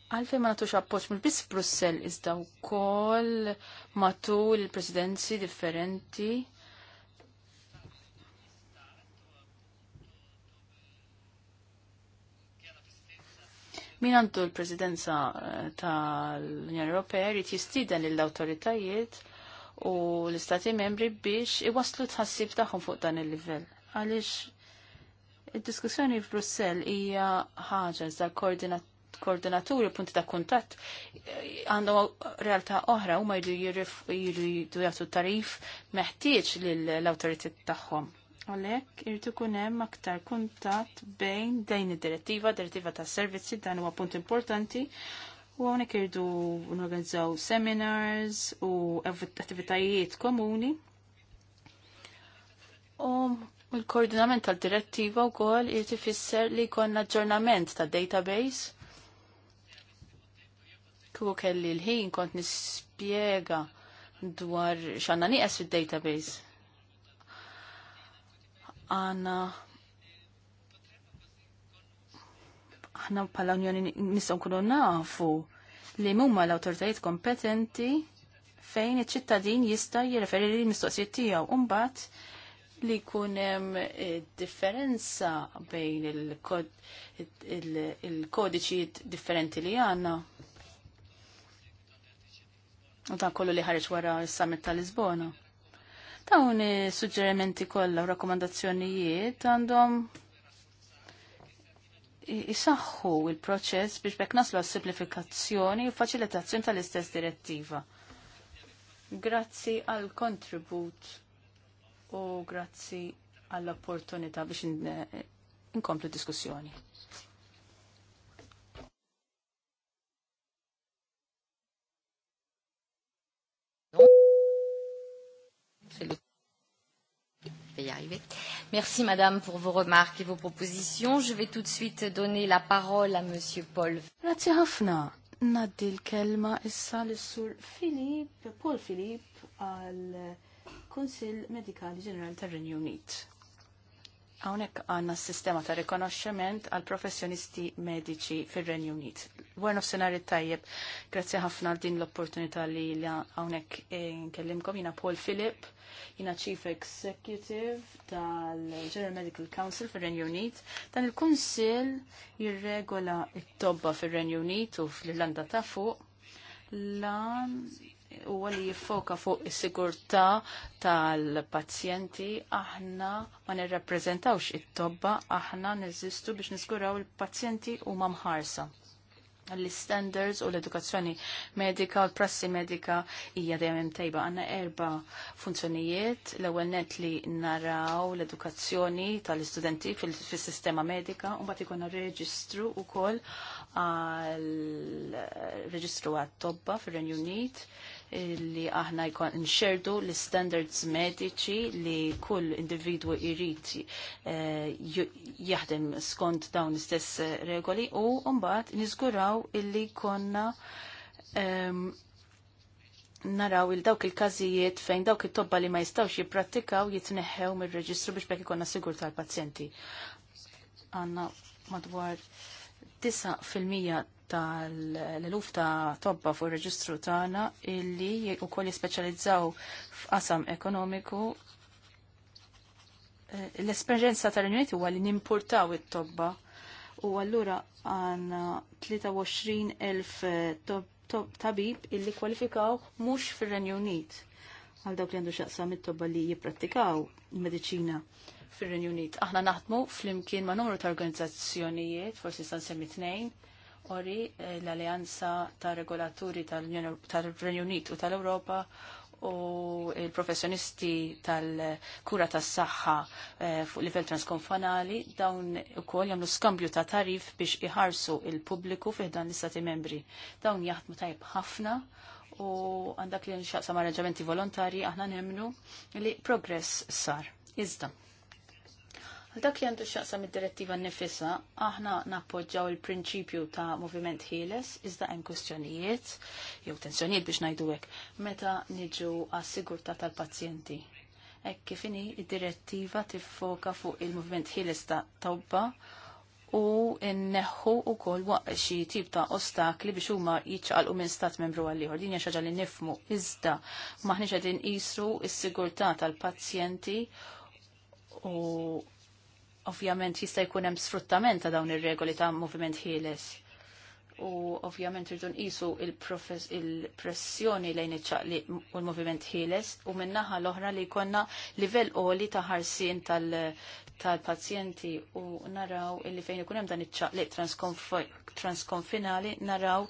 Għalfej ma natux appoġġ mill biss Brussel iżda wkoll matul il-presidenzi differenti Min għandu l-Presidenza eh, tal-Unjoni Ewropea jrid jistiden lill-awtoritajiet u l-Istati membri biex iwaslu tħassib tagħhom fuq dan il-livell. Għaliex id-diskussjoni f'Brussell hija ħaġa za koordinaturi punti ta' kuntatt eh, għandhom realtà oħra huma jridu jridu jagħtu tarif meħtieġ lill-awtoritajiet tagħhom Għalhekk irid ikun hemm aktar kuntatt bejn dejn id-direttiva, direttiva tas servizzi dan huwa punt importanti u hawnhekk irdu norganizzaw seminars u attivitajiet komuni. U l-koordinament tal-direttiva wkoll irid ifisser li jkollna aġġornament tad database kieku kelli l-ħin kont nispjega dwar xanna nieqes fil-database għana aħna bħala Unjoni nistgħu kullu nafu li mumma l-awtoritajiet kompetenti fejn iċ-ċittadin jista' jirreferi li mistoqsijiet tiegħu mbagħad li jkun hemm eh, differenza bejn il-kodiċi differenti li għandna. U dan kollu li ħareġ wara s-summit tal-Lisbona. Dawn suġġerimenti kollha u rakkomandazzjonijiet għandhom jisaxħu il-proċess biex bekk naslu għas-simplifikazzjoni u faċilitazzjoni tal-istess direttiva. Grazzi għal kontribut u grazzi għall-opportunità biex inkomplu diskussjoni. Merci Madame pour vos remarques et vos propositions. Je vais tout de suite donner la parole à Monsieur Paul. Grazie Hafna. Naddi l-kelma issa l-sur Filip, Paul Filip, għal Konsil Medikali Ġenerali ta' renju Unit. Għawnek għanna s-sistema ta' rikonoxxement għal professjonisti mediċi fir renju Unit. Għan of senari tajjeb, grazzi ħafna għal din l-opportunità li għawnek nkellimkom jina Paul Filip, jina Chief Executive tal-General Medical Council fir renju Unit. Dan il-Kunsil jirregola it-tobba fir renju Unit u fl-Irlanda ta' fuq. Lan u għalli jiffoka fuq is-sigurtà tal-pazjenti, aħna ma nirrappreżentawx it-tobba, aħna neżistu biex niskuraw il-pazjenti u mamħarsa l-standards u l-edukazzjoni medika u l-prassi medika hija dejjem tajba. Għanna erba funzjonijiet. L-ewwel net li naraw l-edukazzjoni tal-istudenti fil-sistema medika u mbagħad ikun reġistru wkoll għal reġistru għat-tobba fir-Renju Unit li aħna jkun nxerdu l standards mediċi li kull individwu irrit eh, jaħdem skont dawn l-istess eh, regoli u mbagħad niżguraw illi konna um, naraw il dawk il-każijiet fejn dawk it-tobba li ma jistawx jipprattikaw jitneħħew mir-reġistru biex bekk ikonna sigur tal-pazjenti. Għanna madwar 9% tal-eluf ta' tobba fuq il-reġistru tagħna illi wkoll jispeċjalizzaw f'qasam ekonomiku. Eh, l-esperjenza tal-Uniti huwa li nimpurtaw it-tobba u allura għandna 23,000 eh, tabib illi kwalifikaw mhux fir-Renju Unit għal dawk li għandu xaqsam it-tobba li jipprattikaw medicina fil-Renju Unit. Aħna naħdmu fl-imkien ma' numru ta' organizzazzjonijiet, forsi san semmi tnejn, ori eh, l-Alleanza ta' Regolaturi tal-Renju Unit u tal-Europa u il-professjonisti tal-kura tas saħħa eh, fuq livell transkonfanali dawn ukoll jagħmlu skambju ta' tarif biex iħarsu il-pubbliku fih dan l-istati membri. Dawn jaħdmu tajb ħafna u għandak li nxaqsa marraġamenti volontari aħna nemnu li progress sar. Iżda. Dak jandu xaqsa mid-direttiva nifissa, aħna nappoġġaw il-prinċipju ta' moviment ħieles, iżda hemm kustjonijiet, jew tensjonijiet biex najduwek, meta niġu għas-sigurtà tal-pazjenti. Hekk kif id-direttiva tiffoka fuq il-moviment ħieles ta' tobba u nneħħu wkoll waqt xi tip ta' ostakli biex huma jiċċaqalqu minn stat membru għal ieħor. Din hija xaġa li nifmu iżda maħniex qegħdin qisru s-sigurtà tal-pazjenti u Ovvjament jista' jkun hemm sfruttament ta' dawn ir-regoli ta' moviment ħieles u ovvjament irdu nqisu il-pressjoni lejn iċ-ċaqli u l-moviment ħieles u minnaħa l-oħra li jkollna livell qoli ta' ħarsien tal-pazjenti u naraw illi fejn ikun hemm dan iċ transkonfinali naraw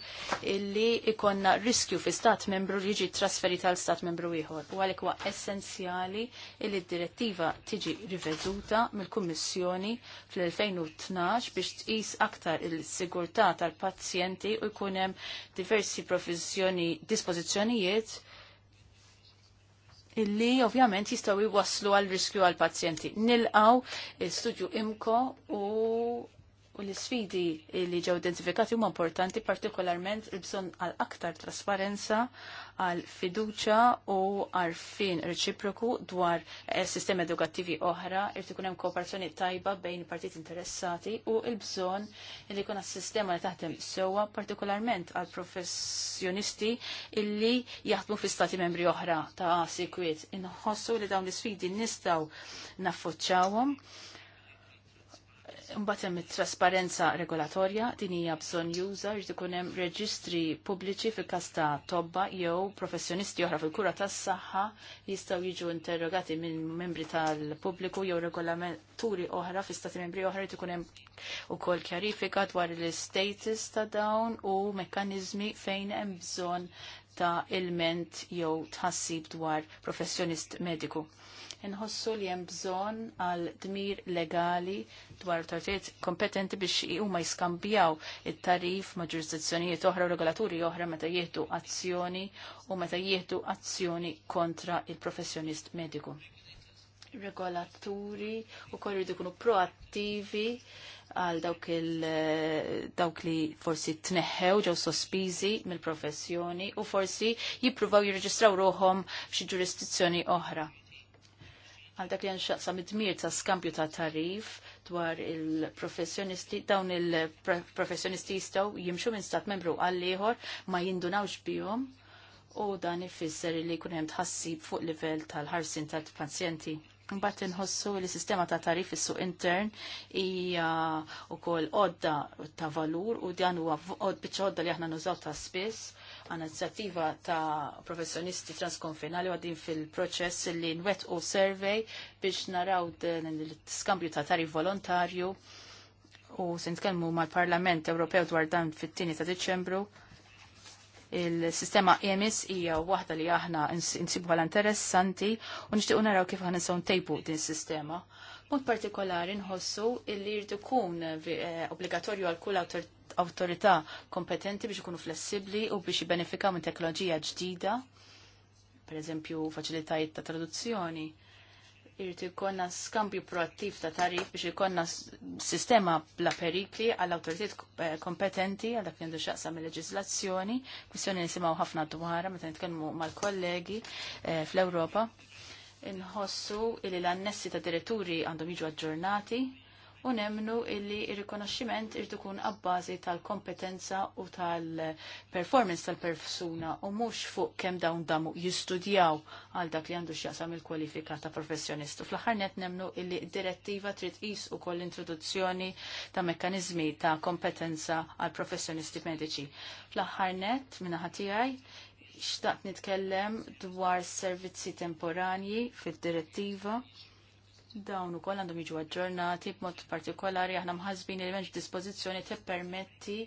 illi ikonna riskju fi stat membru li jiġi trasferi tal-stat membru ieħor. U għalhekk huwa essenzjali illi d-direttiva tiġi riveduta mill-Kummissjoni fl-2012 biex tqis aktar il-sigurtà tal-pazjenti pazjenti u jkun hemm diversi professjoni dispożizzjonijiet illi ovvjament jistgħu jwasslu għal riskju għal pazjenti. Nilqgħu il-studju imko u U l-sfidi li ġew identifikati huma importanti partikolarment il-bżonn għal aktar trasparenza, għal fiduċa u għarfin reċiproku dwar eh, sistemi edukattivi oħra, irti hemm kooperazzjoni tajba bejn partit interessati u il-bżonn li jkun sistema li taħdem sewwa partikolarment għal professjonisti illi jaħdmu fi stati membri oħra ta' sikwiet. Inħossu li dawn l-sfidi nistgħu naffuċċawhom Mbagħad hemm it-trasparenza regolatorja din hija bżonn juża jrid ikun hemm reġistri pubbliċi fil-każ ta' tobba jew professjonisti oħra fil-kura tas-saħħa jistgħu jiġu interrogati minn membri tal-pubbliku jew regolamenturi oħra fi stati membri oħra jrid ikun hemm ukoll kjarifika dwar l-status ta' dawn u mekkaniżmi fejn hemm bżonn ta' ilment jew tħassib dwar professjonist mediku inħossu li hemm bżonn għal dmir legali dwar autoritajiet kompetenti biex huma jiskambjaw it-tarif ma' ġurisdizzjonijiet oħra u regolaturi oħra meta jieħdu azzjoni u meta jieħdu azzjoni kontra il-professjonist mediku. Regolaturi u korri ikunu proattivi għal dawk, il, eh, dawk li forsi tneħħew ġew sospiżi mill-professjoni u forsi jippruvaw jirreġistraw ruħhom f'xi ġurisdizzjoni oħra għal dak li għanxaqsa mid-dmir ta' skampju ta' tarif dwar il-professjonisti, dawn il-professjonisti jistaw jimxu minn stat membru għall-liħor ma jindunawx bihom u dan ifisser li kunem hemm tħassib fuq livell tal-ħarsin tal-pazjenti. Mbagħad inħossu li sistema ta' tarif is-suq intern hija wkoll għodda ta' valur u dan huwa biċċa odda li aħna nużaw ta' spiss għandna inizjattiva ta' professjonisti transkonfinali għadin fil-proċess li nwet u survey biex naraw l-skambju ta' tarif volontarju u se mal-Parlament Ewropew dwar dan fit-tieni ta' Diċembru Il-sistema EMS hija waħda li aħna insibu għal interessanti u nixtiequ naraw kif aħna nsew ntejbu din sistema Mod partikolari nħossu li jrid ikun eh, obbligatorju għal kull awtorità kompetenti biex ikunu flessibbli u biex jibbenefikaw minn teknoloġija ġdida, pereżempju faċilitajiet ta' traduzzjoni Irrid ikonna skambju proattiv ta' tarif biex ikonna sistema bla perikli għall awtoritiet eh, kompetenti għal dak li xaqsam il-leġislazzjoni, kwistjoni nisimgħu ħafna dwarha meta nitkellmu mal-kollegi eh, fl-Ewropa. Inħossu li l-annessi ta' diretturi għandhom jiġu aġġornati u nemnu illi il-rikonoxximent irdu kun abbażi tal-kompetenza u tal-performance tal-persuna u mux fuq kem dawn damu jistudjaw għal dak li għandu xjaqsam il-kwalifika ta' professjonistu. Fl-aħħar net nemnu illi direttiva trid qis u koll introduzzjoni ta' mekkanizmi ta' kompetenza għal professjonisti mediċi. Fl-aħħar net minna xtaqt nitkellem dwar servizzi temporanji fil-direttiva Dawn ukoll għandhom jiġu aġġornati b'mod partikolari aħna mħasbin li m'hemmx dispożizzjoni tippermetti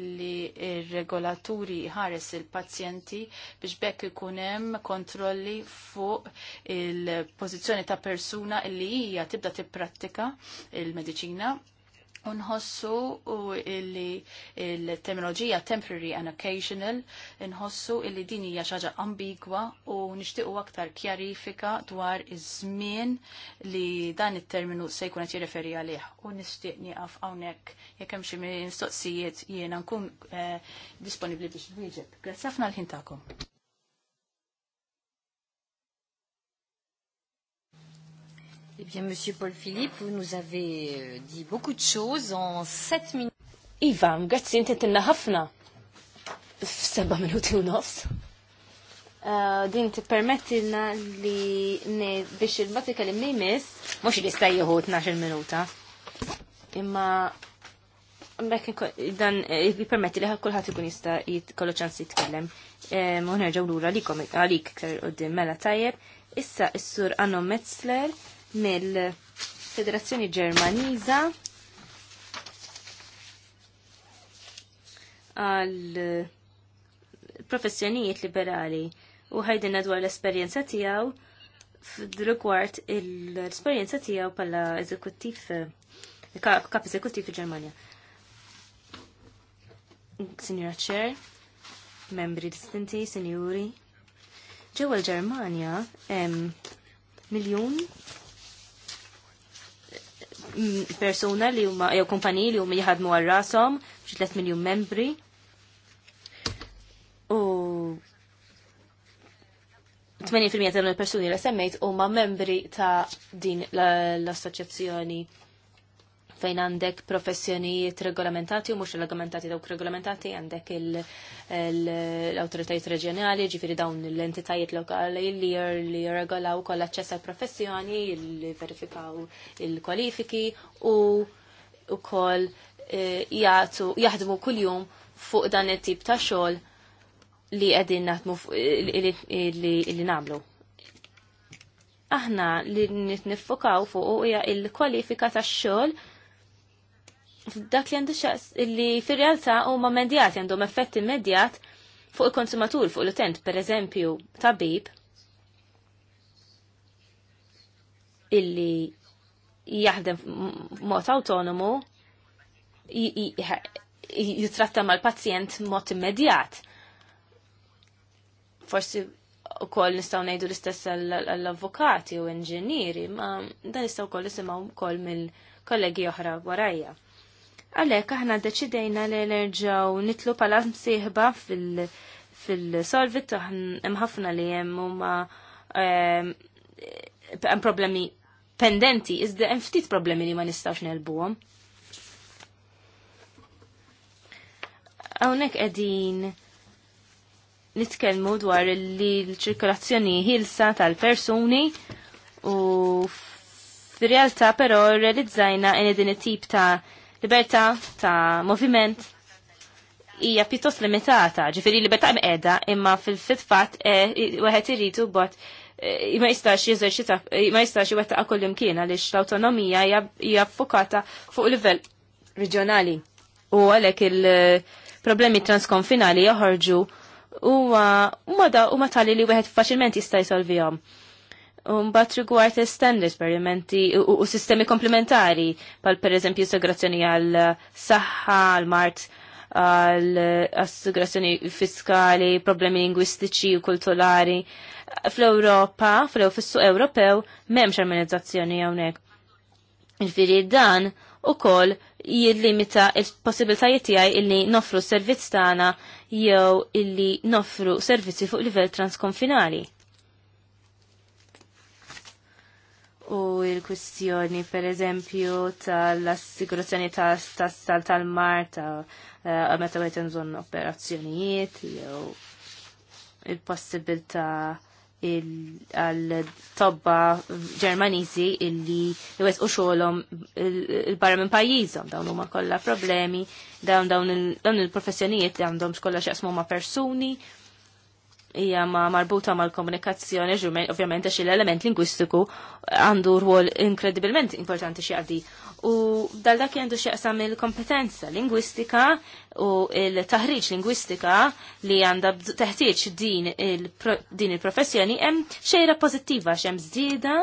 illi il regolaturi ħares il-pazjenti biex bekk ikun hemm kontrolli fuq il-pożizzjoni ta' persuna illi hija tibda tipprattika il-mediċina Unħossu u illi il-terminologija temporary and occasional, nħossu illi din hija xaġa ambigwa u nixtiequ aktar kjarifika dwar iż-żmien li dan it-terminu se jkun qed jirreferi għalih. U nixtieq nieqaf hawnhekk jekk hemm xi mistoqsijiet jiena nkun eh, disponibbli biex nwieġeb. Grazzi ħafna l-ħin Eh bien, Monsieur Paul Philippe, vous nous avez euh, dit beaucoup de choses en 7 minutes. Iva, mgrazzi inti ħafna. F'seba minuti u nofs. Eh, din tippermettilna li biex il-batika li mnimis, mux li staj jieħu 12 minuta. Imma Bekk dan eh, permetti li kulħadd ikun jista' jitkollu ċans jitkellem. U eh, nerġgħu lura għalik għalik iktar qudiem mela tajjeb. Issa s-sur Anno Metzler mill-Federazzjoni Ġermaniża għal professjonijiet liberali u ħajdinna dwar l-esperjenza tiegħu f'drukwart l-esperjenza tiegħu bħala eżekuttiv kap eżekuttiv fil-Ġermanja. Signora Chair, membri distinti, signori, ġewwa l-Ġermanja hemm miljun persuna li huma jew kumpaniji li huma jħadmu għal rashom xi 3 miljun membri. U 80% tal-persuni li semmejt huma membri ta' din l-assoċjazzjoni fejn għandek professjonijiet regolamentati u mhux regolamentati dawk regolamentati għandek l-awtoritajiet reġjonali, ġifiri dawn l-entitajiet lokali li jirregolaw ukoll aċċess għal professjoni, li verifikaw il-kwalifiki u ukoll e, jaħdmu kuljum fuq dan it-tip ta' xogħol li qegħdin naħdmu li nagħmlu aħna li nitnifokaw fuq hija l kwalifika tax-xogħol dak li għandu xaqs li fil-realtà huma medjati għandhom effett immedjat fuq il-konsumatur, fuq l-utent, per eżempju, tabib illi jaħdem mod autonomu jitratta mal-pazjent mod immedjat. Forsi u koll nistaw nejdu l-istess għall-avokati u inġinieri, ma dan nistaw koll nisimaw koll mill-kollegi oħra warajja. Għalek aħna deċidejna li nerġaw nitlu pala msiħba fil-solvit ħafna li jem huma ehm, hemm problemi pendenti, iżda hemm ftit problemi li ma nistgħux nelbuhom. Hawnhekk qegħdin nitkellmu dwar li l-ċirkolazzjoni ħilsa tal-persuni u f'realtà però realizzajna in din it-tip ta' libertà ta' moviment hija pjuttost limitata, ġifieri libertà mqeda imma fil-fitfat eh, wieħed iridu bot eh, ma jistax jeżerċita eh, ma jistax iwettaqa kull imkien għaliex l-awtonomija hija fokata fuq livell reġjonali. U għalhekk il-problemi transkonfinali joħorġu huma huma tali li wieħed faċilment jista' jsolvihom. Mbagħad rigward estend esperimenti u sistemi komplementari pal pereżempju integrazzjoni għal saħħa, għal mart, għal assegrazzjoni fiskali, problemi lingwistiċi u kulturali. Fl-Ewropa, fl fissu Ewropew, m'hemmx armonizzazzjoni hawnhekk. Infiri dan u kol jillimita il-possibilitajiet tiegħi illi nofru servizz tagħna jew illi nofru servizzi fuq livell transkonfinali. u il-kwistjoni per eżempju tal-assigurazzjoni tal-mar ta' eh, meta wieħed nżon operazzjonijiet jew il-possibilta għal-tobba ġermanizi illi jwet u xolom il-barra minn pajizom dawn huma kollha problemi dawn dawn il-professjonijiet li għandhom xkollha xaqsmu ma' persuni hija ma marbuta mal-komunikazzjoni, ovvjament għax l-element lingwistiku għandu rwol inkredibilment importanti xi U dal dak għandu xieqsam il-kompetenza lingwistika u il-taħriġ lingwistika li għanda teħtieġ din il-professjoni hemm xejra pożittiva x'hemm żdieda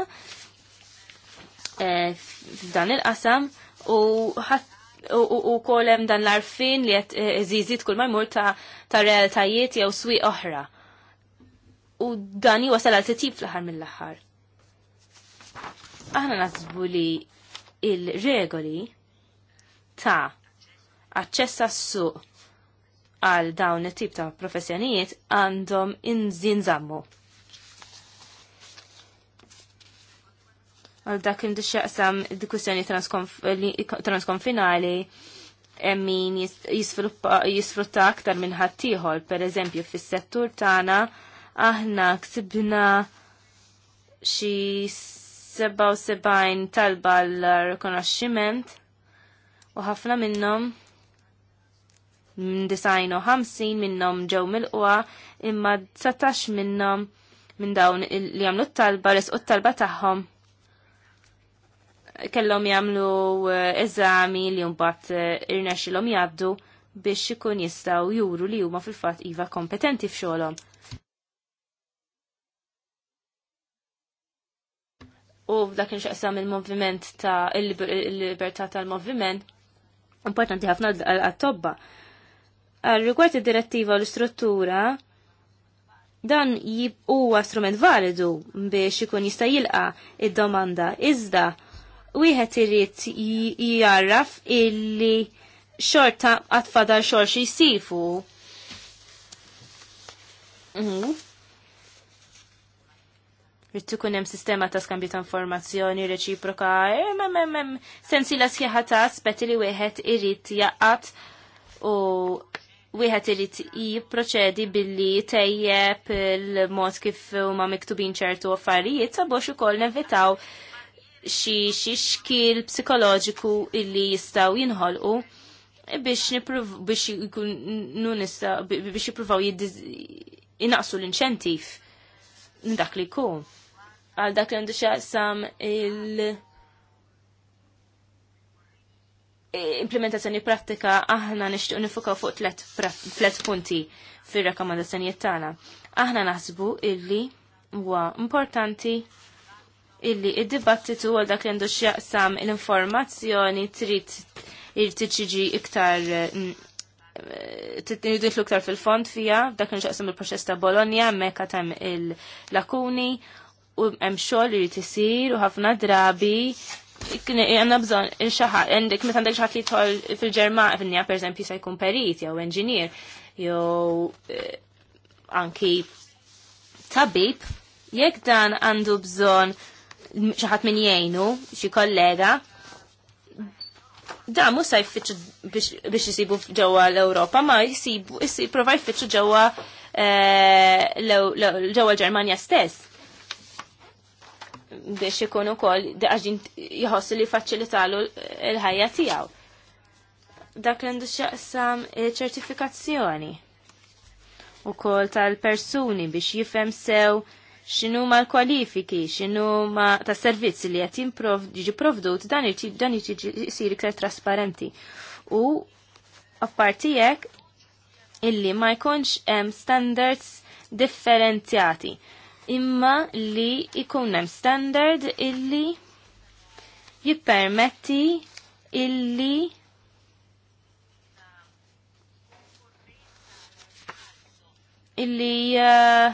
eh, f'dan il-qasam u ħadd u kolem dan l-arfin li għet zizit eh, kull ma jmur ta' realtajiet jew swi oħra u dan wasal għal titib fl-aħħar mill-aħħar. Aħna nazbu li il-regoli ta' aċċess għas-suq għal dawn it-tip ta' professjonijiet għandhom inżinżammu. Għal dak id-kwistjoni transkonfinali min jisfrutta aktar minn ħaddieħor, per eżempju, fis-settur tagħna aħna ksibna xi 77 talba l-rikonoxximent u ħafna minnhom design u 50 minnhom ġew milqwa imma 19 minnhom minn dawn li jagħmlu t-talba resqu t-talba tagħhom kellhom jagħmlu eh, eżami li mbagħad eh, irnexxilhom jgħaddu biex ikun jistgħu juru li huma fil-fatt iva kompetenti f'xogħolhom. u f'dak inxaqsam il-moviment ta' il-libertà tal-moviment, importanti ħafna għal-tobba. Rigward id-direttiva u l-istruttura, dan huwa strument validu biex ikun jista' jilqa id-domanda. Iżda, wieħed irid jarraf illi xorta għatfadar xorx jisifu. Mm -hmm. Rrid ikun hemm sistema ta' skambju ta' informazzjoni reċiproka, hemm eh, sensila sħiħa ta' aspetti li wieħed irid jaqat u wieħed irid jipproċedi billi tejjeb il-mod kif huma miktubin ċertu affarijiet sabiex ukoll nevitaw xi xi xkil psikoloġiku illi jistgħu jinħolqu biex biex biex jippruvaw jinaqsu l-inċentiv dak li jkun għal dak li għandu xaqsam il- implementazzjoni pratika aħna nixtieq nifukaw fuq tlet punti fir-rakkomandazzjonijiet tagħna. Aħna naħsbu illi huwa importanti illi id-dibattitu għal dak li għandu x'jaqsam l-informazzjoni trid irtiġiġi iktar titniditlu iktar fil-fond fija, dak li xaqsam il-proċess ta' Bologna, mekka tam il-lakuni u hemm xogħol li tisir u ħafna drabi għandna bżonn xaħat, għandek meta għandek xaħat li tħol fil-ġermana, fil per eżempju se jkun perit, jew enġinier, jew eh, anki tabib, jekk dan għandu xi xaħat min jgħinu, xi kollega, da mhux se jfittxu biex jisibu ġewwa l-Ewropa, ma jsibu jisibu jfittxu ġewwa eh, ġewwa jisibu jisibu jisibu biex ikun ukoll għaxin jħossu li faċilitalu l-ħajja tiegħu. Dak l-industrija qsam ċertifikazzjoni kol tal-persuni biex jifhem sew xinu ma l-kwalifiki, xinu ma ta' servizzi li qed jiġi provdut dan dan jsir iktar trasparenti. U apparti illi ma jkunx hemm standards differenzjati imma li ikun hemm standard illi jippermetti illi illi uh,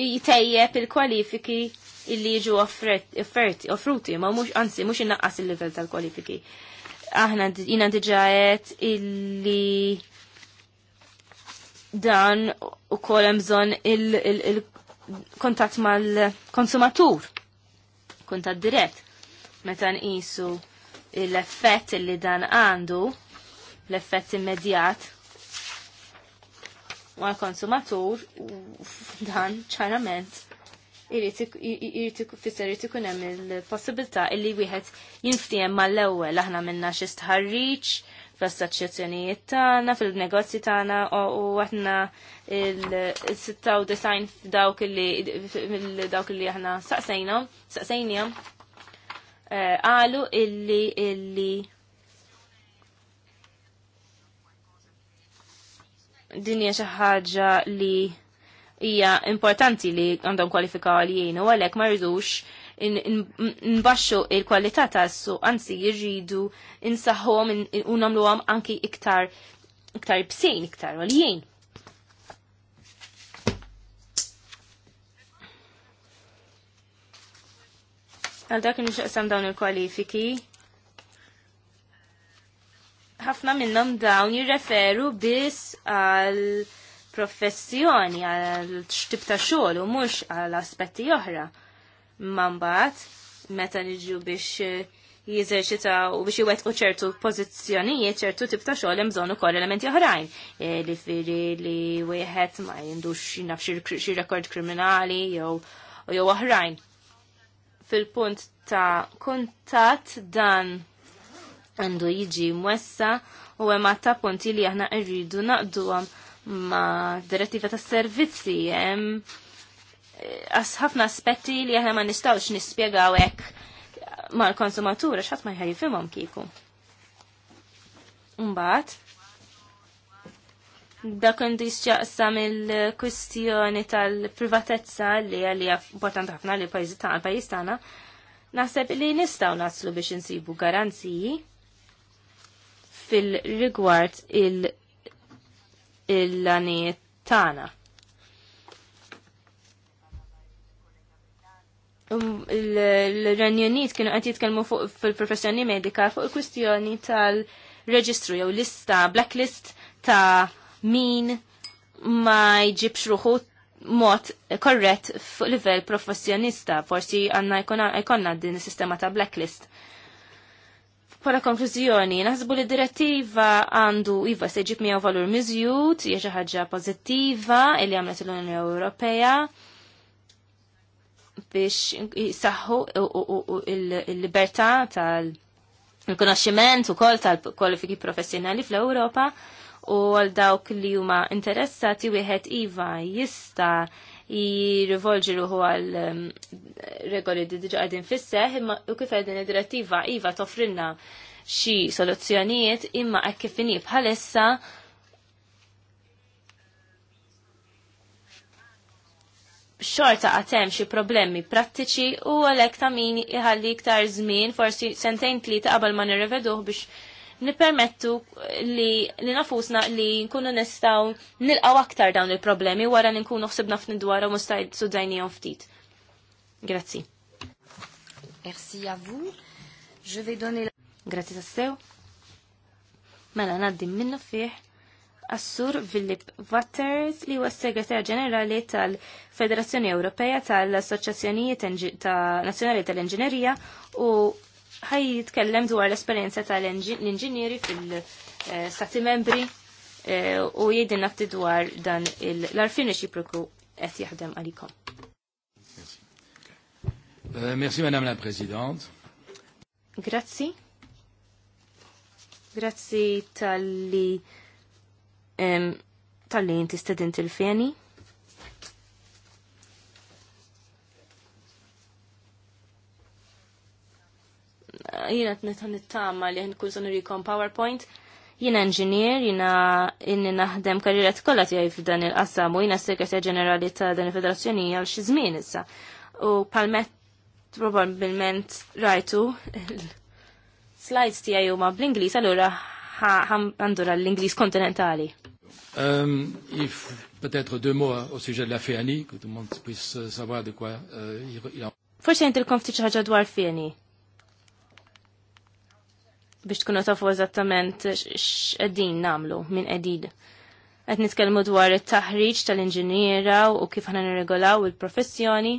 jitejjeb il-kwalifiki illi jiġu offerti, offruti, ma mux, anzi, mux innaqqas il-level tal-kwalifiki. Aħna jina diġajet illi dan u kolem bżon il-kontat il, il mal-konsumatur, kontat dirett, meta isu l-effett li dan għandu, l-effett immedjat, u għal-konsumatur, dan ċarament fisser irrit ikun hemm il-possibilità illi wieħed jinftiem mal-ewwel aħna minna xi stħarriġ, fl-assoċjazzjonijiet tagħna, fil-negozji tagħna u għatna il-96 f'dawk li dawk li aħna saqsejnhom, saqsejnihom Għalu eh, illi illi dinja xi ħaġa li hija importanti li għandhom kwalifika għal u għalhekk ma rridux nbaxxu il-kwalità tas-su, anzi jirridu insaħħom u nagħmluhom anki iktar iktar bsejn, iktar għalijin. Għal dak nixaqsam dawn il-kwalifiki. Ħafna minnhom dawn jirreferu biss għal professjoni għal xtib ta' xogħol u mhux għal aspetti oħra mambat meta niġu biex eh, jizerċita u biex u ċertu pozizjonijiet, ċertu tip ta' xogħol hemm bżonn ukoll elementi oħrajn. E, li firri li wieħed ma jindux jinaf xi rekord kriminali jew jew oħrajn. Fil-punt ta' kuntat dan għandu jiġi mwessa u hemm ta' punti li aħna rridu naqduhom ma' direttiva tas servizzi hemm ħafna aspetti li aħna ma nistawx nispjegaw hekk mal-konsumatur għax ħadd ma jħar kieku. Mbagħad dak għandu jisċaqsam il-kwistjoni tal-privatezza li għalija importanti ħafna li pajjiż pajjiż tagħna, naħseb li nistgħu naslu biex insibu garanziji fil-rigward il-lanijiet il tagħna Um, l-Renjonit kienu għati jitkelmu fuq fil-professjoni medika fuq il-kwistjoni tal-reġistru jew lista, blacklist ta' min ma jġibx ruħu mod korrett fuq livell professjonista, forsi għanna jkonna din sistema ta' blacklist. Pala konklużjoni, naħsbu li direttiva għandu iva se ġib valur miżjud, jieġa xi ħaġa pożittiva li għamlet l-Unjoni Ewropea biex jisaħħu il-libertà tal-konoxximent ukoll tal-kwalifiki professjonali fl-Ewropa u għal dawk li huma interessati wieħed iva jista' jirrivolġi ruħu għal um, regoli di diġa għadin fisseħ, imma u kif għadin id-direttiva iva toffrinna xi soluzzjonijiet imma hekk kif bħalissa xorta għatem xi problemi prattiċi u għalek ta' min iħalli iktar żmien forsi sentejn tlita qabel ma nirreveduh biex nipermettu li li nafusna li nkunu nistaw nilqaw aktar dawn il-problemi wara li nkunu ħsibna f'nidwar u mustaj suddajnijhom ftit. Grazzi. Merci a vous. Je vais donner la... Grazzi tassew. Mela naddim minnu fih Assur Philip Watters li huwa segretar ġenerali tal-Federazzjoni Ewropea tal-Assoċjazzjonijiet ta' Nazzjonali tal-Inġinerija u ħaj jitkellem dwar l-esperjenza tal-inġinieri fil-stati membri e, u jgħidin nafti dwar dan l-arfin reċiproku qed jaħdem għalikom. Euh, merci Madame la Présidente. Grazzi. Grazzi tal-li tal-li jinti stedin til fjeni Jina t-netan it-tama li għan kull sonurikom PowerPoint. Jina inġinier, jina inni naħdem karriret t-kolla tijaj f'dan il-qassam u jina s-sekretar ġenerali ta' dan il-federazzjoni għal xizmin issa. U palmet probabilment rajtu slides tijaj u ma bl-Inglis, allura għandura l-Inglis kontinentali. Euh, Peut-être deux mots au sujet de la FEANI, que tout le monde puisse euh, savoir de quoi euh, il en... Forse jentilkom ftit xi ħaġa dwar fieni. Biex tkunu tafu eżattament x'qegħdin nagħmlu minn qegħdin. Qed nitkellmu dwar it-taħriġ tal-inġiniera u kif aħna nirregolaw il-professjoni.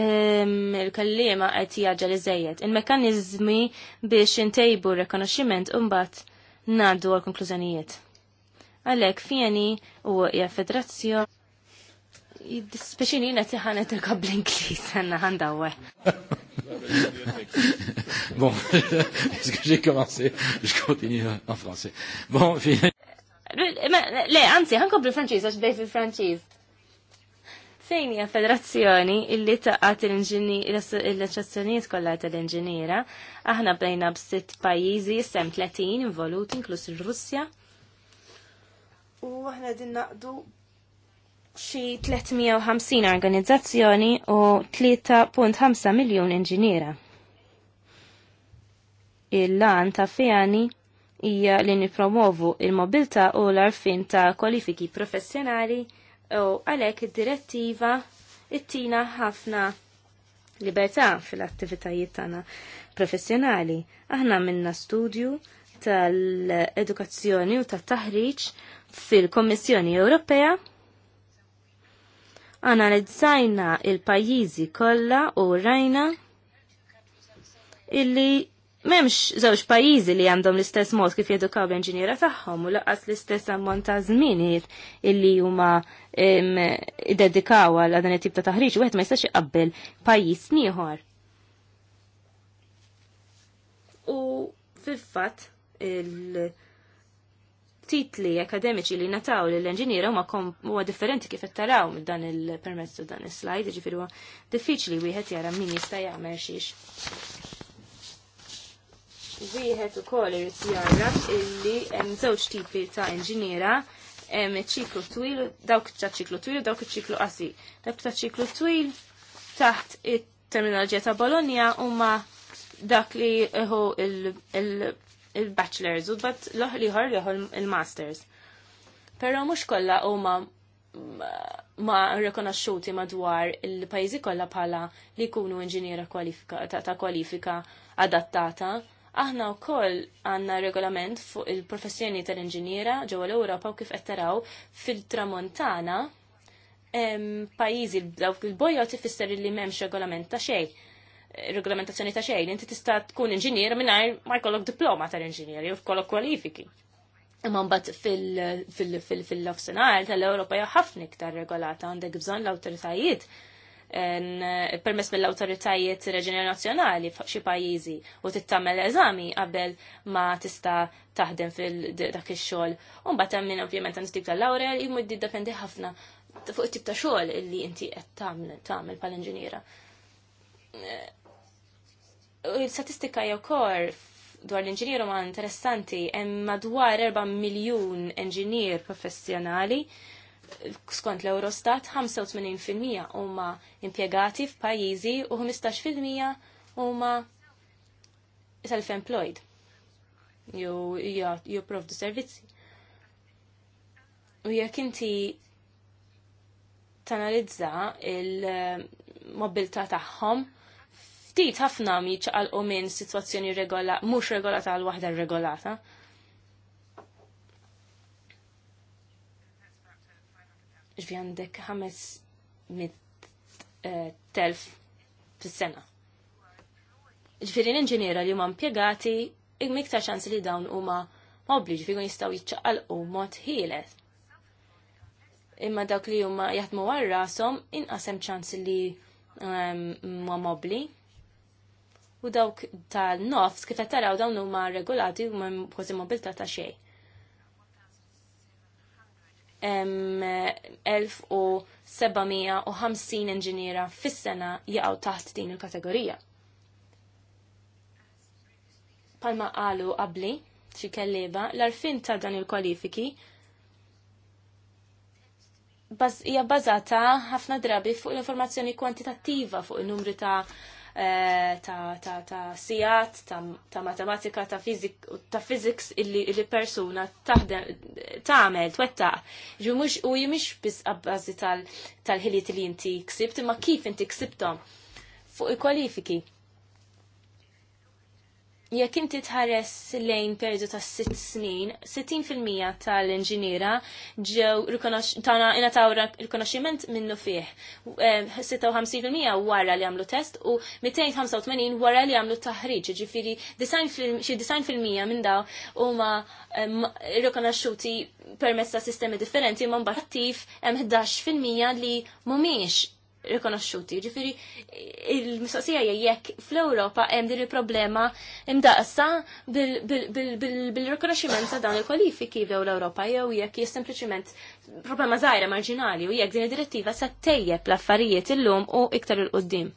Ehm, Il-kallima qed jaġġel iżejjed. Il-mekkaniżmi biex intejbu r un-bat mbagħad ngħaddu għall-konklużjonijiet għalek fjeni u hija federazzjon. Speċini jina tiħanet il-kab l-Inglis, għanna għandawe. Bon, [laughs] est-ce que j'ai commencé en français. Bon, fine. Le, anzi, għankob il-Franċiż, għax bej fil-Franċiż. hija federazzjoni illi taqqat l-eċezzjonijiet kollha tal-inġiniera, aħna bdejna b'sitt pajjiżi sem 30 involut inkluż ir-Russja u aħna din naqdu xi 350 organizzazzjoni u 3.5 miljun inġiniera. Il-lan ta' fejani hija li nipromovu il-mobilta u l-arfin ta' kwalifiki professjonali u għalhekk id-direttiva ittina ħafna libertà fil-attivitajiet tagħna professjonali. Aħna minna studju tal-edukazzjoni u tat-taħriġ fil-Kommissjoni Ewropea analizzajna il-pajjiżi kollha u rajna illi m'hemmx żewġ pajjiżi li għandhom l-istess mod kif jedukaw l-inġiniera tagħhom u laqas l-istess ammont ta' żminijiet illi huma iddedikaw għal dan it-tip ta' taħriġ wieħed ma jistax iqabbel pajjiż nieħor. U fil-fatt il- titli akademiċi li nataw li l-enġiniera huma huwa differenti kif qed taraw minn dan il-permezz u dan is-slide, jiġifieri huwa diffiċli wieħed jara min jista' jagħmel xiex. Wieħed ukoll irid jara illi hemm żewġ tipi ta' enġiniera hemm iċ-ċiklu twil, dawk ta' ċiklu twil u dawk iċ-ċiklu qasi. Dawk ta' ċiklu twil taħt it-terminoloġija ta' Bologna huma dak li ħu il- il-bachelors u bat liħor liħor il-masters. Pero mux kolla u ma ma rekonosċuti madwar il-pajzi kolla pala li kunu inġiniera ta' kwalifika adattata. Aħna u koll għanna regolament fuq il-professjoni tal-inġiniera ġewwa l europa u kif qed taraw fil-Tramontana pajizi l-bojoti fisser li m'hemmx regolament ta' xejn regolamentazzjoni ta' xejn, inti tista' tkun inġinier mingħajr ma jkollok diploma tal-inġinier jew kollok kwalifiki. Imma mbagħad fil-offsenar tal-Ewropa ħafna iktar regolata għandek bżonn l-awtoritajiet permess mill-awtoritajiet reġjoni nazzjonali f'xi pajjiżi u tittamel eżami qabel ma tista' taħdem fil-dak ix-xogħol. U mbagħad hemm min ovvjament għandek tip tal-lawrel jmur jiddependi ħafna fuq it-tip ta' xogħol li inti qed tagħmel tagħmel bħal-inġiniera statistika jew kor dwar l-inġinier huma interessanti hemm madwar 4 miljun inġinier professjonali skont l-Eurostat 85% huma impjegati f'pajjiżi u 15% huma self-employed jew jipprovdu servizzi. U jekk inti tanalizza il-mobilità tagħhom, ta ftit ħafna jiċċaqalqu minn sitwazzjoni regola, mhux regolata għal waħda regolata. Ġvi għandek ħames mit-telf eh, fis-sena. Ġifieri l-inġiniera li huma impjegati miktar ċans li dawn huma obbliġi figun jistgħu jiċċaqalqu mod ħieles imma dawk li huma jaħdmu għal rashom inqasem ċans li ehm, ma mobli u dawk tal-nofs kif qed taraw dawn huma regolati u hemm kważi mobilità ta' xejn. Hemm 1750 inġiniera fis-sena jaqgħu taħt din il-kategorija. Palma qalu qabli xi kelliba l-arfin ta' dan il-kwalifiki hija baz, bażata ħafna drabi fuq l-informazzjoni kwantitattiva fuq in-numri ta' Eh, ta' sijat, ta' matematika, ta' fiziks illi persuna taħdem tagħmel twettaq. Ġu mhux u mhix biss abbażi tal-ħiliet li inti ksibt, imma kif inti ksibtom fuq il-kwalifiki jekk inti tħares lejn periodu ta' 6 snin, 60% tal-inġiniera ġew tana inataw rikonoxximent minnu fih. 56% wara li għamlu test u 285 wara li għamlu taħriġ, ġifiri xi 90% minn daw huma rikonoxxuti permezz ta' sistemi differenti ma' mbattif hemm 11% li mhumiex rikonoxxuti. Ġifiri, il-mistoqsija jekk fl-Ewropa hemm din il-problema imdaqsa bil-rikonoxximent ta' dawn il-kwalifiki jew l-Ewropa jew jekk hija sempliċiment problema żgħira marġinali u jekk din id-direttiva se tejjeb l-affarijiet illum u iktar il qudiem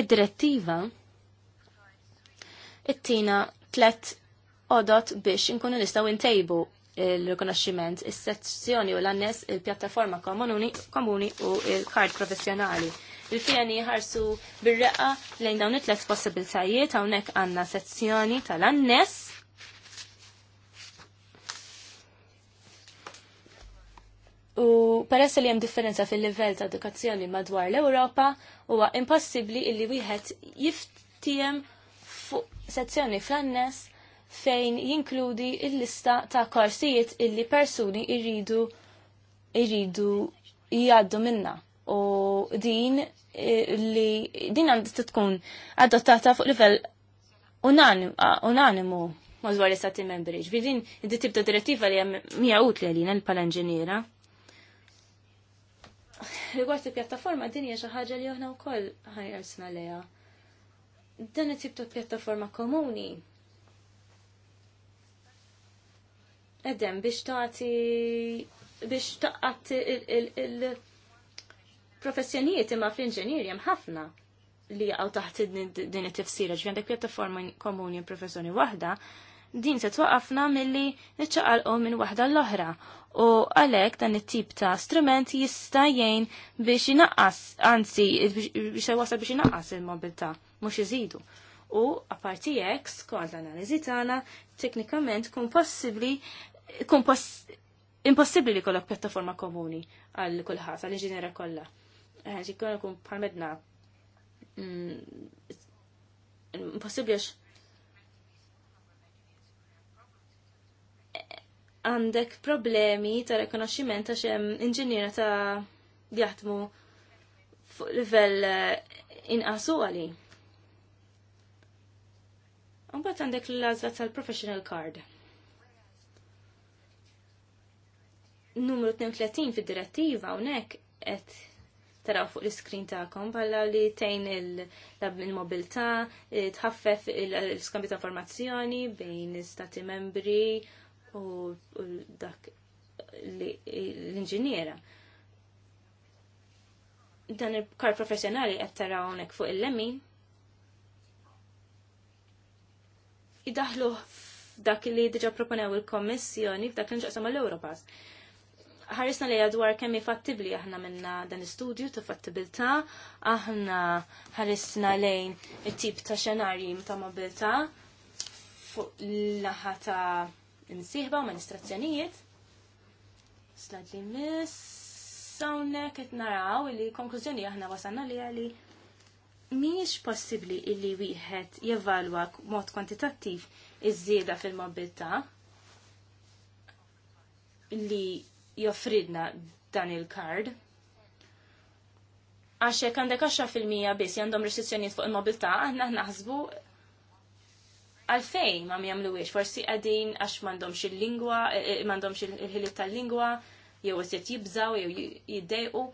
Id-direttiva it-tina tlet odot biex inkunu nistaw intejbu il-rikonoxximent, is-sezzjoni u l-annes il-pjattaforma komuni u il-kard professjonali il-fjani ħarsu bil-reqqa lejn dawn it-tlet possibiltajiet hawnhekk għandna sezzjoni tal-annes. U peress li hemm differenza fil-livell ta' edukazzjoni madwar l-Ewropa, huwa impossibbli illi wieħed jiftiem fuq sezzjoni fl-annes fejn jinkludi il-lista ta' korsijiet illi persuni irridu irridu jgħaddu minna. U din eh, li din għandha tkun adottata fuq livell ah, unanimu mażwar l-istati membri. Ġvidin, id tibda direttiva li mija utli għalina l-pala inġiniera. Rigward il-pjattaforma, din hija xi ħaġa li aħna wkoll ħajqarsna leha. Dan it-tip ta' pjattaforma komuni edem biex taħti biex taqqat il-professjonijiet imma fl-inġenjerja ħafna li għaw taħt din it-tifsira ġvien dak pjattaforma komuni professjoni waħda din se twaqqafna milli niċċaqalqu minn waħda l-oħra u għalek dan it-tip ta' strument jista' jgħin biex inaqqas, anzi biex wasal biex inaqqas il-mobilità mhux iżidu. U apparti hekk skont l-analiżi tagħna teknikament kun possibbli impossibli li kollok pjattaforma komuni għal kulħadd għal inġinjera kollha. Eh, ġi kun palmedna mm, impossibli għax għandek problemi ta' rekonoximent għax hemm inġiniera ta' jaħdmu fuq livell eh, inqasu għali. Mbagħad għandek l-għażla tal-professional card. numru 32 fid-direttiva hawnhekk qed taraw fuq l-iskrin tagħkom bħalla li tejn il-mobilità, eh, tħaffef l-iskambju ta' informazzjoni bejn stati membri u dak l-inġiniera. Dan il-kar professjonali qed taraw hawnhekk fuq il-lemin. Idaħlu dak li diġa proponew il-Kommissjoni f'dak li nġaqsam l-Europass ħarisna li dwar kemm ifattibli aħna minna dan istudju ta' fattibilità, aħna ħarisna lejn it-tip ta' xenarji ta' mobilità fuq l-laħa ta' insieħba u amministrazzjonijiet. Slad li miss hawnhekk qed naraw li konklużjoni aħna wasalna li għali mhijiex possibbli illi wieħed jevalwa mod kwantitattiv iż-żieda fil-mobilità li joffridna dan il-kard. Għax jekk għandek 10% biss għandhom restrizzjonijiet fuq il-mobilità, għanna naħsbu għalfejn ma għiex, forsi għadin għax m'għandhomx il-lingwa, eh, eh, m'għandhomx il ħilit tal-lingwa, jew qed jibżaw jew jiddejqu,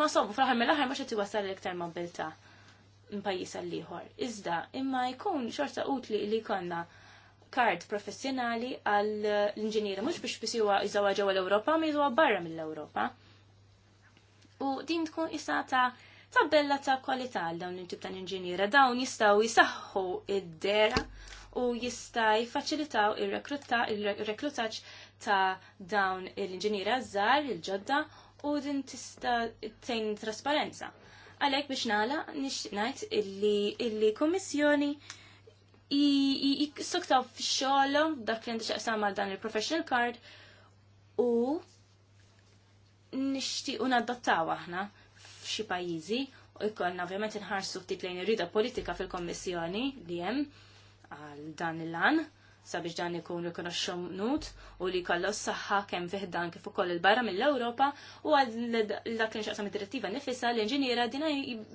ma sobu fl mill-aħħar ma xed iwassal l-iktar mobilità pajjiż għal ieħor. Iżda imma jkun xorta utli li konna Kart professjonali għall-inġinieri mhux biex biss huwa jżewwa ġewwa l-Ewropa ma jżewwa barra mill-Ewropa. U din tkun issa ta' tabella ta' kwalità għal dawn il-tip ta' inġiniera dawn jistgħu jisaħħu id-dera u jista' jiffaċilitaw ir rekrutaġġ ta' dawn l-inġiniera żgħar il-ġodda u din tista' tejn trasparenza. Għalhekk biex nagħla nix ngħid illi l-Kummissjoni jissuktaw f'xogħolhom dak li xaqsam għal dan il-professional card u nixtiequ nadottaw aħna f'xi pajjiżi u jkollna ovvjament inħarsu ftit lejn rida politika fil-Kommissjoni li hemm għal dan il-lan sabiex dan ikun nut u li kollu s-saħħa kemm fih dan kif ukoll il-barra mill-Ewropa u għal dak li nxaqsam id-direttiva nifisa l-inġiniera dina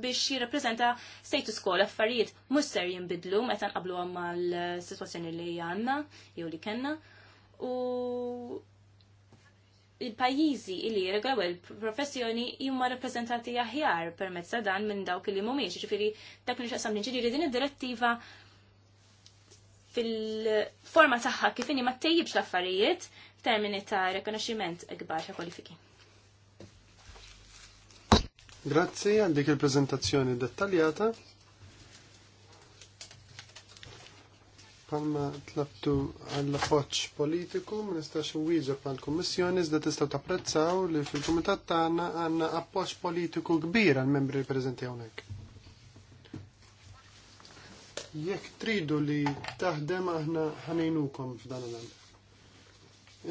biex jirrappreżenta status quo l-affarijiet mhux ser jinbidlu meta nqablu mal-sitwazzjoni li għandna jew li kellna u il-pajjiżi li jirregolaw il-professjoni jumma rappreżentati aħjar permezz ta' dan minn dawk li mhumiex, ġifieri dak li nxaqsam l-inġinieri din id-direttiva fil-forma tagħha kif inhi ma tejjibx l'affarijiet termini f'termini ta' rekonoxximent ikbar ta' kwalifiki. Grazzi għal dik il-preżentazzjoni dettaljata. Palma tlabtu għall appoċ politiku, ma nistax wieġeb għal kummissjoni iżda tistgħu tapprezzaw li fil-kumitat tagħna għandna appoġġ politiku kbir għal membri li preżenti hawnhekk. Jekk tridu li taħdem aħna ħanejnukom f'dan l-għan.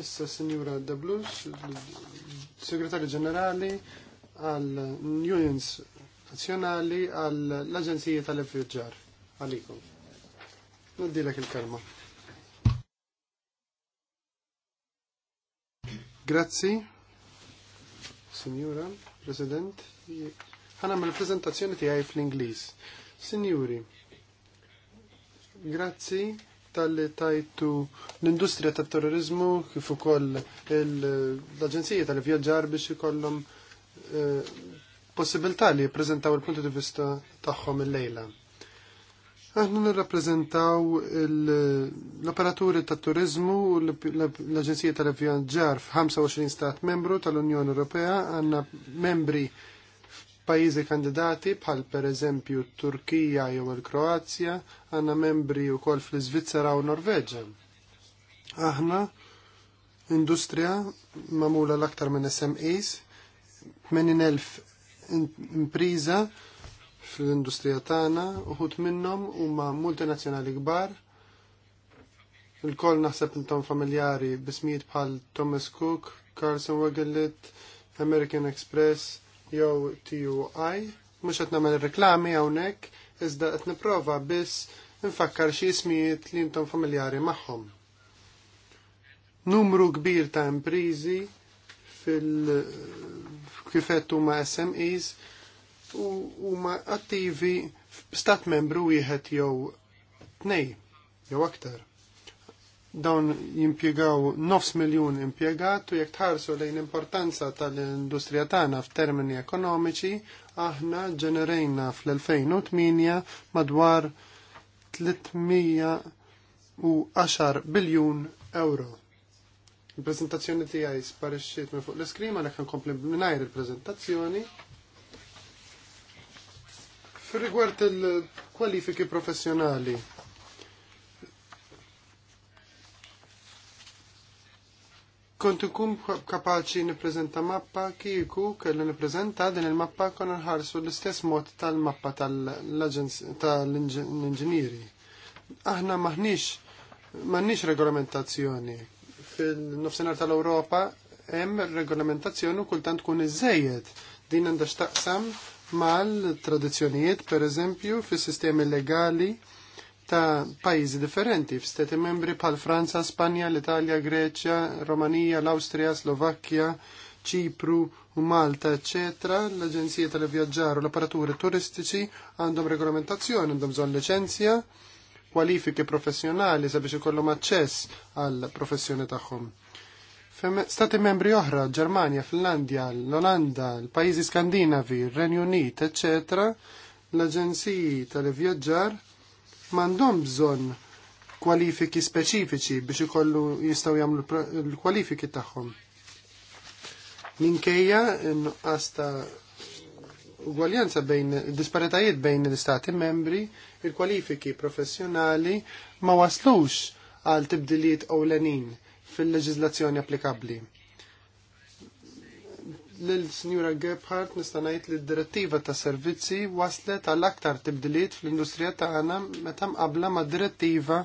Issa De Deblus, Segretarju Ġenerali għal Unions Nazzjonali għal l-Aġenzija tal-Effjuġġar għalikom. Noddilek il-kelma. Grazzi, Signora, President. Ħanam il-prezentazzjoni tiegħi fl-Ingliż. Signori, Grazzi tal tajtu l-industrija tal-terrorizmu kif ukoll l-Aġenzija tal-Vjaġġar biex ikollhom eh, possibilità li jippreżentaw il-punti di vista tagħhom il-lejla. Aħna nirrappreżentaw l-operaturi tat turizmu u l-Aġenzija tal vjaġġar f'25 stat membru tal-Unjoni Ewropea għandna membri Pajizi kandidati bħal per eżempju Turkija jew il-Kroazja għanna membri u kol fl-Svizzera u Norveġa. Aħna industrija mamula l-aktar minn SMEs, 80.000 impriża fl-industrija tagħna, uħut minnhom huma multinazzjonali kbar, il-koll naħseb intom familjari bismijiet bħal Thomas Cook, Carlson Wagelet, American Express, jew TUI, mhux qed nagħmel reklami hawnhekk, iżda qed nipprova biss nfakkar xi ismijiet li intom familjari magħhom. Numru kbir ta' imprizi fil kifettu huma SMEs u huma attivi f'stat membru wieħed jew tnej jew aktar dawn jimpjegaw nofs miljun impjegat u jekk tħarsu lejn importanza tal-industrija tagħna f'termini ekonomiċi, aħna ġenerejna fl-2008 madwar 310 biljun euro. Il-prezentazzjoni tiegħi sparixxiet minn fuq l-iskrim għalhekk nkompli mingħajr il-preżentazzjoni. Fir-rigward il-kwalifiki professjonali, kont ikun kapaċi nippreżenta mappa kieku kellu nippreżenta din il-mappa kon nħarsu l-istess mod tal-mappa tal-inġinieri. Aħna maħniex maħniex regolamentazzjoni. Fil-nofsinhar tal-Ewropa hemm regolamentazzjoni kultant tkun iżejjed din għandha x'taqsam mal-tradizzjonijiet, per eżempju, fis-sistemi legali ta' pajjiżi differenti f'stati membri bħal Franza, Spanja, l-Italja, Greċja, Romanija, l-Awstrija, Slovakkja, Ċipru u Malta, ecc. L-Aġenzija tal-Vjaġġar u l-Apparaturi Turistiċi għandhom regolamentazzjoni, għandhom bżonn liċenzja, kwalifiki professjonali sabiex ikollhom aċċess għall professjoni tagħhom. Stati membri oħra, Ġermanja, Finlandja, l-Olanda, l-Pajjiżi Skandinavi, Renju Unit, ecc. L-Aġenziji tal-Vjaġġar m'għandhom bżonn kwalifiki speċifiċi biex ikollu jistgħu jagħmlu l-kwalifiki tagħhom. Minkejja nuqqas ta' ugwaljanza bejn disparitajiet bejn l-istati membri, il-kwalifiki professjonali ma waslux għal tibdiliet ewlenin fil-leġiżlazzjoni applikabbli l-Sinjura Gebhardt nistanajt li d-direttiva ta' servizzi waslet għal aktar tibdiliet fl-industrija tagħna meta qabla ma' direttiva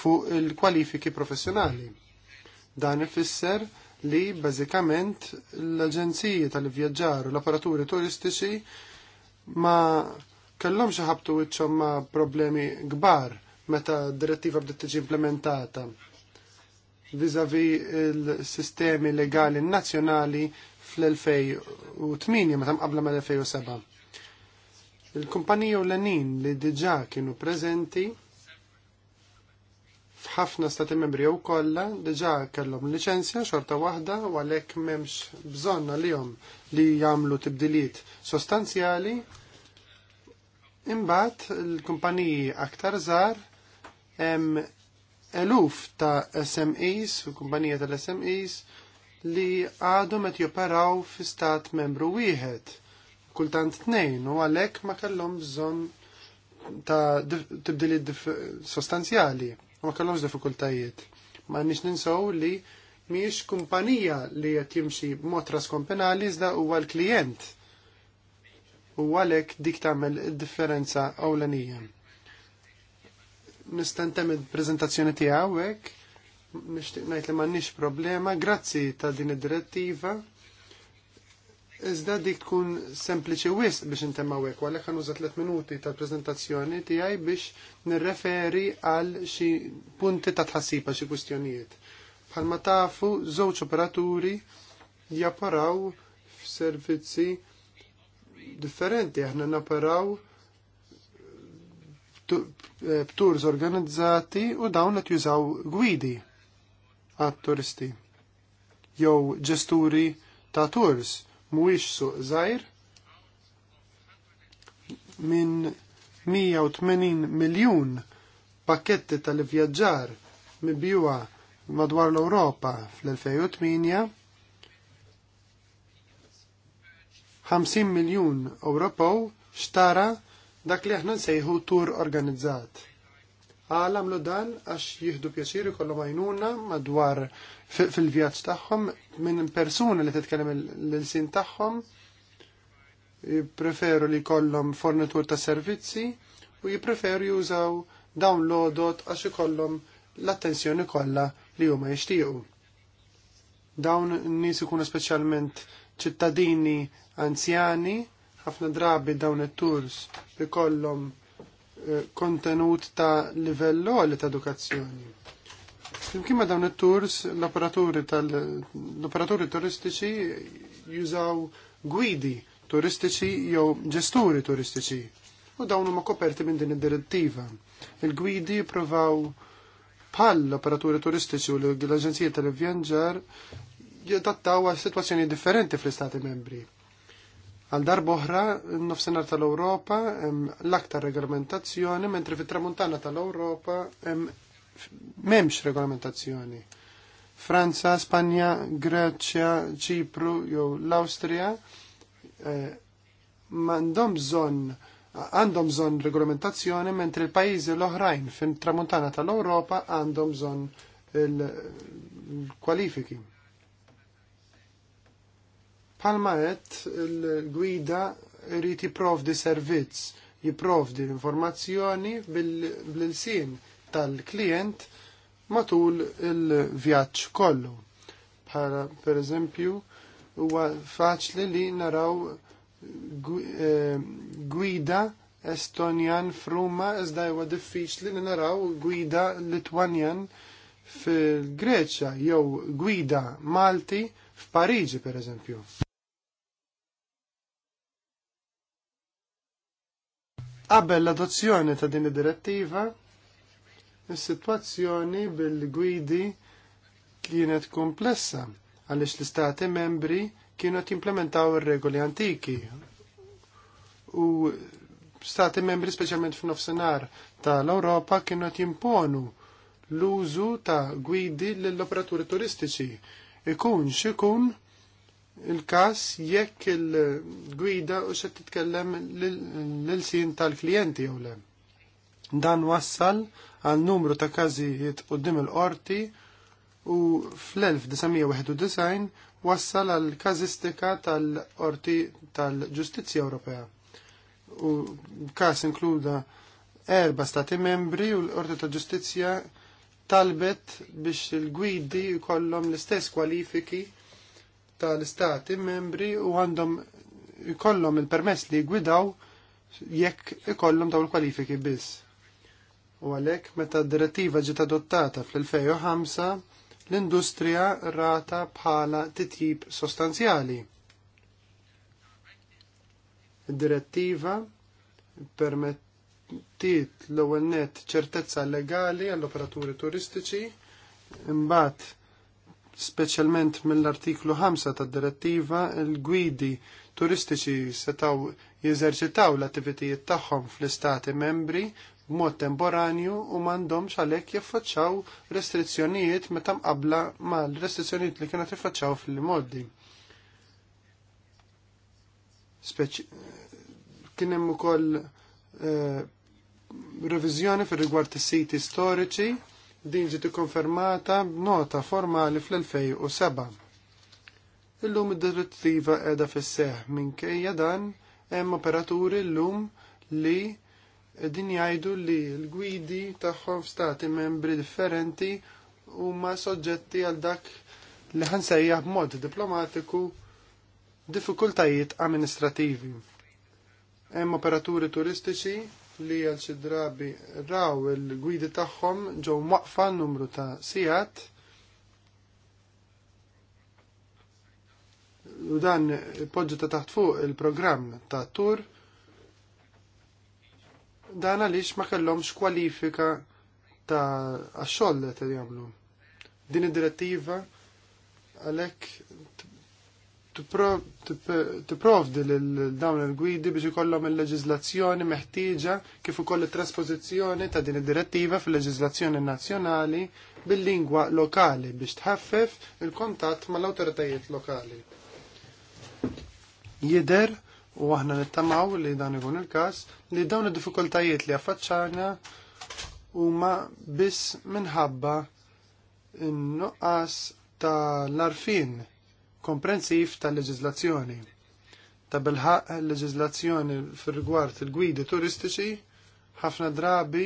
fuq il-kwalifiki professjonali. Dan ifisser li bażikament l-aġenziji tal-vjaġġar u l-apparaturi turistiċi ma kellhomx ħabtu wiċċhom ma' problemi kbar meta d-direttiva bdiet tiġi implementata vizavi il-sistemi legali nazjonali fl-2008 meta qabla mal-2007. Il-kumpanija u l-anin li diġa kienu prezenti f'ħafna stati membri jew kollha diġa' kellhom liċenzja xorta waħda u għalhekk m'hemmx bżonn għalihom li jagħmlu tibdiliet sostanzjali. Imbagħad il-kumpaniji aktar żgħar hemm eluf ta' SMEs u kumpanija tal-SMEs li għadu met joperaw fi stat membru wieħed, kultant tnejn, u għalek ma kellhom bżonn ta' tibdili sostanzjali, u ma kellhomx diffikultajiet. Ma nix ninsaw li miex kumpanija li qed jimxi b'mod raskon penali iżda huwa l-klijent. U għalhekk dik tagħmel differenza ewlenija. Nista' ntemm il-preżentazzjoni tiegħek nixtieq ngħid li m'għandniex problema grazzi ta' din id-direttiva. Iżda dik tkun sempliċi wisq biex intemmaw hekk, għalhekk ħanuża tliet minuti tal prezentazzjoni tiegħi biex nirreferi għal xi punti ta' tħassiba xi kwistjonijiet. Bħalma tafu żewġ operaturi japparaw f'servizzi differenti, aħna naparaw b'turs eh, organizzati u dawn qed jużaw gwidi għat-turisti. Jew ġesturi ta' tours mhuwiex suq zaħir minn 180 miljun pakketti tal-vjaġġar mibjuwa madwar l europa fl-2008 50 miljun Ewropew xtara dak li aħna nsejħu tur organizzat. Għal għamlu dan għax jihdu pjaċir kollu majnuna madwar fil-vjaġġ tagħhom minn persuna li titkellem l-sin tagħhom jipreferu li kollom fornitur ta' servizzi u jipreferu jużaw dawn l-odot għax ikollhom l-attenzjoni kollha li huma jixtiequ. Dawn n-nies ikunu speċjalment ċittadini anzjani, ħafna drabi dawn it-tours kollom kontenut ta' livell għalli ta' edukazzjoni. Flimkien ma' dawn it-tours, l-operaturi turistiċi jużaw gwidi turistiċi jew ġesturi turistiċi u dawn huma koperti minn din id-direttiva. Il-gwidi provaw bħal l-operaturi turistiċi u l-Aġenzija tal-Vjanġar jadattaw għal situazzjoni differenti fl-Istati membri Għal darboħra, n-nofsenar tal-Europa, l-aktar regolamentazzjoni, mentri fit-tramuntana tal-Europa, memx regolamentazzjoni. Franza, Spanja, Greċja, Ċipru, jew l-Austria, eh, mandom zon, għandhom zon regolamentazzjoni, mentri l-pajizi l-oħrajn fin-tramuntana tal-Europa għandhom zon il-kwalifiki. il kwalifiki Palma għet il-gwida rrit jiprovdi servizz, jiprovdi l-informazzjoni bil-sin tal-klient matul il-vjaċ kollu. Bħala, per eżempju, huwa faċli li naraw eh, gwida Estonjan fruma iżda huwa diffiċli li naraw gwida Litwanjan fil-Greċja jew gwida Malti f'Pariġi pereżempju. Qabel l-adozzjoni ta' din id-direttiva, is-sitwazzjoni bil-gwidi kienet komplessa għaliex l-istati membri kienu jimplementaw ir-regoli antiki u stati membri speċjalment f'nofsinhar tal-Ewropa kienu jimponu l-użu ta' gwidi lill operaturi turistiċi. Ikun xikun il-kas jekk il-gwida u xa titkellem l-sin tal-klienti jew le. Dan wassal għal numru ta' każijiet qudiem il-qorti u fl-1991 wassal għal kazistika tal-qorti tal-ġustizzja Ewropea. U kas inkluda erba stati membri u l-qorti tal-ġustizzja talbet biex il-gwidi kollom l-istess kwalifiki tal-istati membri u għandhom ikollhom il-permess li jgwidaw jekk ikollhom dawn il-kwalifiki biss. U għalhekk meta d-direttiva ġiet adottata fl-2005 l-industrija rata bħala titjib sostanzjali. Id-direttiva permettiet l-ewwel nett ċertezza legali għall-operaturi turistiċi imbagħad Speċjalment mill-artiklu 5 tad-direttiva il-gwidi turistiċi setaw jeżerċitaw l-attivitijiet tagħhom fl-istati membri b'mod temporanju u m'għandhomx għalhekk jaffaċċaw restrizzjonijiet meta mqabbla mal-restrizzjonijiet li kienet tiffaċċaw fil-modi. Kien hemm ukoll eh, reviżjoni fir-rigward is-siti storiċi Din ġiet ikkonfermata b'nota formali fl-2007. Illum id-direttiva qiegħda fis-seħ minkejja dan hemm operaturi llum li din jgħidu li l-gwidi tagħhom f'stati membri differenti huma soġġetti għal dak li ħansejjaħ b'mod diplomatiku diffikultajiet amministrativi. Hemm operaturi turistiċi li għal xi drabi raw il-gwidi tagħhom ġew waqfa numru ta' sijat. U dan poġġu ta' taħt fuq il-programm ta' tur. Dan għaliex ma kellhomx kwalifika ta' għax-xogħol li jagħmlu. Din id-direttiva għalhekk tipprovdi lil dawn il-gwidi biex ikollhom il-leġiżlazzjoni meħtieġa kif ukoll it-trasposizzjoni ta' din id-direttiva fil-leġiżlazzjoni nazzjonali bil-lingwa lokali biex tħaffef il-kontatt mal-awtoritajiet lokali. Jider u aħna nittamaw li dan ikun il-każ li dawn id-diffikultajiet li affaċċana huma biss minħabba in-nuqqas tal-arfin komprensiv tal-leġizlazzjoni. Ta' bilħaq l-leġizlazzjoni fil-rigward il-gwidi turistiċi ħafna drabi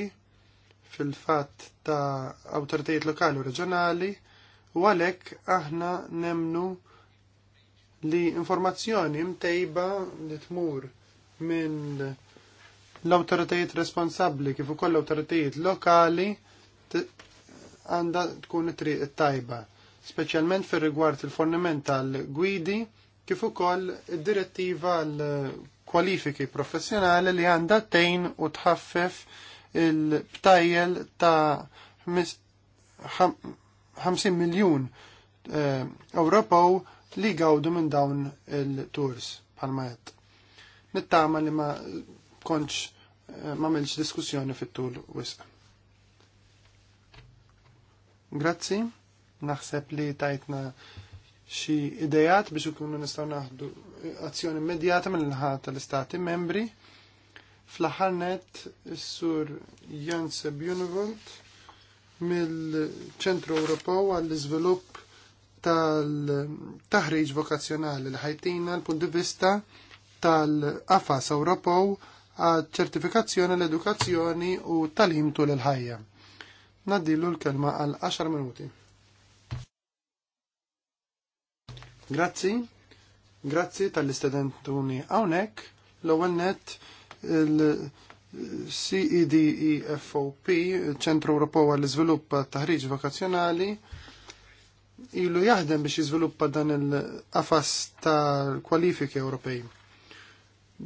fil-fatt ta' autoritajiet lokali u reġjonali u għalhekk aħna nemnu li informazzjoni mtejba li tmur minn l autoritajiet responsabbli kif ukoll l-awtoritajiet lokali għandha tkun it-triq it-tajba speċjalment fir rigward il-forniment tal-gwidi kif ukoll id-direttiva l-kwalifiki professjonali li għandha tejn u tħaffef il-btajjel ta' 50 miljun eh, Ewropew li gawdu minn dawn il-tours bħal qed. Nittama li ma konċ eh, ma melċ diskussjoni fit-tul wisq. Grazzi. Naħseb li tajtna xi idejat biex ikunu nistgħu naħdu azzjoni immedjata mill-ħat tal-istati membri. Fl-aħħar net is-sur Jens Bjunvolt mill-Ċentru Ewropew għall-Iżvilupp tal-taħriġ vokazzjonali li ħajtina l-punt di vista tal-qafas Ewropew għad ċertifikazzjoni l-edukazzjoni u tal-ħimtu l-ħajja. Naddilu l-kelma għal 10 minuti. Grazzi, grazzi tal-istudentuni għawnek, l-ewwel net cedefop ċentru Ewropew għall-Iżvilupp Taħriġ Vokazzjonali, ilu jaħdem biex jiżviluppa dan il-qafas tal-kwalifiki Ewropej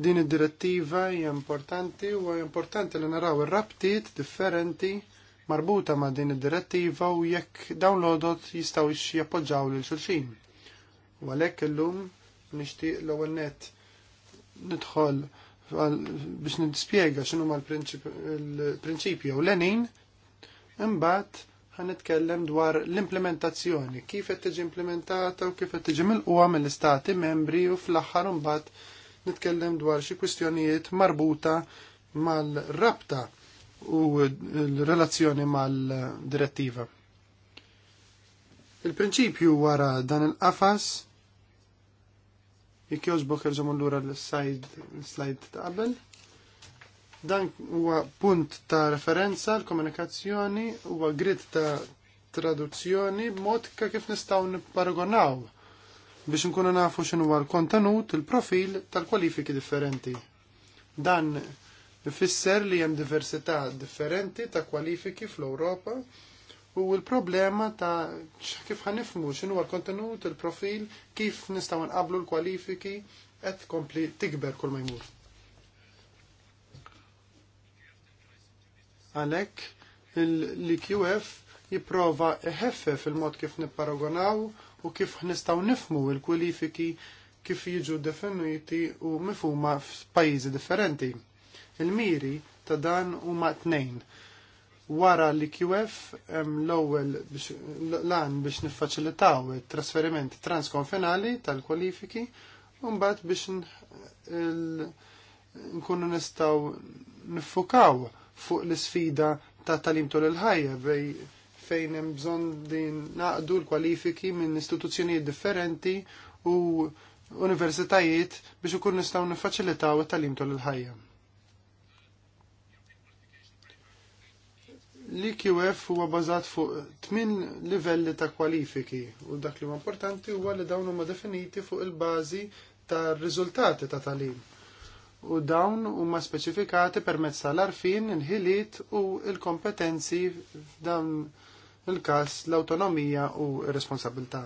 din id-direttiva hija importanti u importanti li naraw ir-rabtiet differenti marbuta ma' din id-direttiva u jekk dawn l-odot jistgħu jappoġġaw lil xulxin. U għalhekk illum nixtieq l-ewwel nett nidħol biex nispjega x'inhu l-prinċipju u l-għenin imbagħad ħanitkellem dwar l-implementazzjoni, kif qed tiġi implementata u kif qed tiġi milquha mill-istati membri u fl-aħħar imbagħad nitkellem dwar xi kwistjonijiet marbuta mal-rabta u l-relazzjoni mal-direttiva. Il-prinċipju wara dan il-qafas jekk jogħġbok l lura l-slide ta' qabel. Dan huwa punt ta' referenza l-komunikazzjoni huwa grid ta' traduzzjoni b'mod ka' kif nistgħu nipparagonaw biex nkunu nafu huwa l-kontenut, il-profil tal-kwalifiki differenti. Dan ifisser li hemm diversità differenti ta' kwalifiki fl-Ewropa u l-problema ta' kif ħanifmu x'inhu l-kontenut, il-profil, kif nistgħu nqablu l-kwalifiki qed tkompli tikber kull ma jmur. Għalhekk l-QF jipprova iħeffe fil mod kif nipparagonaw u kif nistgħu nifmu l-kwalifiki kif jiġu definiti u mifhuma f'pajjiżi differenti. Il-miri ta' dan huma tnejn Wara li QF hemm l-ewwel lan biex niffaċilitaw it-trasferimenti transkonfinali tal-kwalifiki u mbagħad biex nkunu nistgħu nifukaw fuq l-isfida ta' talim tul il-ħajja bej fejn hemm bżonn li naqdu l-kwalifiki minn istituzzjonijiet differenti u universitajiet biex ikunu nistgħu niffaċilitaw it-talim tul il-ħajja. L-IQF huwa bażat fuq tmien livelli ta' kwalifiki u dak li huwa importanti huwa li dawn huma definiti fuq il-bażi tar-riżultati ta' talim. U dawn huma speċifikati permezz tal-arfin, il-ħiliet u l-kompetenzi dawn il-każ l-awtonomija u r-responsabilità.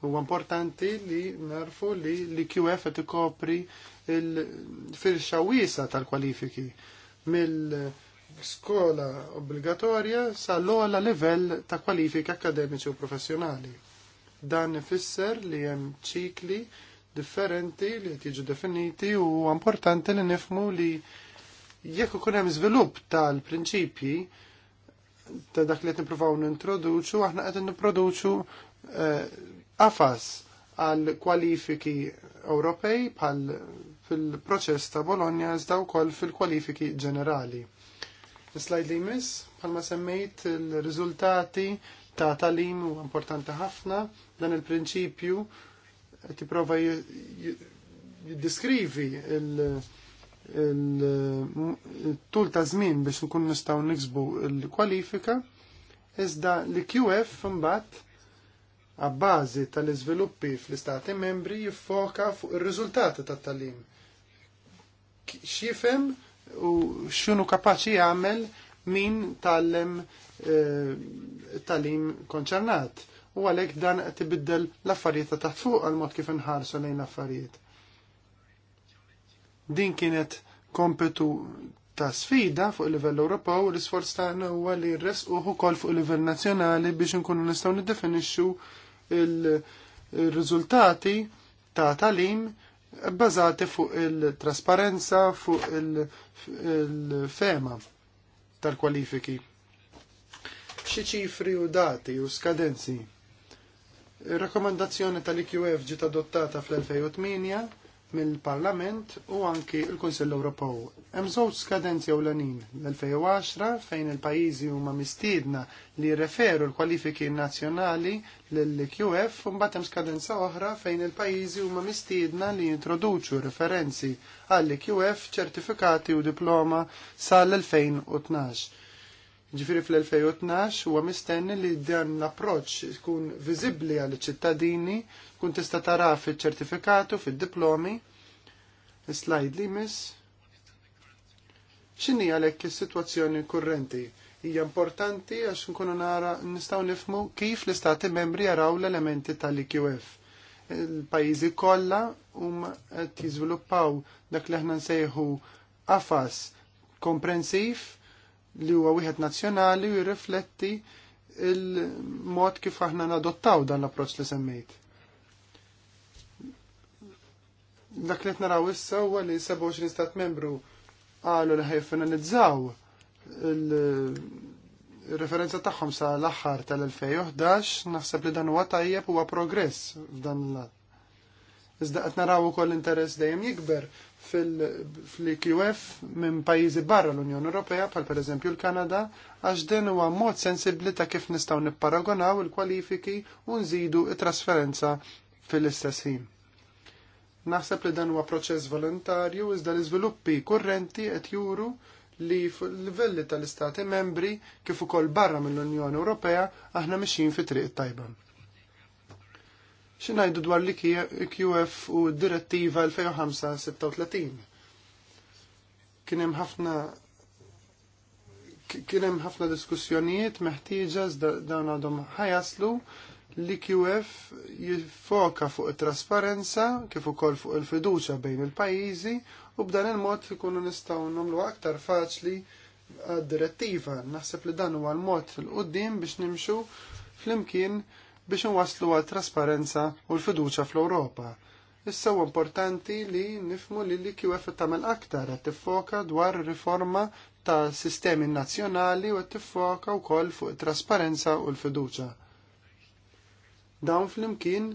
Huwa importanti li narfu li l-IQF qed ikopri il-firxa wiesa tal-kwalifiki mill- skola obbligatorja sa l-ola livell ta' kwalifika akademiċi u professjonali. Dan ifisser li hemm ċikli differenti li qed jiġu definiti u importanti li nifmu li jekk ikun hemm żvilupp tal-prinċipji ta' dak li qed nippruvaw nintroduċu, aħna qed nipproduċu eh, afas għal kwalifiki Ewropej bħal fil-proċess ta' Bologna iżda wkoll fil-kwalifiki ġenerali l li jmiss, bħalma semmejt il-riżultati ta' talim u importanti ħafna, dan il-prinċipju prova jiddiskrivi il-tul ta' żmien biex nkun nistgħu niksbu l-kwalifika, iżda l-QF mbagħad għabbażi tal-iżviluppi fl-istati membri jiffoka fuq ir-riżultati tat-talim. X'jifhem u x'unu kapaċi jagħmel min tallem eh, talim konċernat u għalek dan tibiddel l-affarijiet ta' taħt fuq għal-mod kif nħarsu lejn l-affarijiet. Din kienet kompetu ta' sfida fuq il-livell Ewropew u l-isforz tagħna huwa li nresquh ukoll fuq il-livell nazzjonali biex inkunu nistgħu niddefinixxu il-riżultati ta' talim bbażati fuq il-trasparenza, fuq il-fema tal-kwalifiki. Xi ċifri u dati u skadenzi. Ir-rakkomandazzjoni tal-IQF ġiet adottata fl-2008 mill-Parlament u anki l-Kunsill Ewropew. Hemm żewġ skadenzi ewlenin l-2010 fejn il-pajjiżi huma mistiedna li jirreferu l-kwalifiki nazzjonali lill-QF u mbagħad hemm skadenza oħra fejn il-pajjiżi huma mistiedna li jintroduċu referenzi għall-QF ċertifikati u diploma sal-2012 Ġifiri fl-2012 huwa mistenni li dan l-approċ kun viżibbli għal ċittadini, kun tista' tara fiċ-ċertifikatu, fid-diplomi. Slide li miss. X'inhi għalek il sitwazzjoni kurrenti? Hija importanti għax nkunu nara nistgħu nifmu kif l-istati membri jaraw l-elementi tal-IQF. Il-pajjiżi kollha huma qed jiżviluppaw dak li ħna nsejħu għafas komprensiv li huwa wieħed nazzjonali u jirrifletti il-mod kif aħna nadottaw dan l-approċċ li semmejt. Dak li qed naraw issa huwa li 27 stat membru qalu li ħajfinalizzaw il-referenza tagħhom sa l-aħħar tal-2011 naħseb li dan huwa tajjeb huwa progress f'dan l-lat. Iżda qed naraw ukoll interess dejjem jikber fil-IQF minn pajjiżi barra l-Unjoni Ewropea, per pereżempju l-Kanada, għax din huwa mod sensibbli ta' kif nistgħu nipparagonaw il-kwalifiki u nżidu t trasferenza fil-istess ħin. Naħseb li dan huwa proċess volontarju iżda l-iżviluppi kurrenti qed juru li fil-livelli tal-Istati membri kif ukoll barra mill-Unjoni Ewropea aħna mixjin fi triq tajba xinajdu dwar li QF u direttiva 2005-36. Kienem ħafna kienem ħafna diskussjonijiet meħtieġa dawn għadhom ħajaslu li QF jifoka fuq it-trasparenza kif ukoll fuq il-fiduċa bejn il-pajjiżi u b'dan il-mod ikunu nistgħu nagħmlu aktar faċli għad-direttiva. Naħseb li dan huwa l-mod fil-qudiem biex nimxu flimkien biex nwaslu għal trasparenza u l-fiduċa fl-Ewropa. Issa huwa importanti li nifmu li li kif tagħmel aktar għat tiffoka dwar riforma ta' sistemi nazzjonali u tifoka tiffoka wkoll fuq it trasparenza u l-fiduċa. Dawn flimkien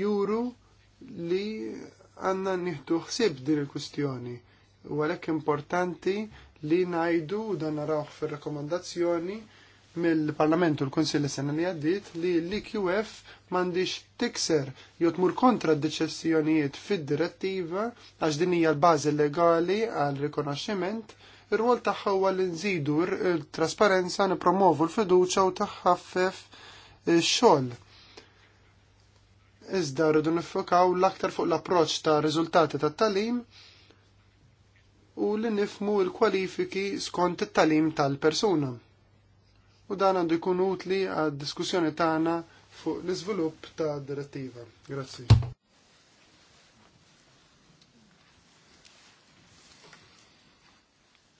juru li għandna nieħdu ħsieb din il-kwistjoni u għalek importanti li ngħidu u dan narawh fir-rekomandazzjoni mill-Parlament u l s sena li għaddit li l-IQF mandiċ tikser jotmur tmur kontra d-deċessjonijiet fid-direttiva għax din hija l-bażi legali għal rikonoxximent ir-rwol tagħha huwa nżidur nżidu trasparenza nipromovu l-fiduċja u taħħaffef ix-xogħol. Iżda rridu nifokaw l-aktar fuq l-approċċ ta' riżultati tat-talim u li nifmu l-kwalifiki skont it-talim tal-persuna u dan għandu jkun utli għad diskussjoni tagħna fuq l-iżvilupp ta' direttiva. Grazzi.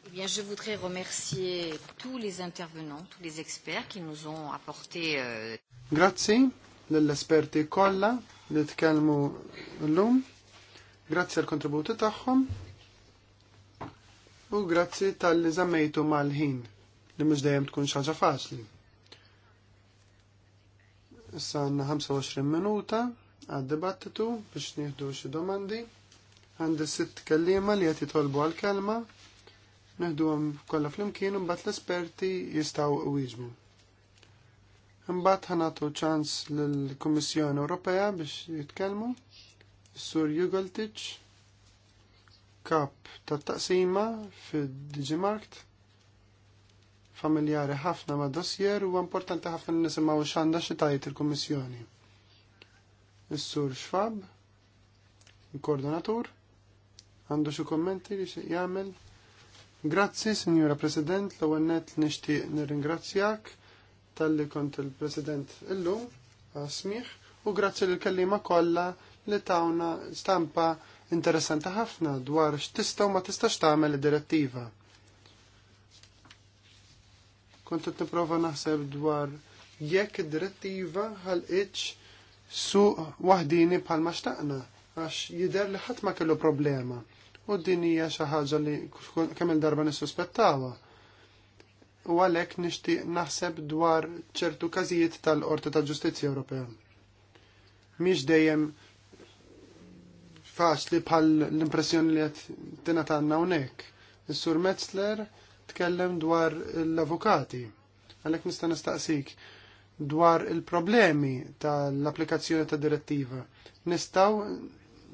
Eh bien, je voudrais remercier tous les intervenants, tous les experts qui nous ont apporté. Euh... Grazie l'esperti colla, le calmo lum Grazie al contributo tachom. u grazie tal-li zammejtu mal li mhux dejjem tkun xaġa faċli. Issa għanna 25 minuta għad-dibattitu biex nieħdu xi domandi. Għandi sitt kellima li qed jitolbu għall-kelma. Neħduhom kollha flimkien u mbagħad l-esperti jistgħu wieġbu. Imbagħad ħanatu ċans lill-Kummissjoni Ewropea biex jitkellmu. Sur Jugoltic, kap tat-taqsima fid-Digimarkt familjari ħafna ma' dossier u importanti ħafna nisimaw nisimgħu x'għandha xi tajt il-Kummissjoni. Is-Sur Schwab, il-Koordinatur, għandu xi kommenti li xi jagħmel. Grazzi, Sinjura President, l-ewwel nishti nixtieq nirringrazzjak tal-li kont il-President illum għasmiħ u grazzi l-kellima kollha li tawna stampa interessanti ħafna dwar x'tistgħu ma tistax tagħmel id-direttiva kont qed nipprova naħseb dwar jekk id-direttiva ħalqitx suq waħdini bħal ma xtaqna għax jidher li ħadd ma kellu problema. U din hija xi ħaġa li kemm il-darba nissuspettawha. U għalhekk nixtieq naħseb dwar ċertu każijiet tal-Qorti ta' Ġustizzja Ewropea. Mhix dejjem faċli bħal l-impressjoni li qed għandna hawnhekk. Is-Sur Metzler tkellem dwar l-avukati. Għalek nista' nistaqsik dwar il-problemi tal-applikazzjoni ta' direttiva. Nistaw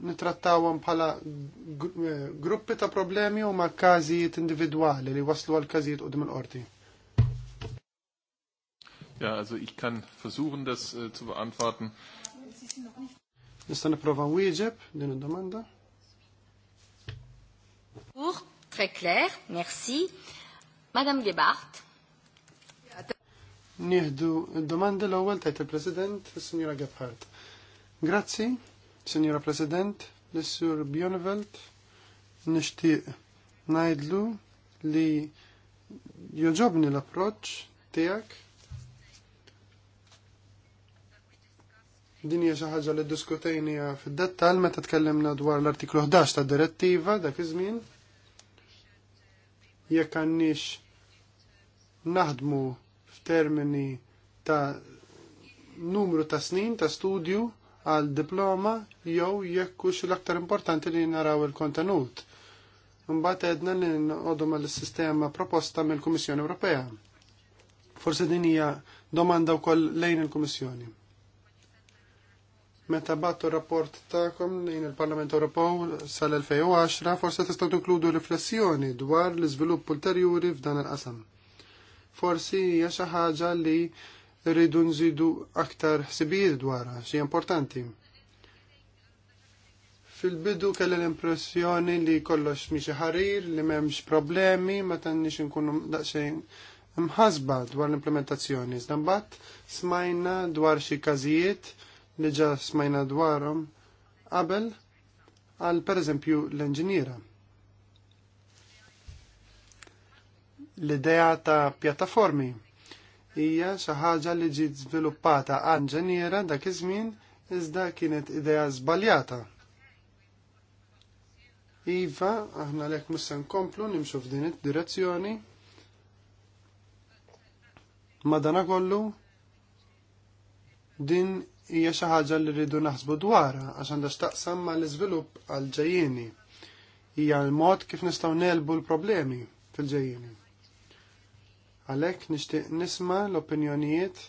nitrattawhom bħala eh, gruppi ta' problemi u ma' każijiet individwali li waslu għal każijiet qudiem il-qorti. Ja, also ich kann versuchen, das äh, zu beantworten. Nista' nipprova nwieġeb din domanda Pour très clair, merci. Madam Gebhardt. Nieħdu domanda l-ewwel tajt il-President, is-Sinjura Gebhardt. Grazzi, Sinjura President, l-Sur Bjonevelt, nixtieq ngħidlu li joġobni l-approċċ tiegħek din hija xi ħaġa li ddiskutejnija fid-dettall meta tkellimna dwar l-artiklu 11 tad-direttiva dak iż-żmien jekk għandniex naħdmu f'termini ta' numru ta' snin ta' studju għal diploma jew jekk hux l-aktar importanti li naraw il-kontenut. Mbagħad għedna li nqogħdu mal-sistema proposta mill-Kummissjoni Ewropea. Forsi din hija domanda wkoll lejn il-Kummissjoni. Meta battu rapport ta'kom lejn il-Parlament Ewropew sal-2010, forse tista' tinkludu riflessjoni dwar l-iżvilupp ulterjuri f'dan il-qasam. Forsi hija xi ħaġa li rridu nżidu aktar ħsibijiet dwarha, xi importanti. Fil-bidu kelli l-impressjoni li kollox miexi ħarir, li m'hemmx problemi, ma tannix nkunu daqsxejn mħasba dwar l-implementazzjoni. Iżda smajna dwar xi każijiet li ġa smajna dwarhom qabel għal pereżempju l-inġiniera. L-idea ta' pjattaformi hija xi ħaġa li ġiet żviluppata għal inġiniera dak iż-żmien iżda kienet idea żbaljata. Iva, aħna lek se nkomplu nimxu f'din id-direzzjoni. Madana kollu din hija xi ħaġa li rridu naħsbu dwarha għax għandha x'taqsam mal-iżvilupp għal ġejjieni. Hija l-mod kif nistgħu nelbu l-problemi fil-ġejjieni. Għalhekk nixtieq nisma l-opinjonijiet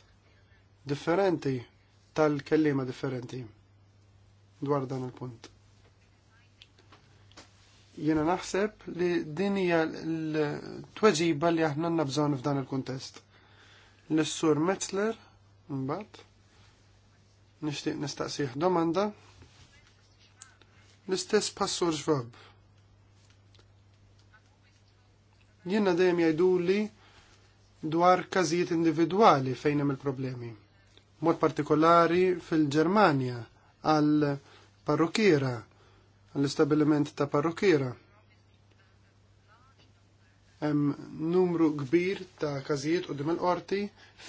differenti tal-kellima differenti dwar dan il-punt. Jena naħseb li din hija l-tweġiba li aħna għandna bżonn f'dan il-kuntest. L-sur Metzler, mbagħad. Nixtieq nistaqsih domanda. L-istess passur ġvab. Jiena dejjem jgħiduli dwar każijiet individwali fejn hemm il-problemi. Mod partikolari fil-Ġermanja għal parrukiera, għall-istabiliment ta' parrukiera hemm numru kbir ta' każijiet dim il-qorti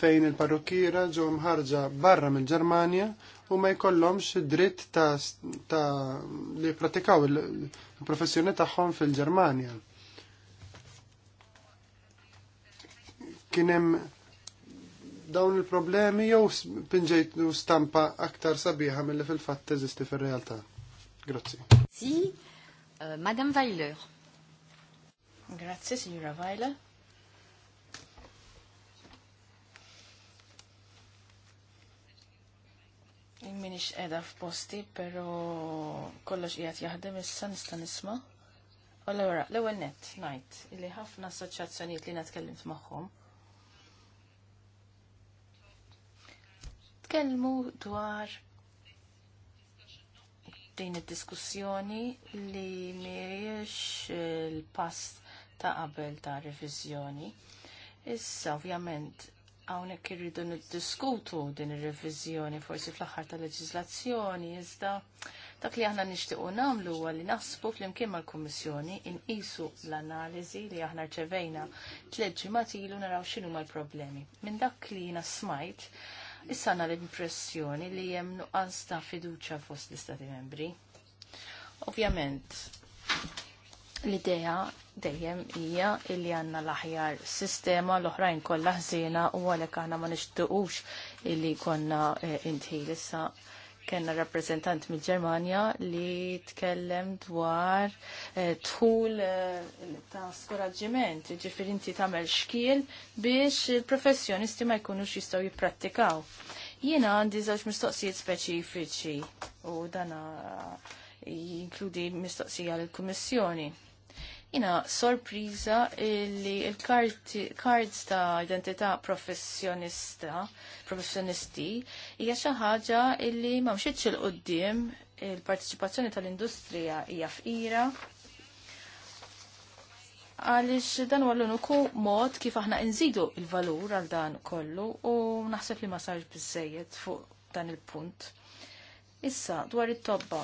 fejn il-parrukkiera ġew mħarġa barra mill-Ġermanja u ma jkollhomx dritt ta', ta li pratikaw il-professjoni tagħhom fil-Ġermanja. Kien hemm dawn il-problemi jew pinġejtu stampa aktar sabiħa mill-li fil-fatt teżisti fir-realtà. Grazzi. Si, uh, Madame Weiler. Grazzi, signora Vajla. Minix edha f'posti, pero kollox qiegħed jaħdem issa nista' nisma'. Allora, l-ewwel najt, ewwel nett ngħid li ħafna assoċjazzjonijiet li netkellimt magħhom tkellmu dwar din id-diskussjoni li miex il-past ta' qabel ta' revizjoni. Issa, ovvjament, hawnhekk irridu niddiskutu din ir revizjoni forsi fl-aħħar ta' leġiżlazzjoni, iżda dak li aħna nixtiequ nagħmlu huwa li naħsbu flimkien mal-Kummissjoni inqisu l-analiżi li aħna rċevejna t ġimgħat ilu naraw x'inhuma l-problemi. Minn dak li jiena smajt, issa għandna l-impressjoni li hemm nuqqas ta' fiduċja fost l-Istati Membri. Ovvjament, l-idea dejjem hija illi għandna l-aħjar sistema l-oħrajn kollha ħżiena u għalhekk aħna ma nixtiequx illi konna eh, inti issa kena rappresentant mill ġermanja li tkellem dwar tħul eh, eh, ta' skoraġġiment, ġifir inti tagħmel xkiel biex il-professjonisti ma jkunux jistgħu jipprattikaw. Jiena għandi żewġ mistoqsijiet speċifiċi u dana jinkludi mistoqsija l-Kummissjoni. Jina sorpriża li l-cards ta' identità professjonista, professjonisti, hija xi ħaġa li ma mxietx il qudiem il-partiċipazzjoni tal-industrija hija fqira għalix dan għallu nuku mod kif aħna nżidu il-valur għal dan kollu u naħseb li ma sarx bizzejiet fuq dan il-punt. Issa, dwar it-tobba,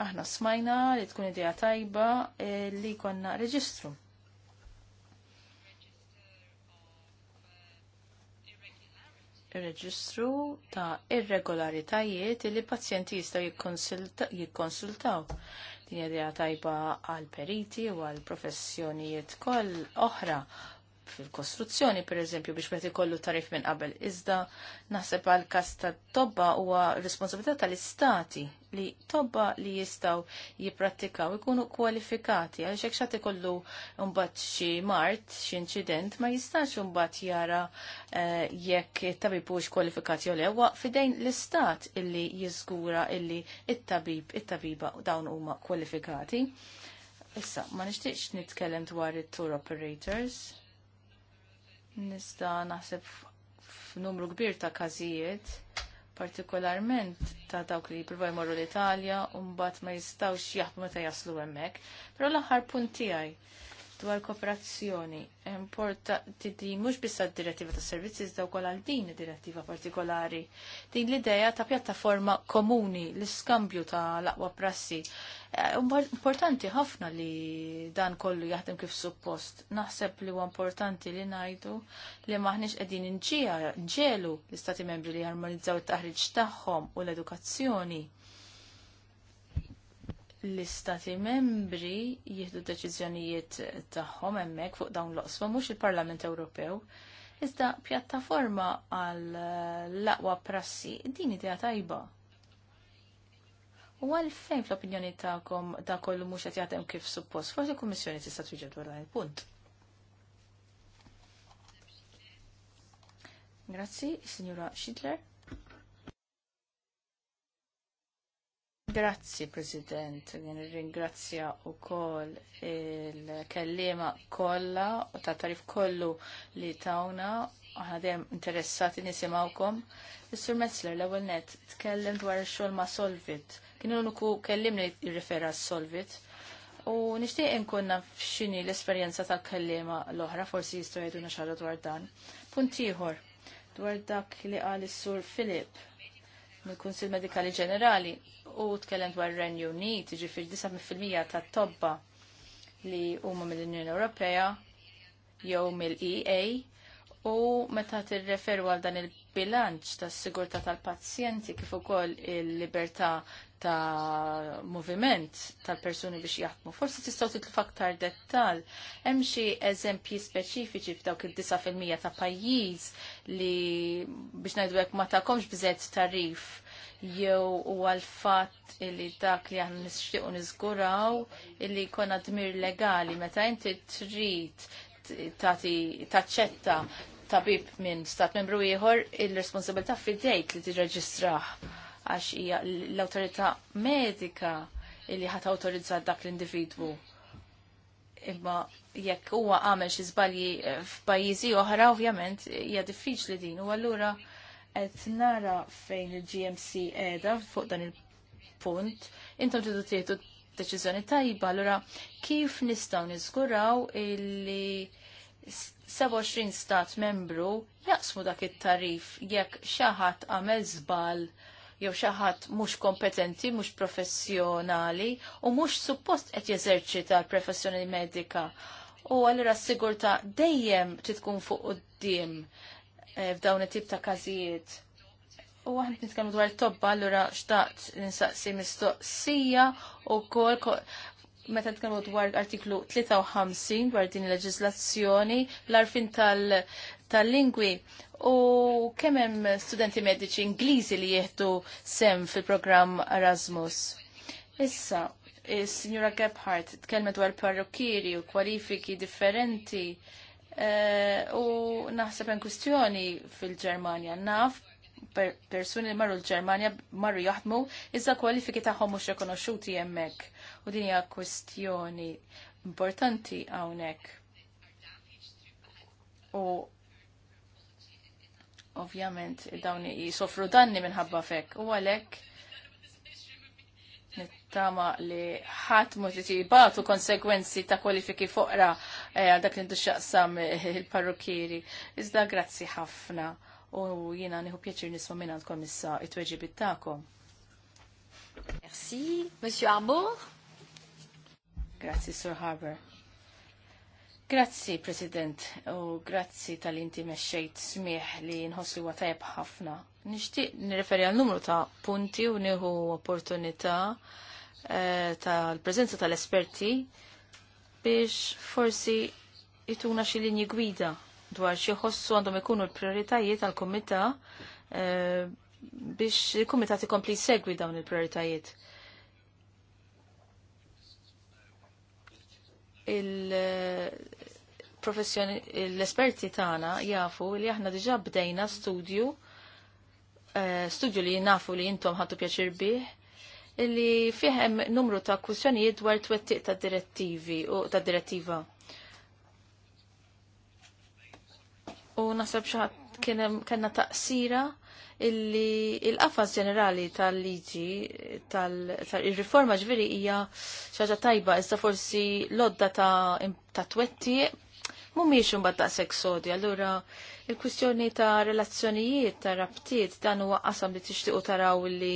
Aħna smajna li tkun idea tajba eh, li konna reġistru. Reġistru ta' irregolaritajiet li pazjenti jistaw jikkonsultaw. Din idea tajba għal periti u għal professjonijiet koll oħra fil-kostruzzjoni, per eżempju, biex meti kollu tarif minn qabel. Iżda naħseb għal kasta tobba huwa responsabilità tal-istati li tobba li jistaw jiprattikaw ikunu kwalifikati għal xek xati kollu mbatt xi mart, xi incident, ma jistax mbatt jara eh, jekk it-tabib u kwalifikat jew lewa fidejn l-istat illi jiżgura illi it-tabib, it-tabiba dawn huma kwalifikati. Issa, ma nishtiqx nitkellem dwar it-tour operators Nista naħseb f'numru kbir ta' każijiet, partikolarment ta' dawk li jipruvaw jmorru l-Italja u bat ma jistgħux jaħbu meta jaslu hemmhekk. Però l-aħħar punt tiegħi dwar kooperazzjoni importanti di mhux biss direttiva tas servizzi iżda wkoll għal din id-direttiva partikolari. Din l-idea ta' pjattaforma komuni l-iskambju ta' l-aqwa prassi. Eh, importanti ħafna li dan kollu jaħdem kif suppost. Naħseb li huwa importanti li ngħidu li maħniex qegħdin ġelu l-istati membri li jarmonizzaw it-taħriġ tagħhom u l-edukazzjoni l-istati membri jieħdu deċiżjonijiet tagħhom hemmhekk fuq dawn l-oqsma mhux il-Parlament Ewropew. Iżda pjattaforma għal laqwa prassi din idea tajba. U għal fejn fl-opinjoni tagħkom ta' kollu mhux qed jagħtem kif suppost, forsi l-Kummissjoni tista' twieġeb dwar dan il-punt. Grazzi, signora Schittler. Grazzi, President. Ringrazzja u koll il-kellima kolla u ta' tarif kollu li tawna. Aħna dem interessati nisimawkom. Is-Sur Metzler l-ewwel net tkellem dwar ix-xogħol ma' Solvit. Kienu nuku uku kellimni jirrifera Solvit. U nixtieq inkunna f'xini l-esperjenza tal-kellima l-oħra, forsi jistgħu jeduna xarra dwar dan. Punt ieħor dwar dak li qal sur Filip mill-Kunsil Medikali Ġenerali u tkellem dwar Renju Unit, ġifir 9% ta' tobba li huma mill-Unjoni Ewropea jew mill-EA u meta tirreferu għal dan il bilanċ tas sigurtà tal-pazjenti kif ukoll il-libertà ta' moviment tal-persuni biex jaħdmu. Forsi tistgħu titlu f'aktar dettal. Hemm xi eżempji speċifiċi f'dawk il-9 ta' pajjiż li biex ngħidu hekk ma tagħkomx biżgħet tarif jew u għal-fatt li dak li aħna nixtiequ niżguraw illi jkollna admir legali meta inti trid tati taċċetta tabib minn stat membru ieħor il-responsabilità fidejt li tirreġistraħ għax hija l-awtorità medika li ħat autorizza dak l-individwu. Imma jekk huwa għamel xi żbalji eh, f'pajjiżi oħra ovvjament hija diffiċli din u allura qed nara fejn il-GMC qiegħda fuq dan il-punt intom tridu tieħdu deċiżjoni tajba allura kif nistgħu niżguraw illi 27 stat membru jaqsmu dak it-tarif jekk xi ħadd għamel żball jew xi ħadd mhux kompetenti, mhux professjonali u mhux suppost qed jeżerċita l-professjoni medika. U allura s-sigurta dejjem titkun tkun fuq quddiem eh, f'dawn it-tip ta' każijiet. U għahna nitkellmu dwar tobba, allura xtaqt n-insaqsi mistoqsija u kol meta tkellmu dwar artiklu 53 dwar din il-leġislazzjoni l-arfin tal-lingwi u kemm hemm studenti mediċi Ingliżi li jieħdu sem fil-programm Erasmus. Issa, s sinjura Gebhardt tkellmet dwar parrokkieri u kwalifiki differenti eh, u naħseb hemm kwistjoni fil-Ġermanja naf persuni li marru l-Ġermanja marru jaħdmu iżda kwalifiki tagħhom mhux rekonoxxuti hemmhekk u din hija kwestjoni importanti hawnhekk. U ovvjament dawn jisofru danni minħabba fek. U għalhekk nittama li ħadd mhux jibatu konsekwenzi ta' kwalifiki foqra eh, għal dak li xaqsam eh, il-parrukkieri. Iżda grazzi ħafna u jiena nieħu pjaċir nisma' minn għandkom issa it-tweġibit tagħkom. Merci, Monsieur Arbour. Grazzi, Sir Harbour. Grazzi, President, u grazzi tal-inti meċċejt smieħ li nħossu għatajb ħafna. Nixtieq nirreferi għal numru ta' punti u nieħu opportunità eh, tal prezenza tal-esperti biex forsi jituna xi linji gwida dwar xi ħossu għandhom ikunu l-prioritajiet għal kumità eh, biex il-kumità tikompli segwi dawn il-prioritajiet. il-professjoni l-esperti tagħna jafu li aħna diġà bdejna studju eh, studju li nafu li jintom ħattu pjaċir bih illi fih numru ta' kwistjonijiet dwar twettiq ta' direttivi u ta' direttiva. U nasab xaħat kena taqsira illi il-qafas ġenerali tal-liġi tal-riforma ġveri hija xaġa tajba iżda forsi lodda ta' ta' twetti mumiex imbagħad ta' seksodi. Allura il-kwistjoni ta' relazzjonijiet, ta' rabtiet, dan huwa qasam li tixtiequ taraw li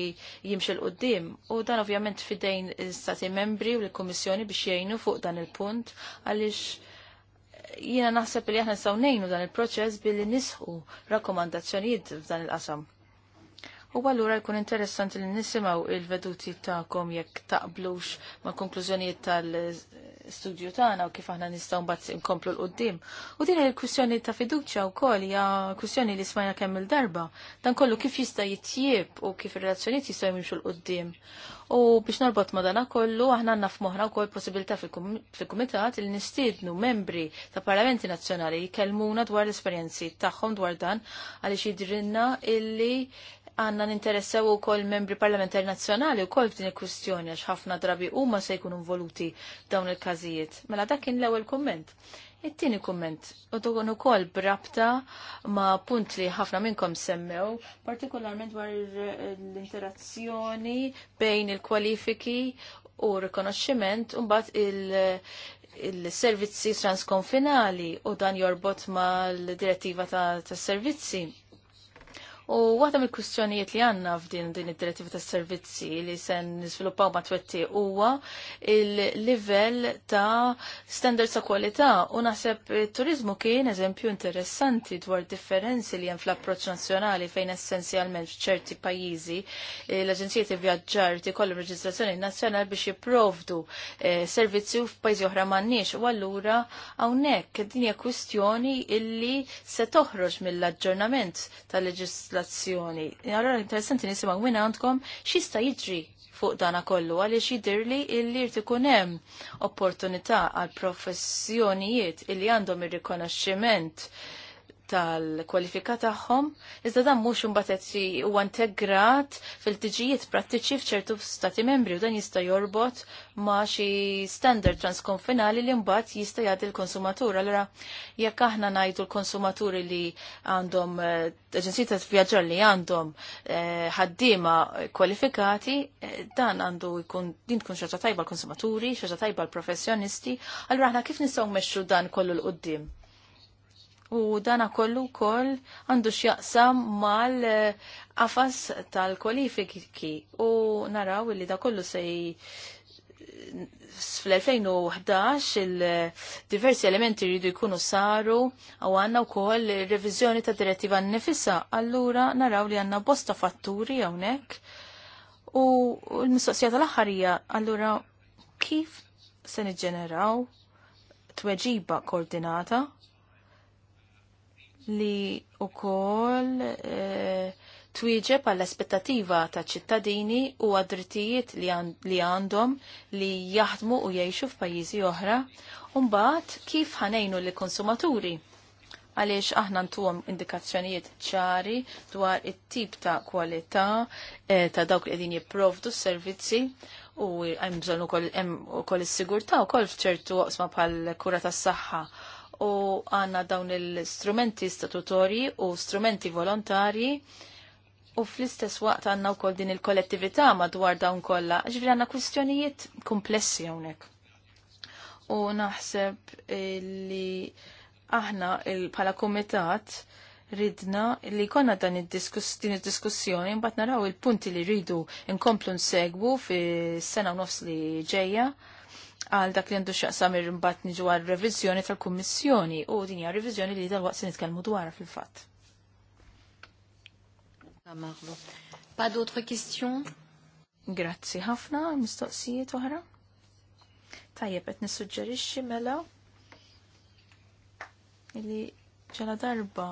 jimxi l qudiem U dan ovvjament fidejn stati membri u l-Kummissjoni biex jgħinu fuq dan il-punt għaliex jiena naħseb li aħna nistgħu ngħinu dan il-proċess billi nisħu rakkomandazzjonijiet f'dan il-qasam. U għallura jkun interessanti li nisimaw il-veduti ta'kom jekk taqblux ma' konklużjonijiet tal-studju tagħna u kif aħna nistgħu mbagħad inkomplu l qudiem U din il-kwistjoni ta' fiduċja wkoll hija kwistjoni li smajna kemm il-darba. Dan kollu kif jista' jitjieb u kif ir-relazzjonijiet jistgħu jimxu l qudiem U biex norbot ma' dana kollu aħna naf u wkoll possibilità fil-kumitat li nistiednu membri ta' parlamenti nazzjonali jkellmuna dwar l-esperjenzi tagħhom dwar dan għaliex jidrinna illi għanna ninteressaw u kol membri parlamentari nazjonali u kol f'din il-kustjoni għax ħafna drabi u ma se jkunu involuti dawn il-kazijiet. Mela dak kien l-ewel komment. It-tieni kumment, u dogon ukoll brabta ma' punt li ħafna minnkom semmew, partikolarment dwar l-interazzjoni bejn il-kwalifiki u rikonoxximent u mbagħad il-servizzi transkonfinali u dan jorbot mal-direttiva ta' servizzi. U waħda mill-kwistjonijiet li għanna f'din din id-direttiva tas servizzi li se nisviluppaw ma twetti huwa il-livell ta' standards ta' kwalità u naħseb turizmu kien eżempju interessanti dwar differenzi li hemm fl-approċċ nazzjonali fejn essenzjalment f'ċerti pajjiżi eh, l-aġenzijiet ivvjaġġar kollu reġistrazzjoni nazzjonali biex jipprovdu eh, servizzi u f'pajjiżi oħra m'għandniex u allura hawnhekk din hija kwistjoni illi se toħroġ mill-aġġornament tal leġistrazzjoni leġislazzjoni. Allora interessanti nisimgħu minn għandkom xista jiġri fuq dana kollu għaliex jidirli illi jrid ikun hemm opportunità għal professjonijiet illi għandhom ir-rikonoxximent il tal-kwalifika tagħhom, iżda dan mhux imbagħad qed huwa integrat fil-tiġijiet prattiċi f'ċertu stati membri u dan jista' jorbot ma' xi standard transkonfinali li mbagħad jista' jagħti l-konsumatur. Allura jekk aħna ngħidu l-konsumaturi li għandhom eh, aġenziji ta' vjaġġar li għandhom eh, ħaddiema kwalifikati, eh, dan għandu jkun din tkun xaġa tajba l-konsumaturi, xaġa tajba l-professjonisti, allura aħna kif nistgħu mmexxu dan kollu l-qudiem? U dana kollu kol għandu x'jaqsam mal-qafas eh, tal-kwalifiki u naraw li da kollu sej fl-2011 il-diversi eh, elementi rridu jkunu saru u għanna u kol revizjoni ta' direttiva n-nifissa. Allura naraw li għanna bosta fatturi għonek u l-mistoqsija tal-axħarija. Allura kif se nġeneraw tweġiba koordinata li u koll e, eh, twieġeb għall aspettativa ta' ċittadini u għadrittijiet li għandhom li jaħdmu u jgħixu f'pajjiżi oħra, mbagħad kif ħanejnu li konsumaturi għaliex aħna ntuhom indikazzjonijiet ċari dwar it-tip ta' kwalità e, ta' dawk li qegħdin jipprovdu s-servizzi u hemm bżonn ukoll is-sigurtà wkoll f'ċertu oqsma bħal kura tas-saħħa u għanna dawn il-strumenti statutori u strumenti volontari u fl-istess waqt għanna u din il-kollettività madwar dawn kolla. Ġifri għanna kwistjonijiet komplessi għonek. U naħseb li aħna pala komitat ridna li konna dan din id-diskussjoni mbagħad naraw il-punti li ridu nkomplu nsegwu fis-sena u nofs li ġejja għal dak li għandu xaqsam ir-rimbat niġu għal revizjoni tal-Kummissjoni u din hija revizjoni li dal-waqt se nitkellmu dwarha fil-fatt. Ah, pa d'autre questions? Grazzi ħafna mistoqsijiet oħra. Tajjeb qed nissuġġerixxi mela li ġala darba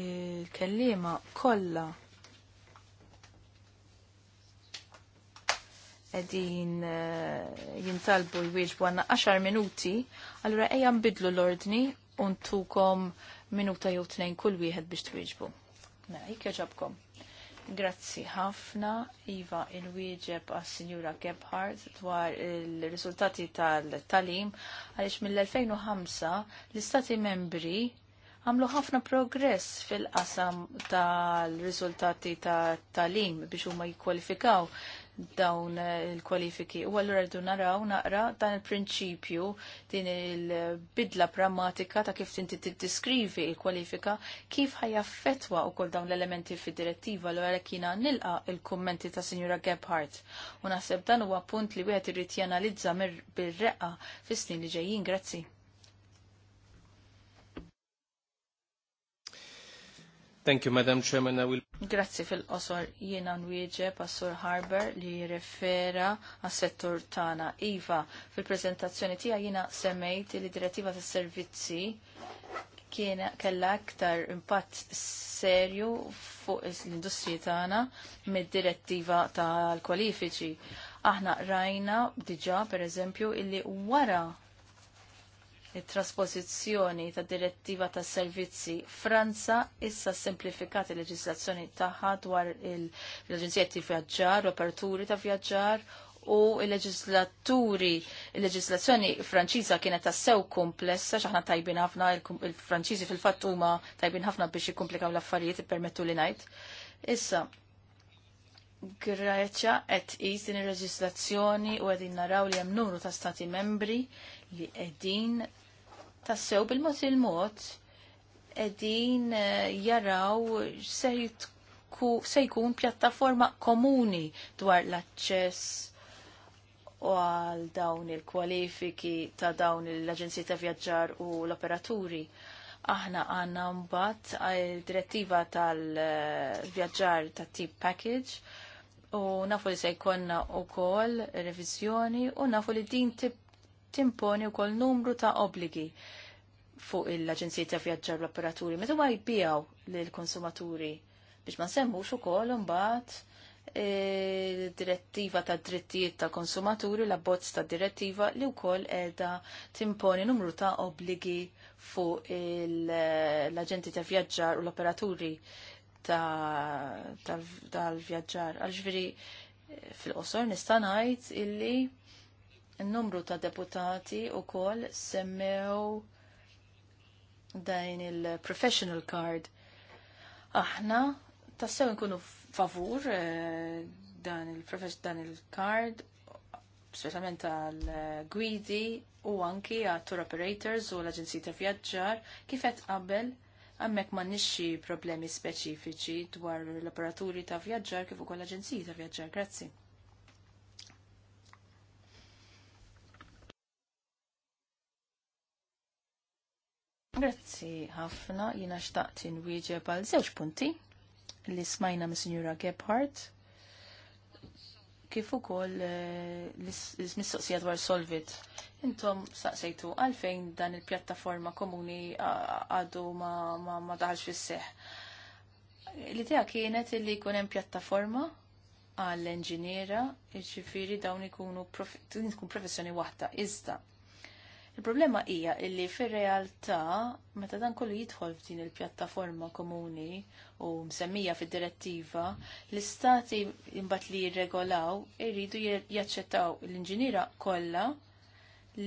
il-kellima kollha edin eh, jintalbu jwieġbu għanna 10 minuti, allura ejja bidlu l-ordni untukom minuta jew tnejn kull wieħed biex twieġbu. Na, mela, jkjoġobkom. Grazzi ħafna, Iva, il-wieġeb għas sinjura Gebhardt dwar il-riżultati tal-talim għaliex mill-2005 l-istati membri għamlu ħafna progress fil-qasam tal-riżultati ta' talim biex huma jikkwalifikaw dawn il-kwalifiki. U għallura rridu naraw naqra dan il-prinċipju din il-bidla prammatika ta' kif tinti tiddiskrivi il-kwalifika kif ħajaffetwa u kol dawn l-elementi fid direttiva l għalek jina nilqa il-kommenti ta' Signora Gebhardt. U naħseb dan huwa punt li wieħed irrid janalizza bir-reqqa fi snin li ġejjin. Grazzi. Thank you, Madam Chairman. I will... Grazzi fil-qosor jiena nwieġeb għas-Sur Harber li refera għas-settur tana. Iva, fil-prezentazzjoni tija jiena semmejt li direttiva tas servizzi kiena kella aktar impatt serju fuq l-industrija tana mid-direttiva tal-kwalifiċi. Aħna rajna diġa, per eżempju, illi wara trasposizjoni ta' direttiva ta' servizzi Franza issa simplifikat il-leġislazzjoni tagħha dwar l-Aġenzija ta' Vjaġġar, l-Operaturi ta' Vjaġġar u l leġislaturi il-leġislazzjoni franċiża kienet tassew komplessa, xaħna tajbin ħafna, il-franċiżi fil-fatt huma tajbin ħafna biex jikomplikaw l-affarijiet, permettu li ngħid. Issa, Greċja qed qis din ir-reġislazzjoni u qegħdin naraw li hemm numru ta' stati membri li qegħdin tassew bil-mod il-mod edin eh, jaraw se jkun pjattaforma komuni dwar l-aċċess u għal dawn il-kwalifiki ta' dawn l-Aġenzji ta' Vjaġġar u l-Operaturi. Aħna għanna mbatt eh, direttiva tal-vjaġġar ta' tip package u nafu li se jkonna u kol revizjoni u nafu li din timponi u kol numru ta' obligi fuq l-Aġenzija ta' Vjaġġar l-Operaturi, meta huwa jbijaw lill-konsumaturi biex ma nsemmux ukoll imbagħad e, direttiva ta' drittijiet ta' konsumaturi la bozz ta' direttiva li wkoll qiegħda timponi numru ta' obbligi fuq l-aġenti ta' vjaġġar u l-operaturi tal-vjaġġar. Għalġviri fil-qosor nista' ngħid illi n-numru ta' deputati wkoll semmew dajn il-professional card. Aħna tassew nkunu favur eh, dan il-card, specialment għal gwidi u anki għal tour operators u l-aġenziji ta' vjaġġar kifet qabel għammek ma nixxi problemi speċifiċi dwar l-operaturi ta' vjaġġar kif ukoll l-aġenziji ta' vjaġġar. Grazzi. Grazzi ħafna, jina xtaqt inwieġeb għal żewġ punti li smajna mis sinjura Gebhardt kif ukoll eh, l-mistoqsija dwar Solvit. Intom saqsejtu għalfejn dan il-pjattaforma komuni għadu ma, ma, ma fis-seħ. L-idea kienet li jkun hemm pjattaforma għall-enġiniera, ġifiri dawn ikunu tkun professjoni waħda. Iżda, Il-problema hija illi fir-realtà meta dan kollu jidħol f'din il-pjattaforma komuni u msemmija fid-direttiva, l-istati imbagħad li jirregolaw iridu jaċċettaw l-inġiniera kollha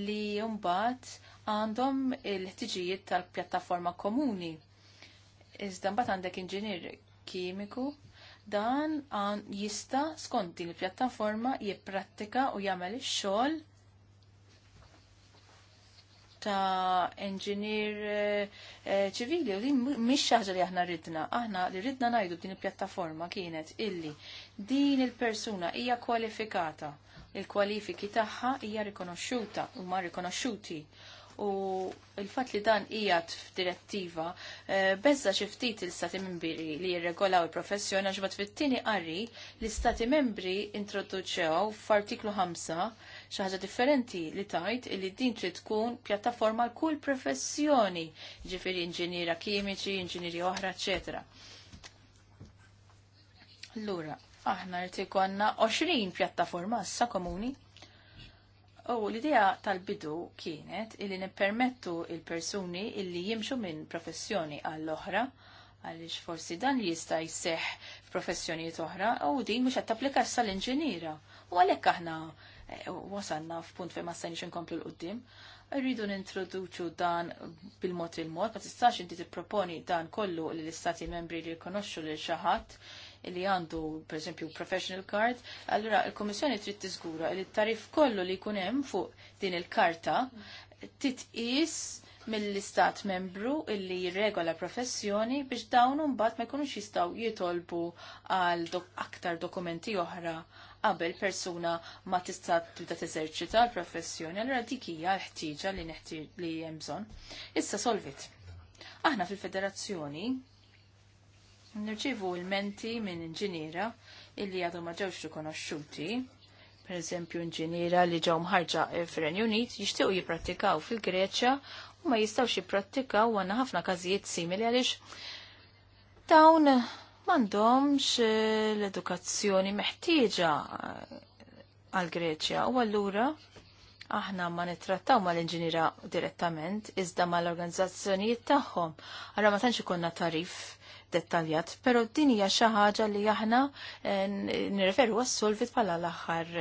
li mbagħad għandhom il-ħtiġijiet tal-pjattaforma komuni. Iżda mbagħad għandek inġinier kimiku dan jista skont din il-pjattaforma jipprattika u jagħmel ix-xogħol ta' engineer eh, eh, ċivili u din mhix ħaġa li aħna ridna. Aħna li ridna ngħidu din il-pjattaforma kienet illi din il-persuna hija kwalifikata. Il-kwalifiki tagħha hija rikonoxxuta huma rikonoxxuti u il-fat li dan hija f'direttiva eh, bezza ftit il-stati membri li jirregolaw il-professjoni għax bat fit tieni qari li stati membri introduċew f'artiklu 5 xaħġa differenti li tajt li din trid tkun pjattaforma l-kull professjoni, ġifiri inġiniera kimiċi, inġinieri oħra, eċetera. Allura, aħna rrid konna 20 pjattaforma issa komuni. U l-idea tal-bidu kienet illi nippermettu il-persuni illi jimxu minn professjoni għall-oħra għalix forsi dan li jista jisseħ f'professjonijiet oħra u din mhux qed tapplika sal l-inġiniera. U għalhekk aħna wasanna f'punt fejn ma stajniex inkomplu l-qoddim. Rridu nintroduċu dan bil-mod il-mod, ma tistax inti tipproponi dan kollu li l-istati membri li jkonoxxu lil xi ħadd li għandu per esempio professional card, allora il-Komissjoni trid tiżgura li t-tarif kollu li jkun hemm fuq din il-karta titqis mill-istat membru illi jirregola professjoni biex dawn mbagħad ma jkunux jistgħu jitolbu għal aktar dokumenti oħra qabel persuna ma tista' tibda teżerċita l-professjoni, allura dik hija ħtieġa li neħtieġ li hemm bżonn. Issa solvit. Aħna fil-federazzjoni nirċivu l-menti minn inġiniera illi għadhom ma ġewx rikonoxxuti per eżempju inġiniera li ġew mħarġa fir-Renju Unit jixtiequ jipprattikaw fil-Greċja u ma jistgħux jipprattikaw għandna ħafna każijiet simili għaliex dawn m'għandhomx eh, l-edukazzjoni meħtieġa eh, għal Greċja u allura aħna ma nittrattaw ma l-inġinira direttament, iżda ma l-organizzazzjonijiet tagħhom. Allora ma tantx ikonna tarif dettaljat, pero din hija xi ħaġa li aħna eh, nirreferu għas-solvit bħala l-aħħar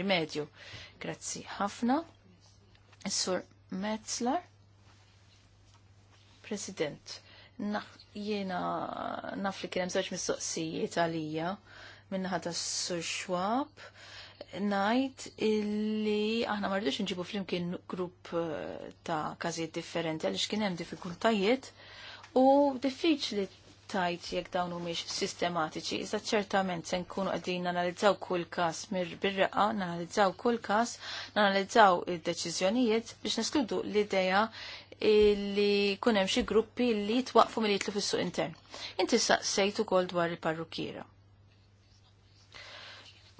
rimedju. Grazzi ħafna. Is-Sur Metzler, President jiena naf li kienem zoċ mis-soqsijiet għalija minnaħat tas sur Schwab najt illi aħna marridux nġibu flimkien grupp eh, ta' każijiet differenti għaliex kien hemm diffikultajiet u diffiċli tajt jekk dawn mhumiex sistematiċi. Iżda ċertament se nkunu qegħdin nanalizzaw kull każ bir-reqa, nanalizzaw kull każ, nanalizzaw id-deċiżjonijiet biex neskludu l-idea li kunem xi gruppi li jitwaqfu mill jitlu fis-suq intern. Inti saqsejtu ukoll dwar il-parrukkiera.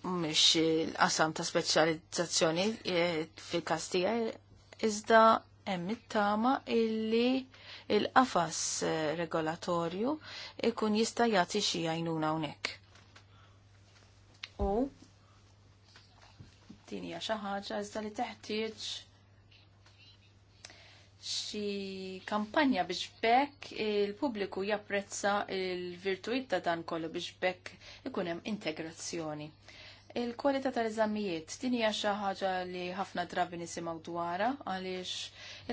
Mhix il-qasam ta' speċjalizzazzjoni eh, fil-każ tiegħi iżda hemm it-tama illi il-qafas eh, regolatorju ikun jista' jagħti xi għajnuna hawnhekk. U din hija xi ħaġa iżda li teħtieġ xi kampanja biex bekk il-pubbliku japprezza il-virtuit ta' dan kollu biex bekk ikun hemm integrazzjoni. Il-kwalità tal-eżamijiet din hija xi ħaġa li ħafna drabi nisimgħu dwarha għaliex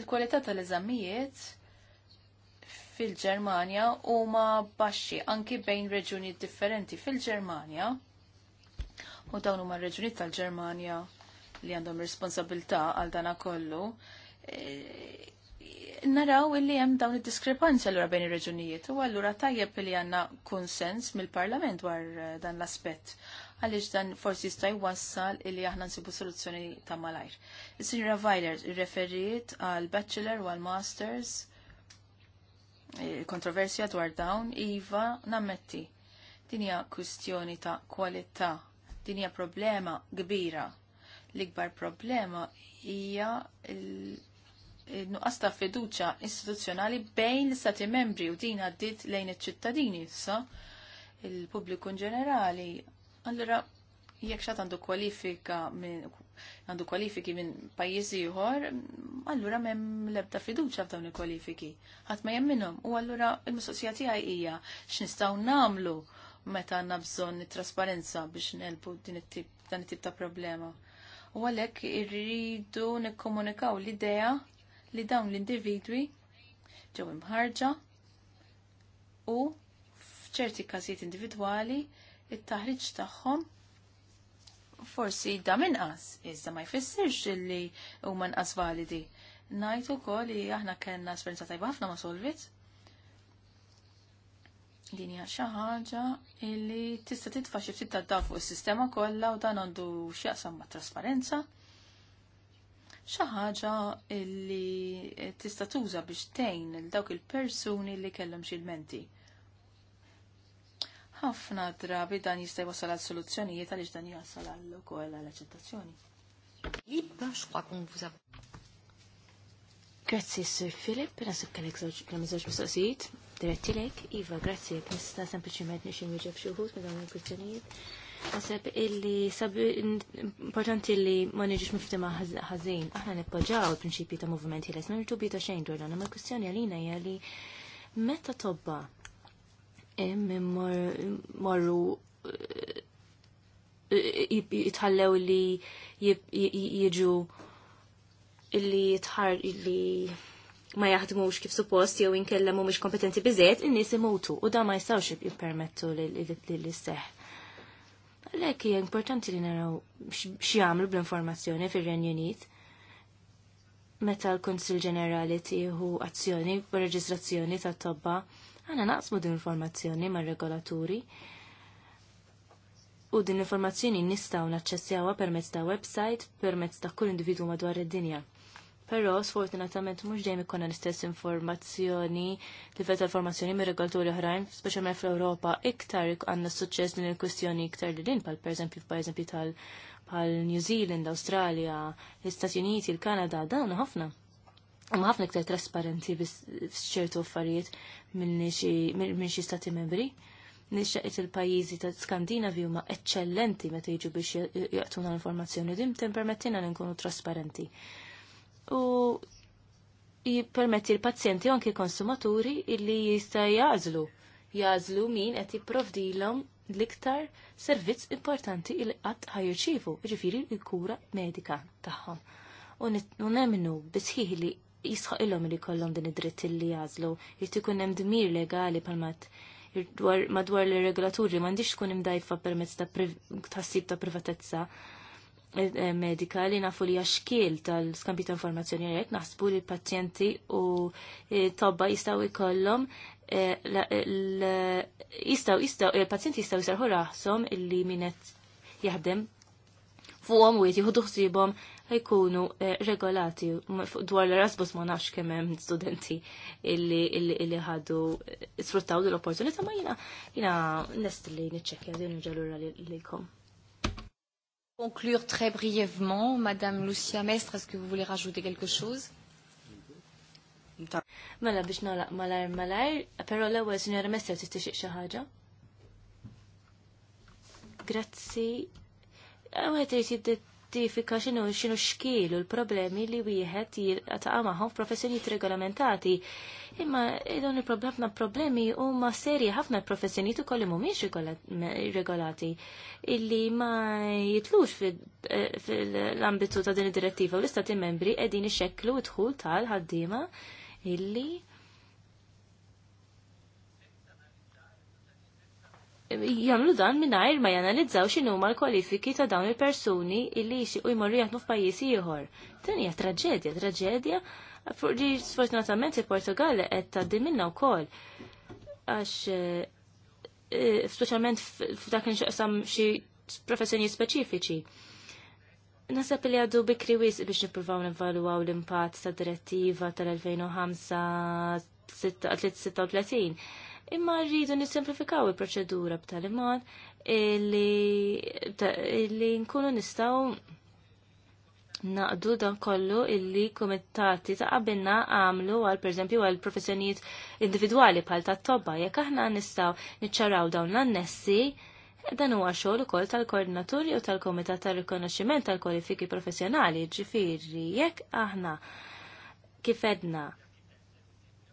il-kwalità tal-eżamijiet fil-Ġermanja huma baxxi anki bejn reġuni differenti fil-Ġermanja u dawn huma r-reġuni tal-Ġermanja li għandhom responsabilità għal dana kollu naraw illi hemm dawn id-diskrepanzi lura bejn ir-reġunijiet u allura tajjeb li għandna konsens mill-Parlament dwar eh, dan l-aspett għaliex dan forsi jista' jwassal illi aħna nsibu soluzzjoni ta' malajr. Is-Sinjura Vajler referiet għal bachelor u għal masters eh, kontroversja dwar dawn, iva nammetti. Din hija kwistjoni ta' kwalità, din hija problema kbira l-ikbar problema hija nuqqas ta' fiduċa istituzzjonali bejn l-istati membri u din għaddit lejn iċ-ċittadini sa' il-pubbliku ġenerali. Allora, jekk xat għandu kwalifika minn għandu kwalifiki minn pajjiż ieħor, allura m'hemm l-ebda fiduċa f'dawn il-kwalifiki. Ħadd ma jemminhom u allura l-mistoqsija tiegħi hija x'nistgħu nagħmlu meta għandna bżonn it-trasparenza biex nelbu din it-tip dan it-tip ta' problema. U għalhekk irridu nikkomunikaw l-idea li dawn l-individwi ġew imħarġa u f'ċerti każijiet individwali it-taħriġ tagħhom forsi da minqas, iżda ma jfissirx li huma nqas validi. Ngħid ukoll li aħna kellna esperjenza tajba ħafna ma' Solvit. Din hija xi ħaġa li tista' titfa' xi ftit tad fuq is-sistema kollha u dan għandu x'jaqsam ma' trasparenza xi ħaġa li tista' tuża biex tgħin il dawk il-persuni li kellhom xi menti. Ħafna drabi dan jista' jwassal għal soluzzjonijiet għaliex dan jwassal għal ukoll għal aċċettazzjoni. Grazzi, Sir Filip, nasib kellek żewġ mistoqsijiet, diretti lek, Iva, grazzi, nista' sempliċiment nixin jieġeb xi wħud minn dawn il-kwistjonijiet Għaseb illi sabi importanti li ma neġiġ miftima ħażin. Aħna nippoġaw il prinċipi ta' movimenti l-es, ma nirtu bita xejn dwar dan, ma l kustjoni għalina hija li meta tobba morru eh, eh, jitħallew li jiġu illi jitħar illi ma jaħdmux kif suppost jew inkella mhumiex kompetenti biżejjed in-nies imutu u da ma jistgħux jippermettu li isseħħ għalhekk hija importanti li naraw x'jagħmlu bl-informazzjoni fir-Renju Unit meta l-Konsil Ġenerali tieħu azzjoni u reġistrazzjoni ta' tobba għana naqsmu din informazzjoni ma' regolaturi u din informazzjoni nistaw naċċessjawha permezz ta' website permezz ta' kull individu madwar id-dinja. Però sfortunatament mhux dejjem ikonna l-istess informazzjoni, livell ta' informazzjoni mir regolaturi oħrajn, speċjalment fl-Ewropa iktar għandna suċċess din il-kwistjoni iktar li din pal pereżempju f'pajżempju tal pal New Zealand, Awstralja, l-Istati Uniti, l kanada dawn ħafna. Ma ħafna iktar trasparenti f'ċertu affarijiet minn xi stati membri nixxaqit il-pajizi ta' Skandinavi huma eccellenti meta jiġu biex jaqtuna l-informazzjoni dim permettina li nkunu trasparenti u jippermetti l-pazjenti u anki konsumaturi illi jista' jażlu jażlu min qed jipprovdilhom l-iktar servizz importanti il qatt ħajrċivu, ġifiri l-kura medika tagħhom. U nemmnu bisħiħ li jisħaq ilhom li kollhom din id-dritt li jażlu, jrid ikun hemm dmir legali palmat madwar l-regolaturi m'għandix tkun imdajfa permezz ta' tħassib ta' privatezza medika li nafu li għaxkil tal skampi ta' informazzjoni jek naħsbu li pazjenti u e, tobba jistaw ikollom e, e, jistaw jistaw il-pazjenti jistaw jisarħu raħsom illi minnet jaħdem fuqom u jtiħu duħsibom jkunu regolati dwar l rasbus ma nafx kemm hemm studenti illi ħadu sfruttaw l-opportunità ma jiena jiena nest li niċċekkja din l-ġalura li kom. Conclure très brièvement, Madame Lucia Mestre, est-ce que vous voulez rajouter quelque chose Mela biex nolaq malar malar, pero l-ewwel Sinjora Mestre tixtieq xi ħaġa. Grazzi. Wieħed irid tiġġustifika xinu xinu xkielu l-problemi li wieħed jilqa' magħhom f'professjonijiet regolamentati. Imma dawn il-problema problemi huma serji ħafna professjonijiet ukoll li mhumiex regolati illi ma jitlux fil-ambitu ta' din id-direttiva u l-istati membri qegħdin ixekklu d dħul tal-ħaddiema illi jagħmlu dan mingħajr ma janalizzaw x'inhuma l-kwalifiki ta' dawn il-persuni illi jixtiequ jmorru jaħdmu f'pajjiż ieħor. Din hija traġedja, traġedja fuq sfortunatament il-Portugal qed tgħaddi minnha wkoll. Għax eh, eh, speċjalment f'dak inxaqsam xi professjoni speċifiċi. Nasab li għaddu bikri wis biex nippruvaw nivaluaw l-impatt tad direttiva tal-2005 36 imma rridu nisimplifikaw il-proċedura b'tali mod li nkunu nistaw naqdu dan kollu illi kumittati ta' qabilna għamlu għal perżempju għal professjonijiet individwali bħal ta' tobba jekk aħna nistaw niċċaraw dawn l-annessi dan huwa xogħol ukoll tal-koordinaturi u tal-komitat tal-rikonoxximent tal-kwalifiki professjonali ġifieri jekk aħna kifedna edna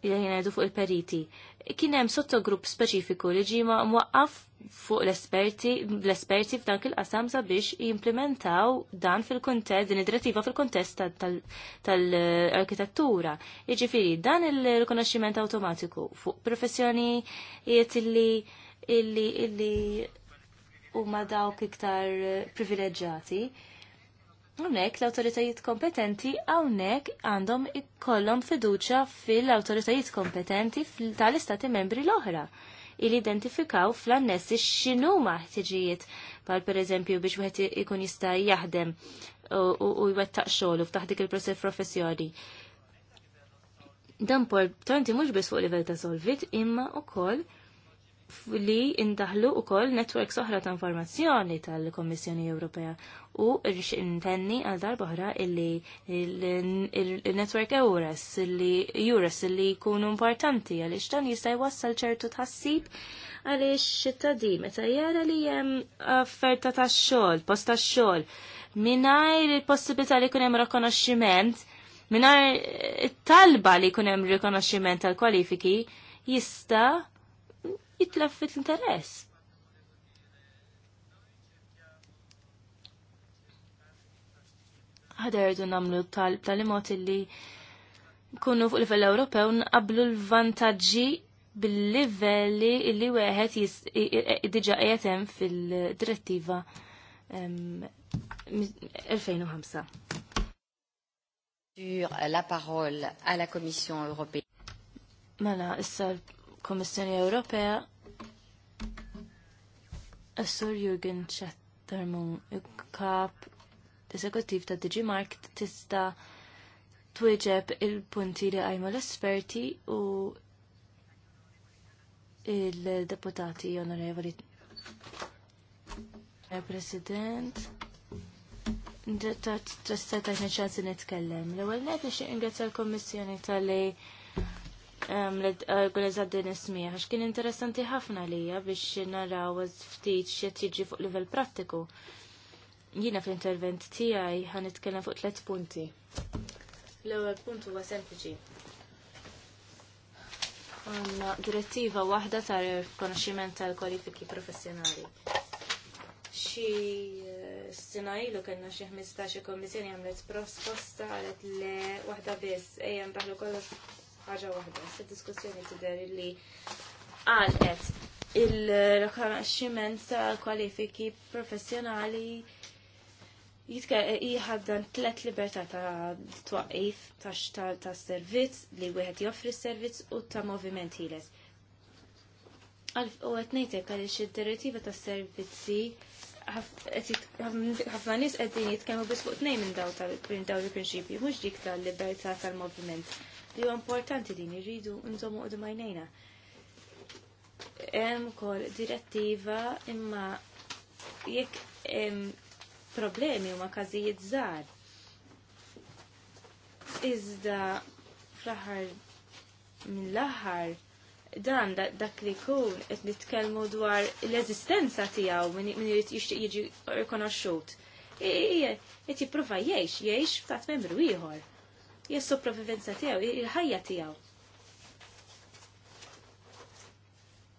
jgħinajdu fuq il-periti. Kien hemm sottogrupp speċifiku li ġima mwaqqaf fuq l-esperti l-esperti f'dan il-qasam sabiex jimplementaw dan fil-kontest, din id-direttiva fil-kontest tal-arkitettura. Jiġifieri dan il-rikonoxximent awtomatiku fuq professjoni jiet illi illi huma dawk iktar privileġġjati Hawnhekk l-awtoritajiet kompetenti hawnhekk għandhom ikollhom fiduċja fil-awtoritajiet kompetenti tal-istati membri l-oħra il identifikaw fl-annessi x'inhu ħtiġijiet bħal pereżempju biex wieħed ikun jista' jaħdem u jwettaq xogħlu f'taħt dik il-proċess professjoni. Dan importanti mhux biss fuq livell ta' solvit imma wkoll li indaħlu u koll networks oħra ta' informazzjoni tal-Kommissjoni Ewropea u rix intenni għal darbohra illi il-network Eures illi Eures illi jkunu importanti għal dan jistaj wassal ċertu tħassib għalix ċittadin meta jara li jem offerta ta' xogħol, post ta' xogħol mingħajr il-possibilità li jkun hemm rikonoxximent minar talba li kunem rikonoxximent tal-kwalifiki jista jitlef fit-interess. ħaderdu namlu talb tal-imot illi kunu fuq livell Ewropew nqablu l vantagġi bil-livelli illi wieħed diġa qiegħed hemm fil-direttiva 2005. la parole à la Commission européenne. Mela, issa l-Kommissjoni Ewropea Assur Jürgen Chattermung, kap eżekutiv ta' DigiMark tista twieġeb il-punti li għajmu l-esperti u il-deputati onorevoli. President, trattajtni ċansi nitkellem. l għallet net ingrazzja l-Kommissjoni tal-li Um, l organizzat din ismija, għax kien interessanti ħafna lija biex naraw ftit xiet jiġi fuq livell prattiku. Jina fl-intervent tiegħi għan nitkellem fuq tliet punti. L-ewwel punt huwa sempliċi. Għanna direttiva waħda tar rikonoxximent tal-kwalifiki professjonali. Xi eh, sena ilu kellna xi 15 kommissjoni għamlet prosposta għalet le waħda biss Ejjem taħlu kollox ħaġa waħda, se diskussjoni tidher li għalqet il-rikonoxximent ta' kwalifiki professjonali jitħaddan tlet libertà ta' twaqif ta' xtal ta' servizz li wieħed joffri servizz u ta' moviment ħiles. U qed ngħidlek għaliex id-direttiva ta' servizzi ħafna nies qegħdin jitkemmu biss fuq tnejn minn daw tal prinċipju mhux dik tal-libertà tal-moviment li huwa importanti din irridu nżommu u majnejna. Hemm ukoll direttiva imma jekk problemi huma każijiet żgħar. Iżda fl-aħħar mill-aħħar dan dak li jkun qed nitkellmu dwar l-eżistenza tiegħu min irid jixtieq jiġi rikonoxxut. Qed jipprova jgħix, jgħix f'tat membru ieħor hija sopravivenza tiegħu, il-ħajja tiegħu.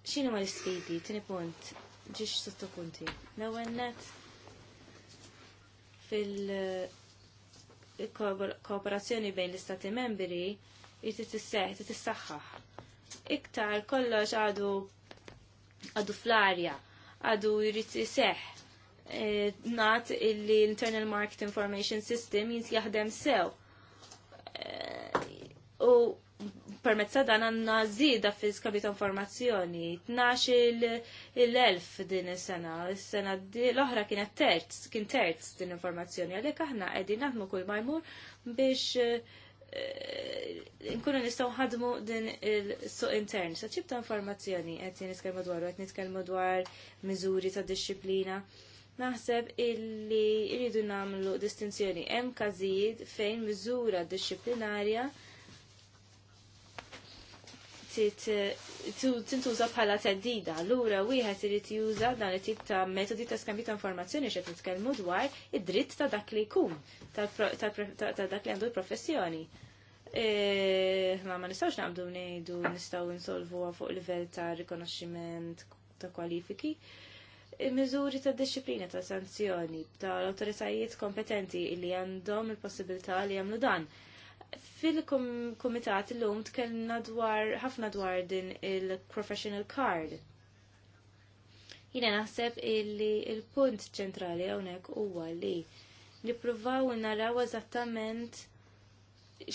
X'inhu ma l-isfidi, tini punt, ġiex sotto L-ewwel fil-kooperazzjoni bejn l-istati membri jrid t tissaħħaħ. Iktar kollox għadu għadu fl-arja, għadu jirrit iseħ. Eh, nat illi l internal Market Information System jint jaħdem sew u permezza dan għanna zida fi skabita informazzjoni. 12 l elf din is-sena, is-sena l ohra kienet terz, kien terz din informazzjoni. Għalek aħna qegħdin naħdmu kull majmur biex eh, eh, nkunu nistgħu ħadmu din il-suq intern. Sa ċib ta' informazzjoni qed niskelmu dwar qed nitkellmu dwar miżuri ta' disċiplina. Naħseb illi rridu nagħmlu distinzjoni hemm każijiet fejn miżura disċiplinarja Eh, tintuża bħala teddida. lura wieħed irid juża dan it-tip ta' metodi ta' skambju ta' informazzjoni x'qed nitkellmu dwar id-dritt ta' dak li jkun ta' dak li għandu l-professjoni. E, ma ma nistgħux naqbdu ngħidu nistgħu nsolvuha fuq livell ta' rikonoxximent ta' kwalifiki. E, miżuri ta' disċiplina ta' sanzjoni ta' l-autoritajiet kompetenti li għandhom il-possibilità li jagħmlu dan Fil-komitat l-lum tkellna dwar ħafna dwar din il-professional card. Jina naħseb illi il-punt ċentrali hawnhekk huwa li nippruvaw naraw eżattament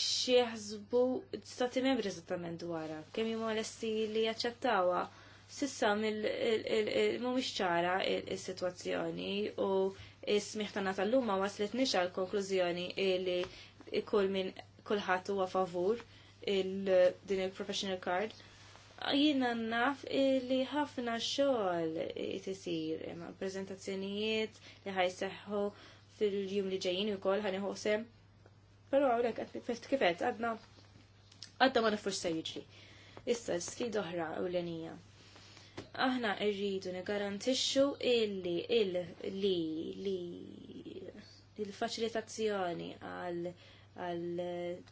xieħzbu stati membri eżattament dwarha, kemm huma lesti li jaċċettawha sissa mhumiex ċara is-sitwazzjoni u is-smiħ tagħna tal-luma waslet nix għal konklużjoni li kull min kulħadd huwa favur il-din il-professional card. Jiena naf li ħafna xogħol tisir ma' prezentazzjonijiet li ħajseħħu fil-jum li ġejjin ukoll ħani ħosem. Però hawnhekk qed kifet kifet għadna għadna ma nafux se jiġri. Issa sfid oħra ewlenija. Aħna rridu nigarantixxu illi il li li il-faċilitazzjoni għal għal eh,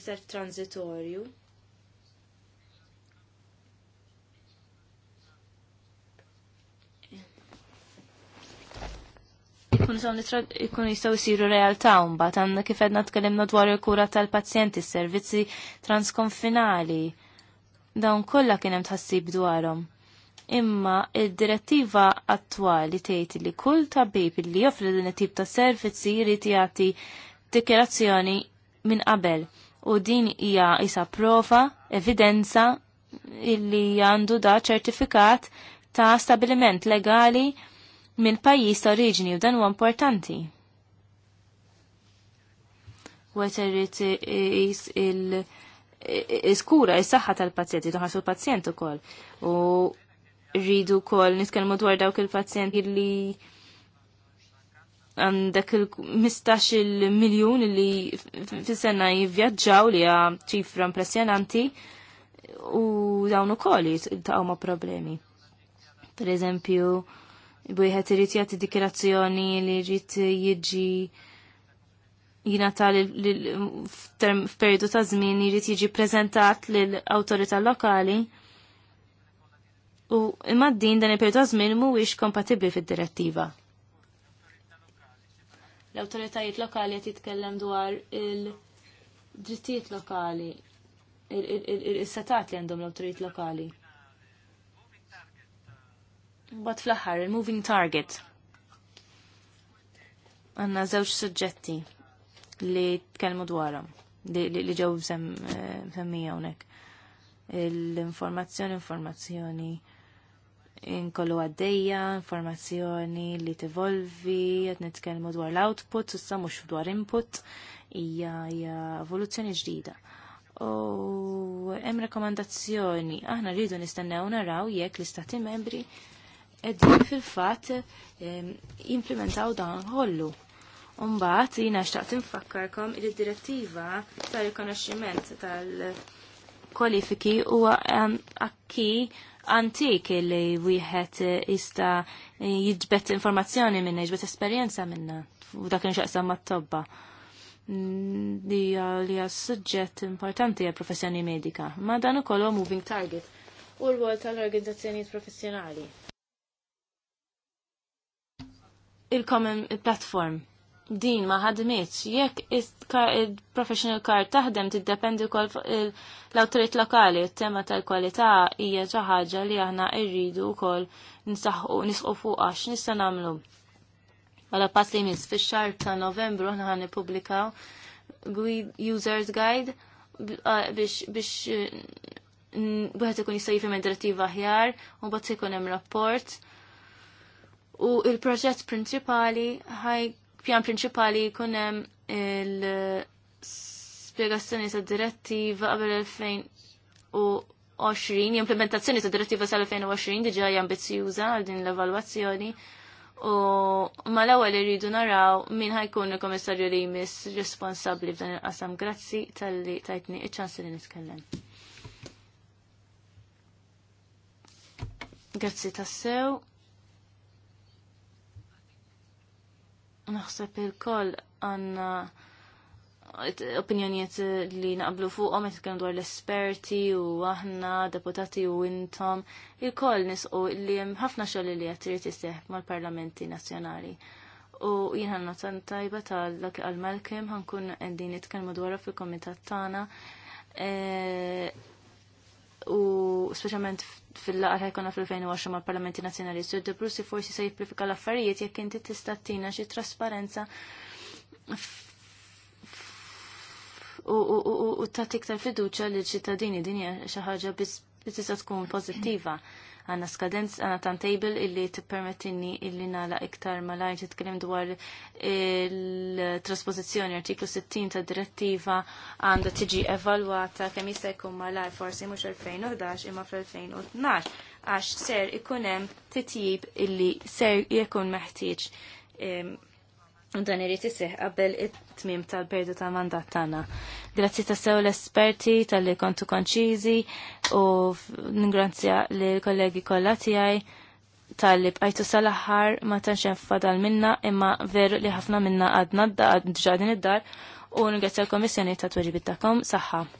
self transitorju. Ikkun jistaw jisiru realtà bat, għandna kif qedna tkellimna dwar il-kura tal-pazjenti, servizzi transkonfinali. Dawn kollha kien hemm tħassib dwarhom imma id-direttiva attwali tgħid li kull tabib li joffri din it-tip ta' servizzi jrid jagħti dikjerazzjoni minn qabel u din hija isa prova, evidenza illi għandu da ċertifikat ta' stabiliment legali minn pajjiż ta' oriġini u dan huwa importanti. U is il- iskura is-saħħa tal-pazjenti, tuħas l-pazjent ukoll. U rridu wkoll nitkellmu dwar dawk il-pazjenti li għandek il-15 il-miljon li fis-sena jivvjaġġaw li hija ċifra impressjonanti u dawn ukoll ta' ma' problemi. Per eżempju, wieħed irid jagħti dikirazzjoni li jrid jiġi f-periodu ta' żmien jrid jiġi prezentat lill-awtorità lokali u imma din dan il-periodu ta' żmien mhuwiex kompatibbli fid-direttiva l-autoritajiet lokali qed jitkellem dwar il-drittijiet lokali, il-setat li għandhom l-autoritajiet lokali. Bat fl-aħħar, il-moving target. Għanna żewġ suġġetti li tkellmu dwarhom li ġew eh, semmija hawnhekk. L-informazzjoni, informazzjoni, informazzjoni inkollu għaddejja, informazzjoni li tivolvi, qed nitkellmu dwar l-output, sa' mhux dwar input, hija evoluzzjoni ġdida. U hemm rekomandazzjoni, aħna rridu nistennew naraw jekk l-istati membri qegħdin fil-fatt jimplementaw ehm, dan kollu. Umbat, jina xtaqt infakkarkom il-direttiva tal-rikonoxximent tal-, -tal kwalifiki huwa akki antik li wieħed eh, jista eh, jiġbet informazzjoni minna, jiġbet esperjenza minna, u dak inxaqsam mat-tobba li mm, eh, għal suġġett importanti għal professjoni medika. Ma dan ukoll huwa moving target u l-wol tal-organizzazzjonijiet professjonali. Il-common platform din ma ħadmitx. Jekk il-professional card taħdem tiddependi wkoll l-awtorit lokali, it-tema tal-kwalità hija xi ħaġa li aħna rridu wkoll nisaħħu nisqu fuq għax nista' nagħmlu. Għala mela pass li mis fix-xahar ta' Novembru aħna ħan nippubblikaw Users Guide biex bħet ikun jista' jifhem id-direttiva aħjar u mbagħad se jkun hemm rapport. U il-proġett prinċipali ħaj pjan prinċipali jkun hemm il-spjegazzjoni ta' direttiva qabel 2020, implementazzjoni ta' direttiva sal-2020 diġa hija għal din l-evalwazzjoni. U ma l-ewwel irridu naraw min ħajkun il-Komissarju li jmiss responsabbli f'dan il-qasam. Grazzi tal-li tajtni iċ-ċans li nitkellem. Grazzi tassew. Naħseb il-koll għanna opinjonijiet li naqblu fuqhom qed kienu dwar l-esperti u aħna, deputati u intom, il-koll nisqu li hemm ħafna xogħol li qed irid mal-parlamenti nazzjonali. U jien ħanna tan tajba tal dak għal Malcolm ħankun qegħdin nitkellmu dwarha fil-kumitat tagħna eh, u speċjalment fil-laqar ħajkonna fil-2020 mal parlamenti nazjonali su de Brusi forsi se jipplifika l-affarijiet jekk inti tista' tina xi trasparenza u ta' tiktar fiduċa li ċittadini dinja xi ħaġa biss tista' tkun pożittiva. Mm għanna skadenz għanna timetable illi t-permettinni illi nala iktar malajr titkellem dwar il-trasposizjoni artiklu 60 ta' direttiva għanda tiġi evalwata kemm jista' jkun malajr forsi mhux 2011 imma fl-2012 għax ser ikunem titjib illi ser jekun meħtieġ ehm, U dan irid isih qabel it-tmim tal-perdu tal-mandat tagħna. Grazzi ta' sew l-esperti tal-li kontu konċiżi u ningrazzja lill kollegi kollha tiegħi tal-li bqajtu sal-aħħar ma tantx hemm fadal minna imma veru li ħafna minna għadna ġadin id-dar u ningrazzja l-Komissjoni ta' tweġibit tagħkom saħħa.